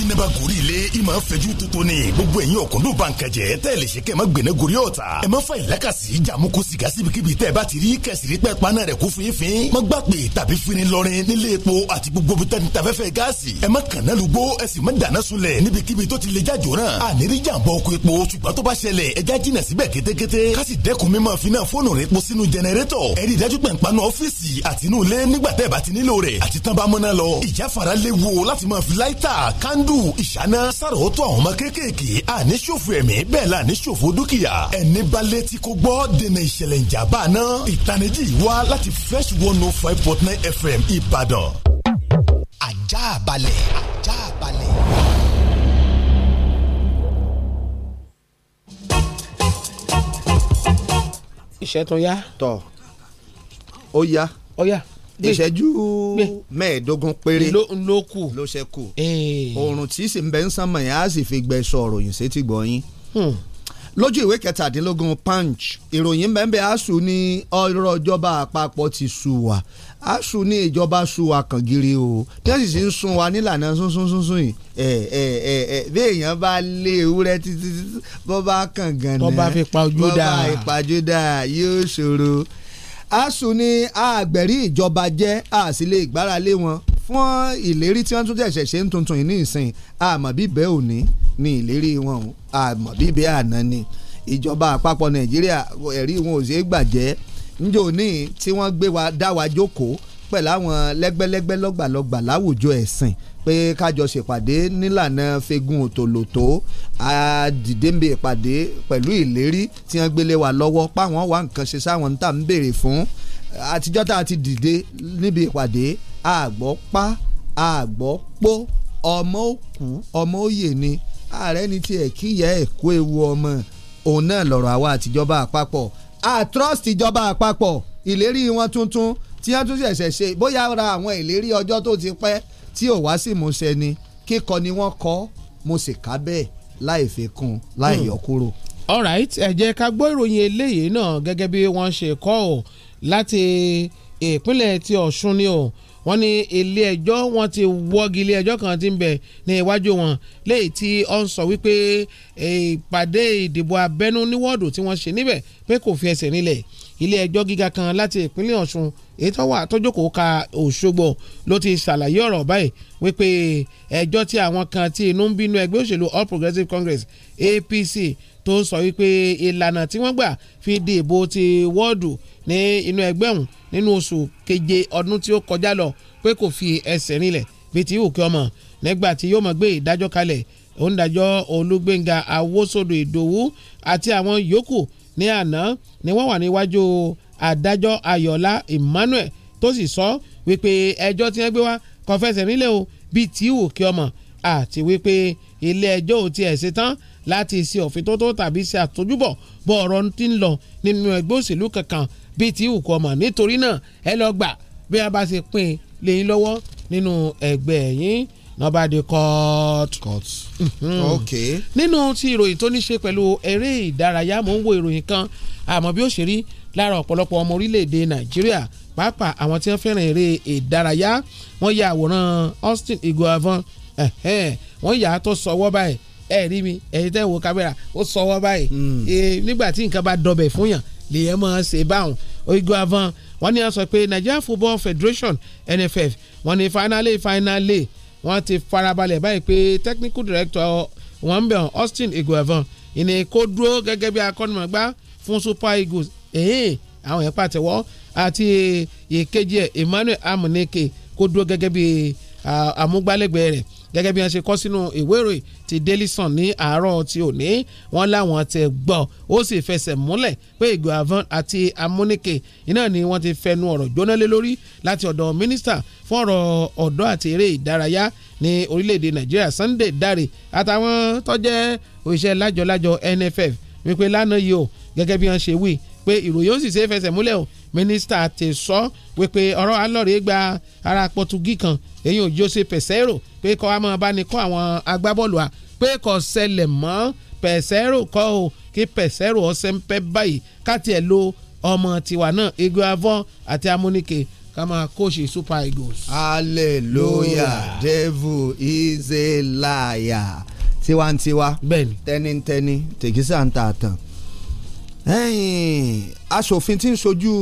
gbé bá gorí ilé ìmọ̀ fẹ́jú tuntun ni gbogbo ẹ̀yin ọ̀kúndùn bá ń kẹjẹ tẹ́lẹ̀ ṣe kẹ́ ẹ̀ má gbẹ̀nẹ́ gorí ọ̀tá ẹ̀ má fa ìlàkàsí jàmúkú sìgá síbikíbi tẹ́ ẹ bá ti rí kẹ̀sìrì pẹ́ paná rẹ̀ kú fínfín má gbà pé tàbí fínni lọrin nílé epo àti gbogbo bí tẹ́ni tafẹ́fẹ́ gáàsì ẹ má kànáà lùgbó ẹ sì má dáná sunlẹ̀ níbikíbi tó ti lè jájò náà àníri jàǹbá ọkọ̀ epo ṣùgbọ́n tó bá ṣẹlẹ̀ ẹ já jìnà síbẹ̀ kétékété ká sì dẹ́kun mímọ́ finá fóònù rẹ̀ epo sínú jẹnẹrétọ̀ ẹ rí dájú pé ńpanu ọ́fíìsì àti inú ilé nígbà tẹ́ ẹ bá ti nílò rẹ̀ àti tán bá mọ́ná lọ ìjáfara léwu láti máa fi ìṣẹ̀lẹ̀ ìjàmbá náà ìtanijí wá láti fresh one oh five point nine fm ìbàdàn. ajá balẹ̀ ajá balẹ̀. iṣẹ́ tún yá. tọ́ ó yá. ó yá ìṣẹ́jú mẹ́ẹ̀ẹ́dógún péré ló kù ló ṣe kù eh. oòrùn tí sì ń bẹ ń sánmọ̀ yẹn á sì fi gbẹ sọ yìí sétí gbọ́ lójú ìwé kẹtàdínlógún punch ìròyìn bẹ́ẹ̀ asu ní ọ̀rọ̀ ìjọba àpapọ̀ ti sú wa asu ní ìjọba sú wa kàn o bí wọ́n sì ti ń sun wa nílànà súnsúnsúnsún yìí ẹ ẹ ẹ ẹ bí èèyàn bá lé ewúrẹ́ títí bọ́ bá kàn gànà bọ́ bá fi pajú dà bọ́ bá ìpajú dà yóò ṣòro asu ní àgbẹ̀rí ìjọba jẹ́ àsìlè ìgbáralé wọn fún ìlérí tí wọ́n tún jẹ̀ṣẹ̀ ṣe ń tuntun yìí ní ìsìn àmọ̀bíbẹ́ òní ni ìlérí wọn àmọ̀bíbẹ́ àná ni ìjọba àpapọ̀ nàìjíríà ẹ̀rí wọn ò ṣeé gbàjẹ́ njó ní tí wọ́n gbé wa dá wa jókòó pẹ̀lú àwọn lẹ́gbẹ́lẹ́gbẹ́ lọ́gbàlọ́gbà láwùjọ ẹ̀sìn pé kájọ ṣèpàdé nílànà fegun òtòlótó àdìdéǹbè ìpàdé pẹ̀lú ìlérí tí wọ́n gbélé wa lọ́wọ́ páwọn wà nǹkan ṣe sáwọn tá à ń béèrè fún àtijọ́ tá a ti dìde níbi ìpàdé àgbọ̀ pa àgbọ̀ pó ọmọ òkú ọmọ òye ni ààrẹ ní tiẹ̀ kíyà ẹ̀ ewu ọmọ òun náà lọ̀rọ̀ àwa àtijọba àpapọ̀ àtrust ìjọba àpapọ̀ ìlérí wọn tuntun tí wọ́n tún ṣẹ̀ṣẹ̀ ṣe bóyá ra àwọn ìlérí ọjọ́ tó ti pẹ́ tí ò wá sí ìmúṣẹ ni kíkọ ni wọ́n kọ́ mo sì ká bẹ́ẹ̀ láì fi kún láì hmm. yọ kúrò. alright ẹ ká gbọ́ ìròyìn eléyìí náà gẹ́gẹ́ bí wọ́n ṣe kọ́ ọ láti ìpínlẹ̀ ti Ọ̀ṣun ni o. Right wọ́n ní ilé ẹjọ́ wọ́n ti wọ́gi ilé ẹjọ́ kan ti ń bẹ ní iwájú wọn léyìí tí ó ń sọ wípé ìpàdé ìdìbò abẹ́nú ní wọ́ọ̀dù tí wọ́n ṣe níbẹ̀ pé kò fi ẹsẹ̀ nílẹ̀ ilé ẹjọ́ gíga kan láti ìpínlẹ̀ Ọ̀ṣun èyí tó wà tójókòó ka Òṣogbo ló ti ṣàlàyé ọ̀rọ̀ báyìí wípé ẹjọ́ tí àwọn kan tí inú ń bínú ẹgbẹ́ òṣèlú All Progressives Congress APC tó sọ wípé ìlànà tí wọ́n gbà fi di ìbò ti wọ́ọ̀dù ní inú ẹgbẹ́ ọ̀hún nínú oṣù keje ọdún tí ó kọjá lọ pé kò fi ẹsẹ̀ rinlẹ̀ bíi ti òkè ọmọ nígbà tí yóò máa gbé ìdájọ́ kalẹ̀ òǹdàjọ́ olúgbénga awósòdò ìdòwú àti àwọn yòókù ní àná ni wọ́n wà níwájú adájọ́ ayọ̀lá emmanuel tó sì sọ wípé ẹjọ́ tí wọ́n gbé wá kò nílẹ̀ o bíi ti òkè ọmọ àti wípé ilé ẹjọ́ ò tiẹ̀ ṣetán láti ṣe òfin tó tó tàbí ṣe àtúnjúbọ̀ bọ́ ọ̀rọ̀ ti ń lọ nínú ẹgbẹ́ òṣèlú kankan bíi ti ìwùkọ́ mọ̀ nítorí náà ẹ lọ gbà bí a bá ṣe pín lẹ́yìn lọ́wọ́ nínú ẹgbẹ́ yín nọba court. court. Mhm. ok. nínú ti ìròyìn tó ní ṣe pẹ̀lú eré ìdárayá mò ń wo ìròyìn kan àmọ́ bí ó ṣe rí lára ọ̀pọ̀lọpọ̀ ọmọ orílẹ̀-èdè nàìjíríà pàápàá àwọn tí wọ́n fẹ́ràn eré ìdárayá wọ́n ya àwòrán Austin Eguavoen wọ́n yà á tó sọ ọwọ́ báyìí ẹ rí mi ẹ̀yin tẹ́ wo kámẹ́rà ó sọ wọ́n báyìí hmm. nígbà tí nǹkan bá dọbẹ̀ fún yàn lèyẹn máa ṣe báwọn oigo avan wọ́n ní a sọ pé Nigeria Football Federation NFF wọ́n ní finally finally wọ́n ti farabalẹ̀ báyìí pé technical director wọ́n ń bẹ̀ hàn Austin igo avan ìní kó dúró gẹ́gẹ́ bí akọ́nimọ̀gbá fún Super Eagles ẹ̀hìn àwọn yẹn pàtẹ́wọ́ àti ìkejì Emmanuel Amuneke kó dúró gẹ́gẹ́ bí amúgbálẹ́gbẹ̀ẹ́ rẹ̀ gẹ́gẹ́ bí wọ́n ṣe kọ sínú ìwé ìròyìn ti Daily Sun ní àárọ̀ ti òní wọ́n láwọn tẹ gbọ́ ó sì fẹsẹ̀ múlẹ̀ pé ìgò avon àti amúnike iná ni wọ́n ti fẹnu ọ̀rọ̀ jóná lé lórí láti ọ̀dọ̀ mínísítà fún ọ̀rọ̀ ọ̀dọ́ àti eré ìdárayá ní orílẹ̀-èdè Nàìjíríà Sunday Dare àtàwọn tó jẹ́ òṣìṣẹ́ lájọlájọ NFF wípé lánàá yìí o gẹ́gẹ́ bí wọ́n ṣe wí pé ìròyìn ó sì ṣe é fẹsẹ̀ múlẹ̀ o mínísítà ti sọ wípé ọ̀rọ̀ alọ́rẹ̀ gba ara pọtugí kan èyí ò Jose Peseiro pé kọ́ àmọ́ bá ní kọ́ àwọn agbábọ́ọ̀lù à pé kò ṣẹlẹ̀ mọ́ Peseiro kọ́ o kí Peseiro ọ̀sẹ̀ ń pẹ́ báyìí káti ẹ̀ lo ọmọ tiwa náà ego avon àti amúnike ká máa kóòṣì Super Eagles. hallelujah oh. devil is a liar tiwantiwa bẹ́ẹ̀ni tẹnitẹni tèkísà ń ta àtàn aṣòfin tí ń sojú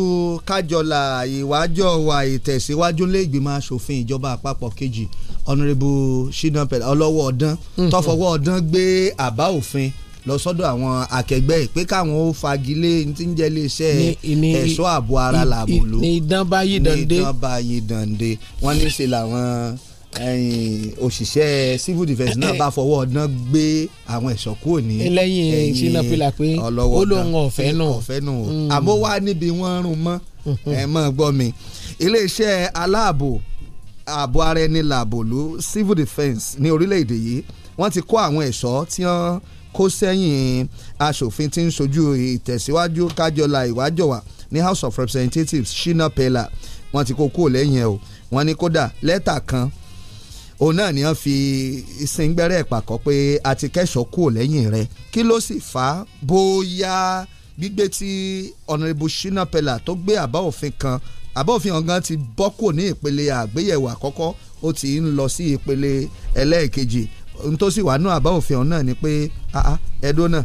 kájọlà ìwájọ wa ìtẹ̀síwájú lé ìgbìmọ̀ aṣòfin ìjọba àpapọ̀ kejì ọ̀nàrẹ́bù ṣínà pẹ̀lẹ́ ọlọ́wọ́ ọ̀dán mhm. tọ́fọwọ́ ọ̀dán gbé àbá òfin lọ sọ́dọ̀ àwọn akẹgbẹ́ ẹ̀ pé káwọn ó fagilé tí ń jẹ́ iléeṣẹ́ ẹ̀ṣọ́ ààbò ara làbò ló ní ìdán báyìí dande wọ́n ní í ṣe làwọn òṣìṣẹ́ civil defence náà bá fọwọ́ ọdún gbé àwọn ẹ̀ṣọ́ kúrò ní ẹ̀yìn ṣínà pílà pé ó lóun ọ̀fẹ́ nù ọ̀fẹ́ nù mm. àmọ́ wá níbi wọ́n rún mọ́ mm-hmm. ẹ mọ́ gbọ́ mi iléeṣẹ́ aláàbò ààbò ara ẹni làbò ló civil defence ní orílẹ̀-èdè yìí wọ́n ti kó àwọn ẹ̀ṣọ́ tí wọ́n kó sẹ́yìn aṣòfin tí ń sojú ìtẹ̀síwájú kájọlá ìwájọwà ní House of Representatives Shina Pella wọ́n ti kó kúrò lẹ́yìn ẹ̀ o wọ́n ní kódà lẹ́tà kan òun náà ni wọ́n fi síngbẹ́rẹ́ ìpàkọ́ pé a ti kẹ́sọ̀ kúrò lẹ́yìn rẹ̀ kí ló sì fà á bóyá gbígbé tí ọ̀nàrẹ́bù Shina Peller tó gbé àbá òfin kan àbá òfin ọ̀gán ti bọ́ kò ní ìpele àgbéyẹ̀wò àkọ́kọ́ ó ti ń lọ sí ìpele ẹlẹ́ẹ̀kejì n tó sì wà náà àbá òfin ọ̀hún náà ni pé ẹ̀dọ́ náà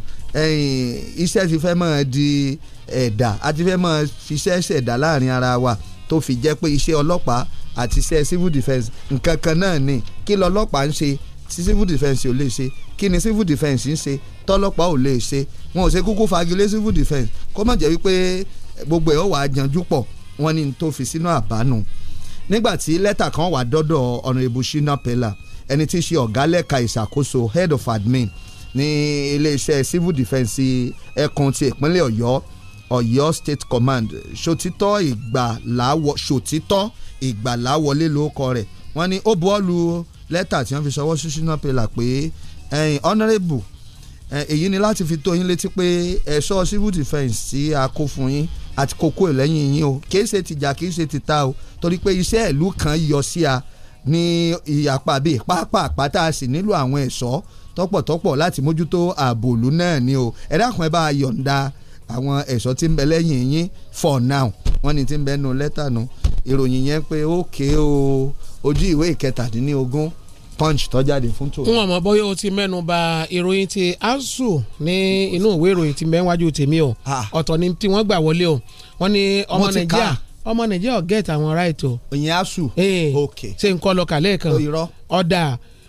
iṣẹ́ ti fẹ́ máa di ẹ̀dà a ti fẹ́ máa fiṣẹ́ ṣẹ̀dá láàrin ara wa tó fi jẹ́ pé iṣẹ́ ọlọ́pàá àti iṣẹ́ civil defence nǹkan kan náà ni kí lọ́lọ́pàá ń ṣe tí civil defence ò lè ṣe kí ni civil defence ń ṣe tọ́lọ́pàá ò lè ṣe wọn ò ṣe kúkú fagilé civil defence kó má jẹ́ wípé gbogbo ẹ̀ ó wàá janjú pọ̀ wọ́n ní tó fi sínú àbánu nígbà tí lẹ́tà kan wà dọ́dọ̀ Honorable Shina Peller ẹni tí í ṣe ọ̀gá lẹ́ka ìṣàkóso head of admin ní iléeṣẹ́ civil defence ẹkùn ti ìpínlẹ̀ Ọ̀yọ́ Ọ̀yọ́ State Command ṣòtítọ́ ìgbà làwọ̀ ṣòtítọ́ ìgbàlá wọlé ló kọ rẹ̀ wọ́n ní ó bọ́ọ̀lù lẹ́tà tí wọ́n fi ṣọwọ́ sí Shina Pellar pé ẹ̀yin honourable èyí ni láti fi tó yín létí pé ẹ̀ṣọ́ civil defence tí a kó fún yín àti kókó ẹ̀ lẹ́yìn yín o kìí ṣe tìjà kìí ṣe tìta o torí pé iṣẹ́ ìlú kan yọ sí a ní ìyapa bíi pápá àpáta a sì nílò àwọn ẹ̀ṣọ́ tọ́pọ̀tọ́pọ̀ láti mójútó ààbò ìlú náà ni o ẹ dákun ẹ bá yọ̀ǹda àwọn ẹ̀ṣọ́ tí ń bẹ lẹ́yìn yín for now wọ́n ní tí ń bẹ nu lẹ́tà nu ìròyìn yẹn pé ókè o ojú ìwé ìkẹtàdínlógún punch tó jáde fún tòun. n ò mọ bóyá o ti mẹ́nu bà ìròyìn ti asu ní inú ìwé ìròyìn ti mẹ́wájú tèmi o ọ̀tọ̀ ni tí wọ́n gbà wọlé o wọ́n ní ọmọ nàìjíríà ọmọ nàìjíríà get àwọn right o. ìyẹn asu ok ṣe ń kọ́ lọ kàlẹ́ kan ọ̀dà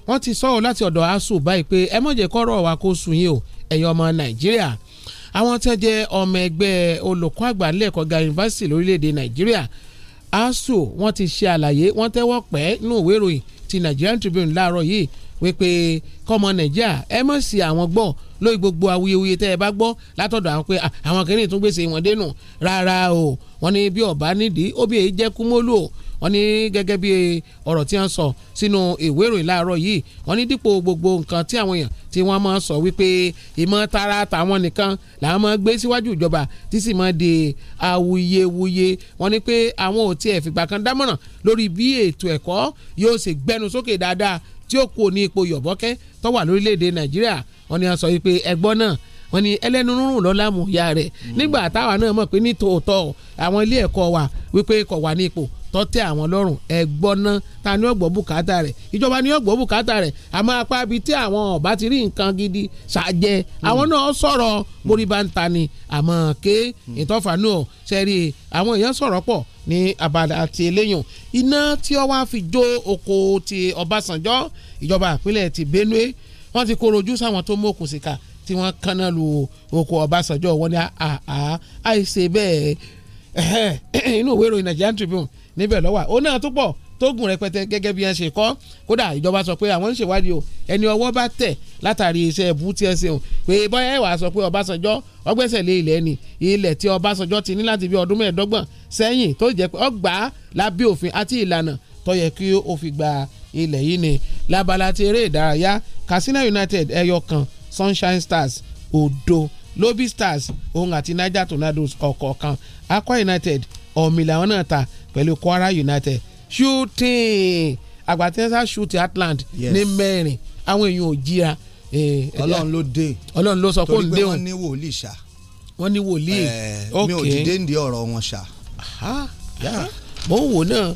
wọ́n ti sọ̀rọ̀ láti ọ̀dọ̀ asu báyìí pé ẹ mọ̀jẹ̀ kọ́rọ̀ wa kó sun yín o ẹ̀yin ọmọ nàìjíríà àwọn tẹ́ jẹ́ ọmọ ẹgbẹ́ olùkọ́ àgbà lẹ́ẹ̀kọ́ ga yunifásitì lórílẹ̀‐èdè nàìjíríà asuu wọ́n ti ṣe àlàyé wọ́n tẹ́wọ́ pẹ́ nù ìwé ìròyìn ti Nigerian Tribune láàárọ̀ yìí wípé kọ́mọ Nàìjíríà ẹ mọ̀ sí àwọn gbọ́ lórí gbogbo awuyewuye tẹ́ ẹ bá gbọ́ látọ̀dọ̀ àwọn pé àwọn kìnìún tún gbèsè wọn dénú rárá o wọ́n ní bí ọ̀bá nídìí ó bí èyí jẹ́ kúmọ́lù o wọ́n ní gẹ́gẹ́ bí ọ̀rọ̀ tí wọ́n sọ sínú ìwé ìròyìn láàárọ̀ yìí wọ́n ní dípò gbogbo nǹkan tí àwọn èèyàn tí wọ́n máa sọ wípé ìmọ̀ tara tàwọn nìkan làwọn máa gbé síwájú ìjọba tí sì máa di awuyewuye wọ́n ní pé àwọn ò tiẹ̀ fìgbà kan dámọ̀ràn lórí bí ètò ẹ̀kọ́ yóò ṣe gbẹnu sókè dáadáa tí ó kú òní ipò yọ̀bọ́kẹ́ tó wà lórílẹ̀‐èdè nàìjíríà wọ́n ní wọ́n sọ wípé ẹgbọ́n náà wọ́n ní ẹlẹ́nurúrùn lọ́la mú ya rẹ̀ nígbà táwa náà mọ̀ pé ní àwọn ilé ẹ̀kọ́ wa wípé kò wà ní ipò tọ́tẹ́ àwọn lọ́rùn ẹ̀gbọ́n náà ta ni ó gbọ́ bùkátà rẹ̀ ìjọba ni ó gbọ́ bùkátà rẹ̀ àmọ́ apá ibi tí àwọn ọ̀bá ti rí nǹkan gidi ṣàjẹ àwọn náà sọ̀rọ̀ borí bá ń ta ni àmọ́ ké ìtọ́fàánú ọ̀ sẹ́rí àwọn èèyàn sọ̀rọ̀ pọ̀ ní abala àti eléyàn iná tí ó wá fi jó oko ti Ọbásanjọ́ ìjọba ìpínlẹ̀ ti Benue wọ́n ti koro ojú sáwọn tó mókun síka tí inú ìwé ìròyìn Nigerian Tribune níbẹ̀ lọ́wà ó náà tó pọ̀ tó gùn rẹpẹtẹ gẹ́gẹ́ bí wọ́n ṣe kọ́ kódà ìjọba sọ pé àwọn ń ṣèwádìí o ẹni ọwọ́ bá tẹ̀ látàrí iṣẹ́ ẹ̀bú tí ẹ ṣe o pé bọ́yá ẹ̀wà sọ pé Ọbásanjọ́ ọgbẹ́sẹ̀ lé ilẹ̀ ni ilẹ̀ tí Ọbásanjọ́ ti ní láti bí ọdún mẹ́ẹ̀ẹ́dọ́gbọ̀n sẹ́yìn tó jẹ́ pé ọgbà lábẹ́ òfin àti ìlànà tó yẹ kí ó fi gba ilẹ̀ yìí ni lábala ti eré ìdárayá Katsina United ẹyọ kan Sunshine Stars odo Lobby Stars òun àti Niger Tornadoes ọ̀kọ̀ọ̀kan Akwa United ọ̀mìlà wọn náà ta pẹ̀lú Kwara United shooting àgbàtẹ́sà shooting Atlant ní mẹ́rin àwọn èèyàn ò jíra. Eh, eh, Ọlọ́run ló dé Ọlọ́run ló sọ pé òun dé òun torí pé wọ́n ní wòlíì ṣá wọ́n ní wòlíì ok eh, mi ò dìde ǹdí ọ̀rọ̀ wọn ṣá. mo ń wò náà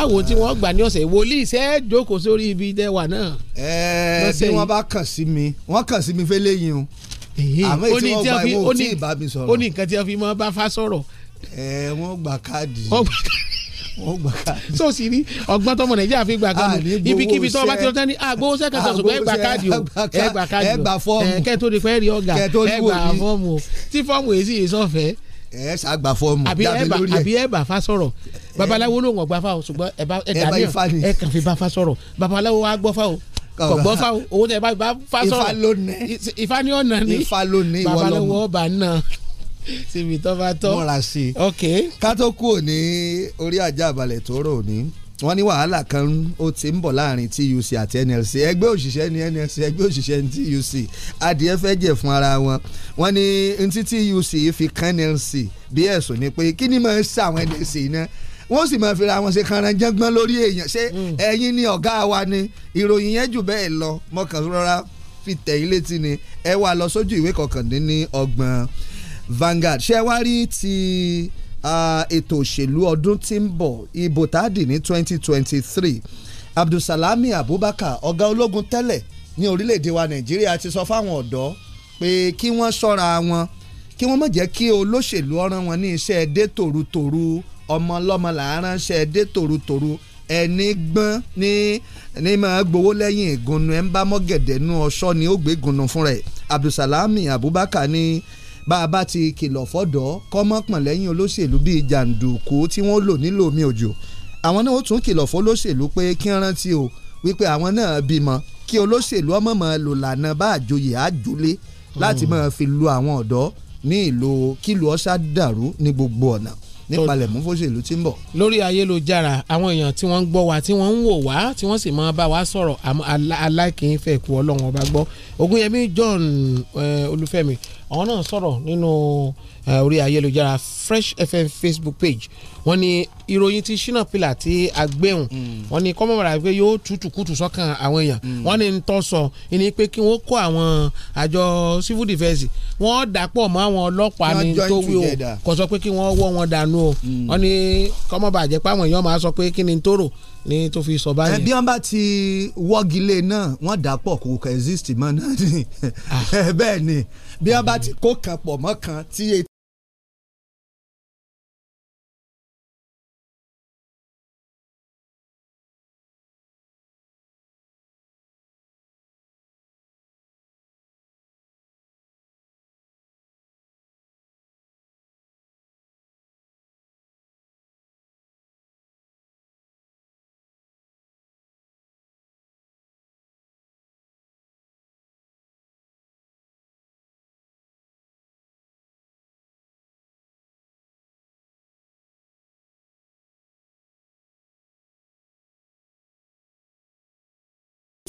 àwo tí wọ́n gbà ní ọ̀sẹ̀ wòlíì ṣe é jókòó sórí ibi dẹ́wà náà. bí wọ́n bá kàn sí mi wọ́n kàn sí mi fẹ́lẹ́ yín o àmọ́ ìtí wọ́n gba ìwọ ò tí ì bá mi sọ̀rọ̀. ó ní nǹkan tí wọ́n fi máa bá fa sọ̀rọ̀ ẹ wọ́n gba káàdì. wọ́n gba káàdì. so sì rí ọgbọ́n tọmọ nàìjíríà fi gba káàdì ibikíbi tó bá ti lọ́tà ní agbowó ah, sẹ́kẹ̀ sọ̀sọ̀ pé ẹ gba káàdì o ẹ gba káàdì o ẹ gba fọ́ọ̀mù ẹ kẹ́ẹ̀ tó di rí ọ̀gá ẹ gba fọ́ọ̀mù o tí fọ́ọ̀mù èyí sì yé sọ̀fẹ́ ẹ ṣàgbà fọọmù dàbí lórí ẹ àbí fa o ṣùgbọ́n ẹ ẹ bá fa sọ̀rọ̀ babaláwo wa gbọ́ fa o kò ọba náà síbi tó bá tọ́ mọ́ra sí i. ok ká tó kúrò ní orí ajá balẹ̀ tó rò ní wọ́n ní wàhálà kan ó ti ń bọ̀ láàrin TUC àti NLC ẹgbẹ́ òṣìṣẹ́ ní NLC ẹgbẹ́ òṣìṣẹ́ ní TUC adìẹ fẹ́ jẹ̀ fún ara wọn wọ́n ní ntí TUC fi kan NLC bí ẹ̀sùn ni pé kí ni máa ń ṣàwọn NLC náà wọ́n sì máa fira wọn ṣe kanran jẹ́gbọ́n lórí èèyàn ṣé hmm. ẹ̀yin ni ọ̀gá wa ni ìròyìn yẹn jù bẹ́ẹ̀ lọ mọ̀kàn rọra fi tẹ̀yìn létí ni ẹ wà lọ sójú ìwé kọkàndínní ọgbọ̀n Vanguard ṣé wá rí ti ètò òṣèlú ọdún tí ń bọ̀ ìbò tàdí ní 2023 Abdulsalami Abubakar ọ̀gá ológun tẹ́lẹ̀ ní orílẹ̀-èdè wa Nàìjíríà ti sọ fáwọn ọ̀dọ́ pé kí wọ́n ṣọ́ra wọn kí wọ́n má jẹ́ kí olóṣèlú ọ̀ràn wọn ní iṣẹ́ ẹdẹ tòrutòru ọmọ lọ́mọ làárán iṣẹ́ ẹdẹ tòrutòru ẹni gbọ́n ní ní máa gbowó lẹ́yìn ìgúnnu ẹ̀ ń bá mọ́gẹ̀dẹ̀ ọ̀ṣọ́ ni ó gbé gúnnu fún rẹ̀ Abdulsalami Abubakar ní bá a bá ti kìlọ̀ fọ́dọ̀ kọ́mọ́pọ̀n lẹ́yìn olóṣèlú bíi jàǹdùkú tí wọ́n lò nílò mi òjò àwọn náà ó tún kìlọ̀ fún olóṣèlú pé kí n rántí o wípé àwọn náà bímọ kí olóṣèlú ọmọ mọ lò lànà bá àjòyè àjòlé láti hmm. máa fi lu àwọn ọ̀dọ́ ní ìlò kílù ọ̀sà dàrú ní gbogbo ọ̀nà nípalẹ̀ mú fóṣèlú tí ń bọ̀. lórí ayélujára àwọn èèyàn tí wọ́n ń gbọ́ wa tí wọ́n ń wò wá tí wọ́n sì máa bá wa sọ̀rọ̀ aláìkín fẹ́ kú ọlọ́run ọba gbọ́ Ògúnyẹmí John eh, Olúfẹ́mi àwọn náà sọ̀rọ̀ nínú eh, orí ayélujára Fresh FM Facebook page wọ́n ní ìròyìn ti Shina Peller ti agbẹ́hùn hmm. wọ́n ní kọ́mọ̀mọ́ra pé yóò tútù kùtù sọ́kàn àwọn èèyàn hmm. wọ́n ní tó sọ ní pé kí wọ́n kó àwọn àjọ civil defence wọ́n dàpọ̀ mọ́ àwọn ọlọ́pàá ní tó wí o kò sọ pé kí wọ́n wọ́ wọn dànù o hmm. wọ́n ní kọ́mọ̀bàjẹ́ pé àwọn èèyàn máa sọ pé kí ni tó rò ní tó fi sọ báyìí. Eh, bí wọ́n bá ti wọ́gilé e náà wọ́n dàpọ̀ kò exist mọ́ náà ni ah. bẹ́ẹ̀ ni bí wọ́n bá ti kó kan pọ̀ mọ́ kan tí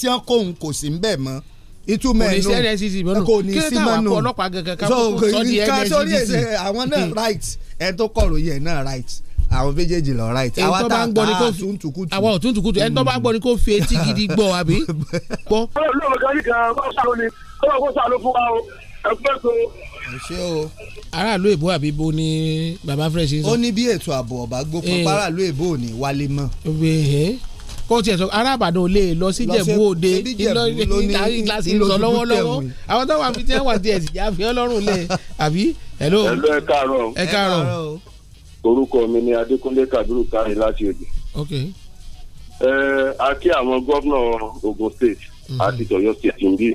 tí wọ́n kóhun kò sí ń bẹ̀ mọ́ ìtumọ̀ ẹ̀nu kò ní sí mọ́nu sọ́ọ́dì nscdc àwọn náà hmm. right ẹ̀ tó kọ̀ròyìn ẹ̀ náà right àwọn méjèèjì lọ right àwa tá a ta tuntukutu àwa ò tuntukutu ẹni tó bá gbọ́ ni kò fi etí gidi gbọ́ àbí. olóòwò kan nìkan sàlọ ni kó sàlọ fún wa o ẹgbẹ́ tó. ẹ ṣé o aráàlú èbó àbí bo ni baba fresh ó ní bí ètò ààbò ọ̀bá gbópin eh. aráàlú èbó ò ní wálé mọ́. Eh? kó tiẹ̀ sọ arábàdàn ò lè lọ sí Ìjẹ̀bú Òde ìlọsí ìlọ lọ́wọ́lọ́wọ́ àwọn tó wà fi tiẹ̀ wà tiẹ̀ sì já ọlọ́run lẹ̀ e. àbí. hello ẹ káàárọ̀ orúkọ mi ni Adékúnlé Kabiru kárí láti Òde. ẹ a kí àwọn gómìnà Ogun State mhm. àti tọyọ state ń bí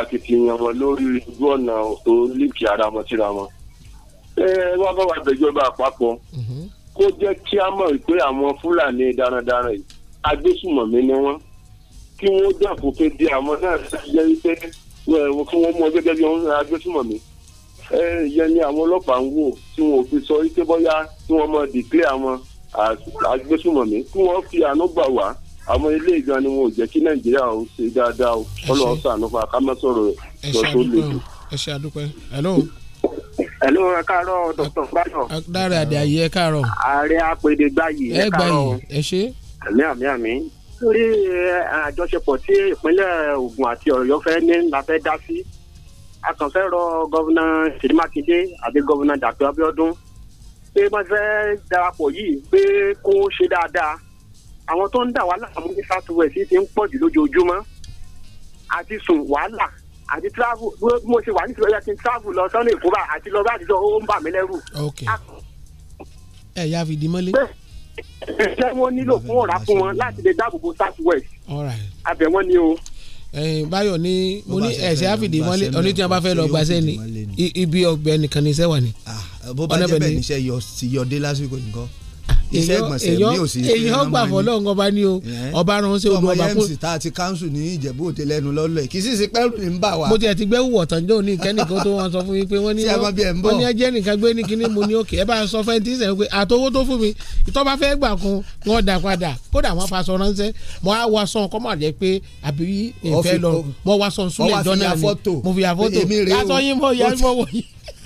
akitiyan wọn lórí ojú ọ̀nà tó líkì ara wọn síra wọn. ẹ wọ́n bá wa bẹ̀jọba àpapọ̀ mhm. kó jẹ́ kí a mọ̀ pé àwọn Fúlàní darandaran yìí agbésùmọ̀mí ni wọ́n kí wọ́n dàpọ̀ pé di àmọ́ náà jẹ́ wípé kí wọ́n mú gẹ́gẹ́ bí wọ́n agbésùmọ̀mí yẹn ni àwọn ọlọ́pàá ń wò tí wọn ò fi sọ wípé bóyá kí wọ́n mọ dìklẹ́ àwọn agbésùmọ̀mí kí wọ́n fi àánú gbà wá àwọn ilé ìgbà ni wọn ò jẹ́ kí nàìjíríà ó ṣe dáadáa o ọlọ́run ṣàánú fún akámẹ́sọ̀rọ̀ lọ ẹ káàárọ̀ dr gbayọ. dáre àdé ayé ẹ káàárọ̀. ààrẹ apèdè gbayì ẹ káàárọ̀. ẹ gbayì ẹ ṣe àmì àmì àmì lórí eh, àjọṣepọ̀ tí ìpínlẹ̀ Ògùn àti Ọ̀yọ́ fẹ́ ní la fẹ́ dá sí a kàn fẹ́ rọ gọ́vùnà Ṣèyí Mákindé àti gọ́vùnà Dàpọ̀ Abíọ́dún pé wọ́n fẹ́ darapọ̀ yìí pé kó ṣe dáadáa àwọn tó ń dà wàhálà mú ní south west ti ń pọ̀ jù lójoojúmọ́ àti sùn wàhálà àti travel bí mo ṣe wà ní ìṣòro yẹ kí n travel lọ sọ́nà Èkó bá àti lọ bá àtijọ́ ó ń bà mí lẹ́rù. ẹ yá fìdí mọ́lẹ̀. bẹ́ẹ̀ iṣẹ́ wọn nílò fún ọ̀rá fún wọn láti lè dáàbòbò south west ni o. báyọ̀ ni mo ní ẹ̀sẹ̀ àfìdí mọ́lẹ̀ oníjìyàn bá fẹ́ lọ gbaṣẹ́ ni ibi ọgbẹ́ nìkan ni iṣẹ́ ni. Ah, bó bá jẹ́ bẹ́ẹ̀ níṣẹ́ yọ sí yọdé lásìkò nǹkan iṣẹ́ ìgbọ̀nsẹ̀ mi ò sí ṣe èyí ọgbà fọlọ́run ọba ni o ọba rán ṣe odò ọba kú. ọmọ mc ta council ní ìjẹ̀bú òtẹ lẹ́nu lọ́lọ́ ẹ̀ kì í sì sí pẹ́rù ní bá wa. mo tiẹ̀ ti gbẹ́ wùwọ̀ tán jọ ní kẹ́nìkan tó wọn sọ fún mi pé wọ́n ní wọ́n ní ẹjẹ́ nìkan gbé ní kinní mo ní òkè ẹ bá sọ fẹ́ tí sẹ́yìn pé àtọwó tó fún mi ìtọ́ fẹ́ gbà kun wọn dà padà kódà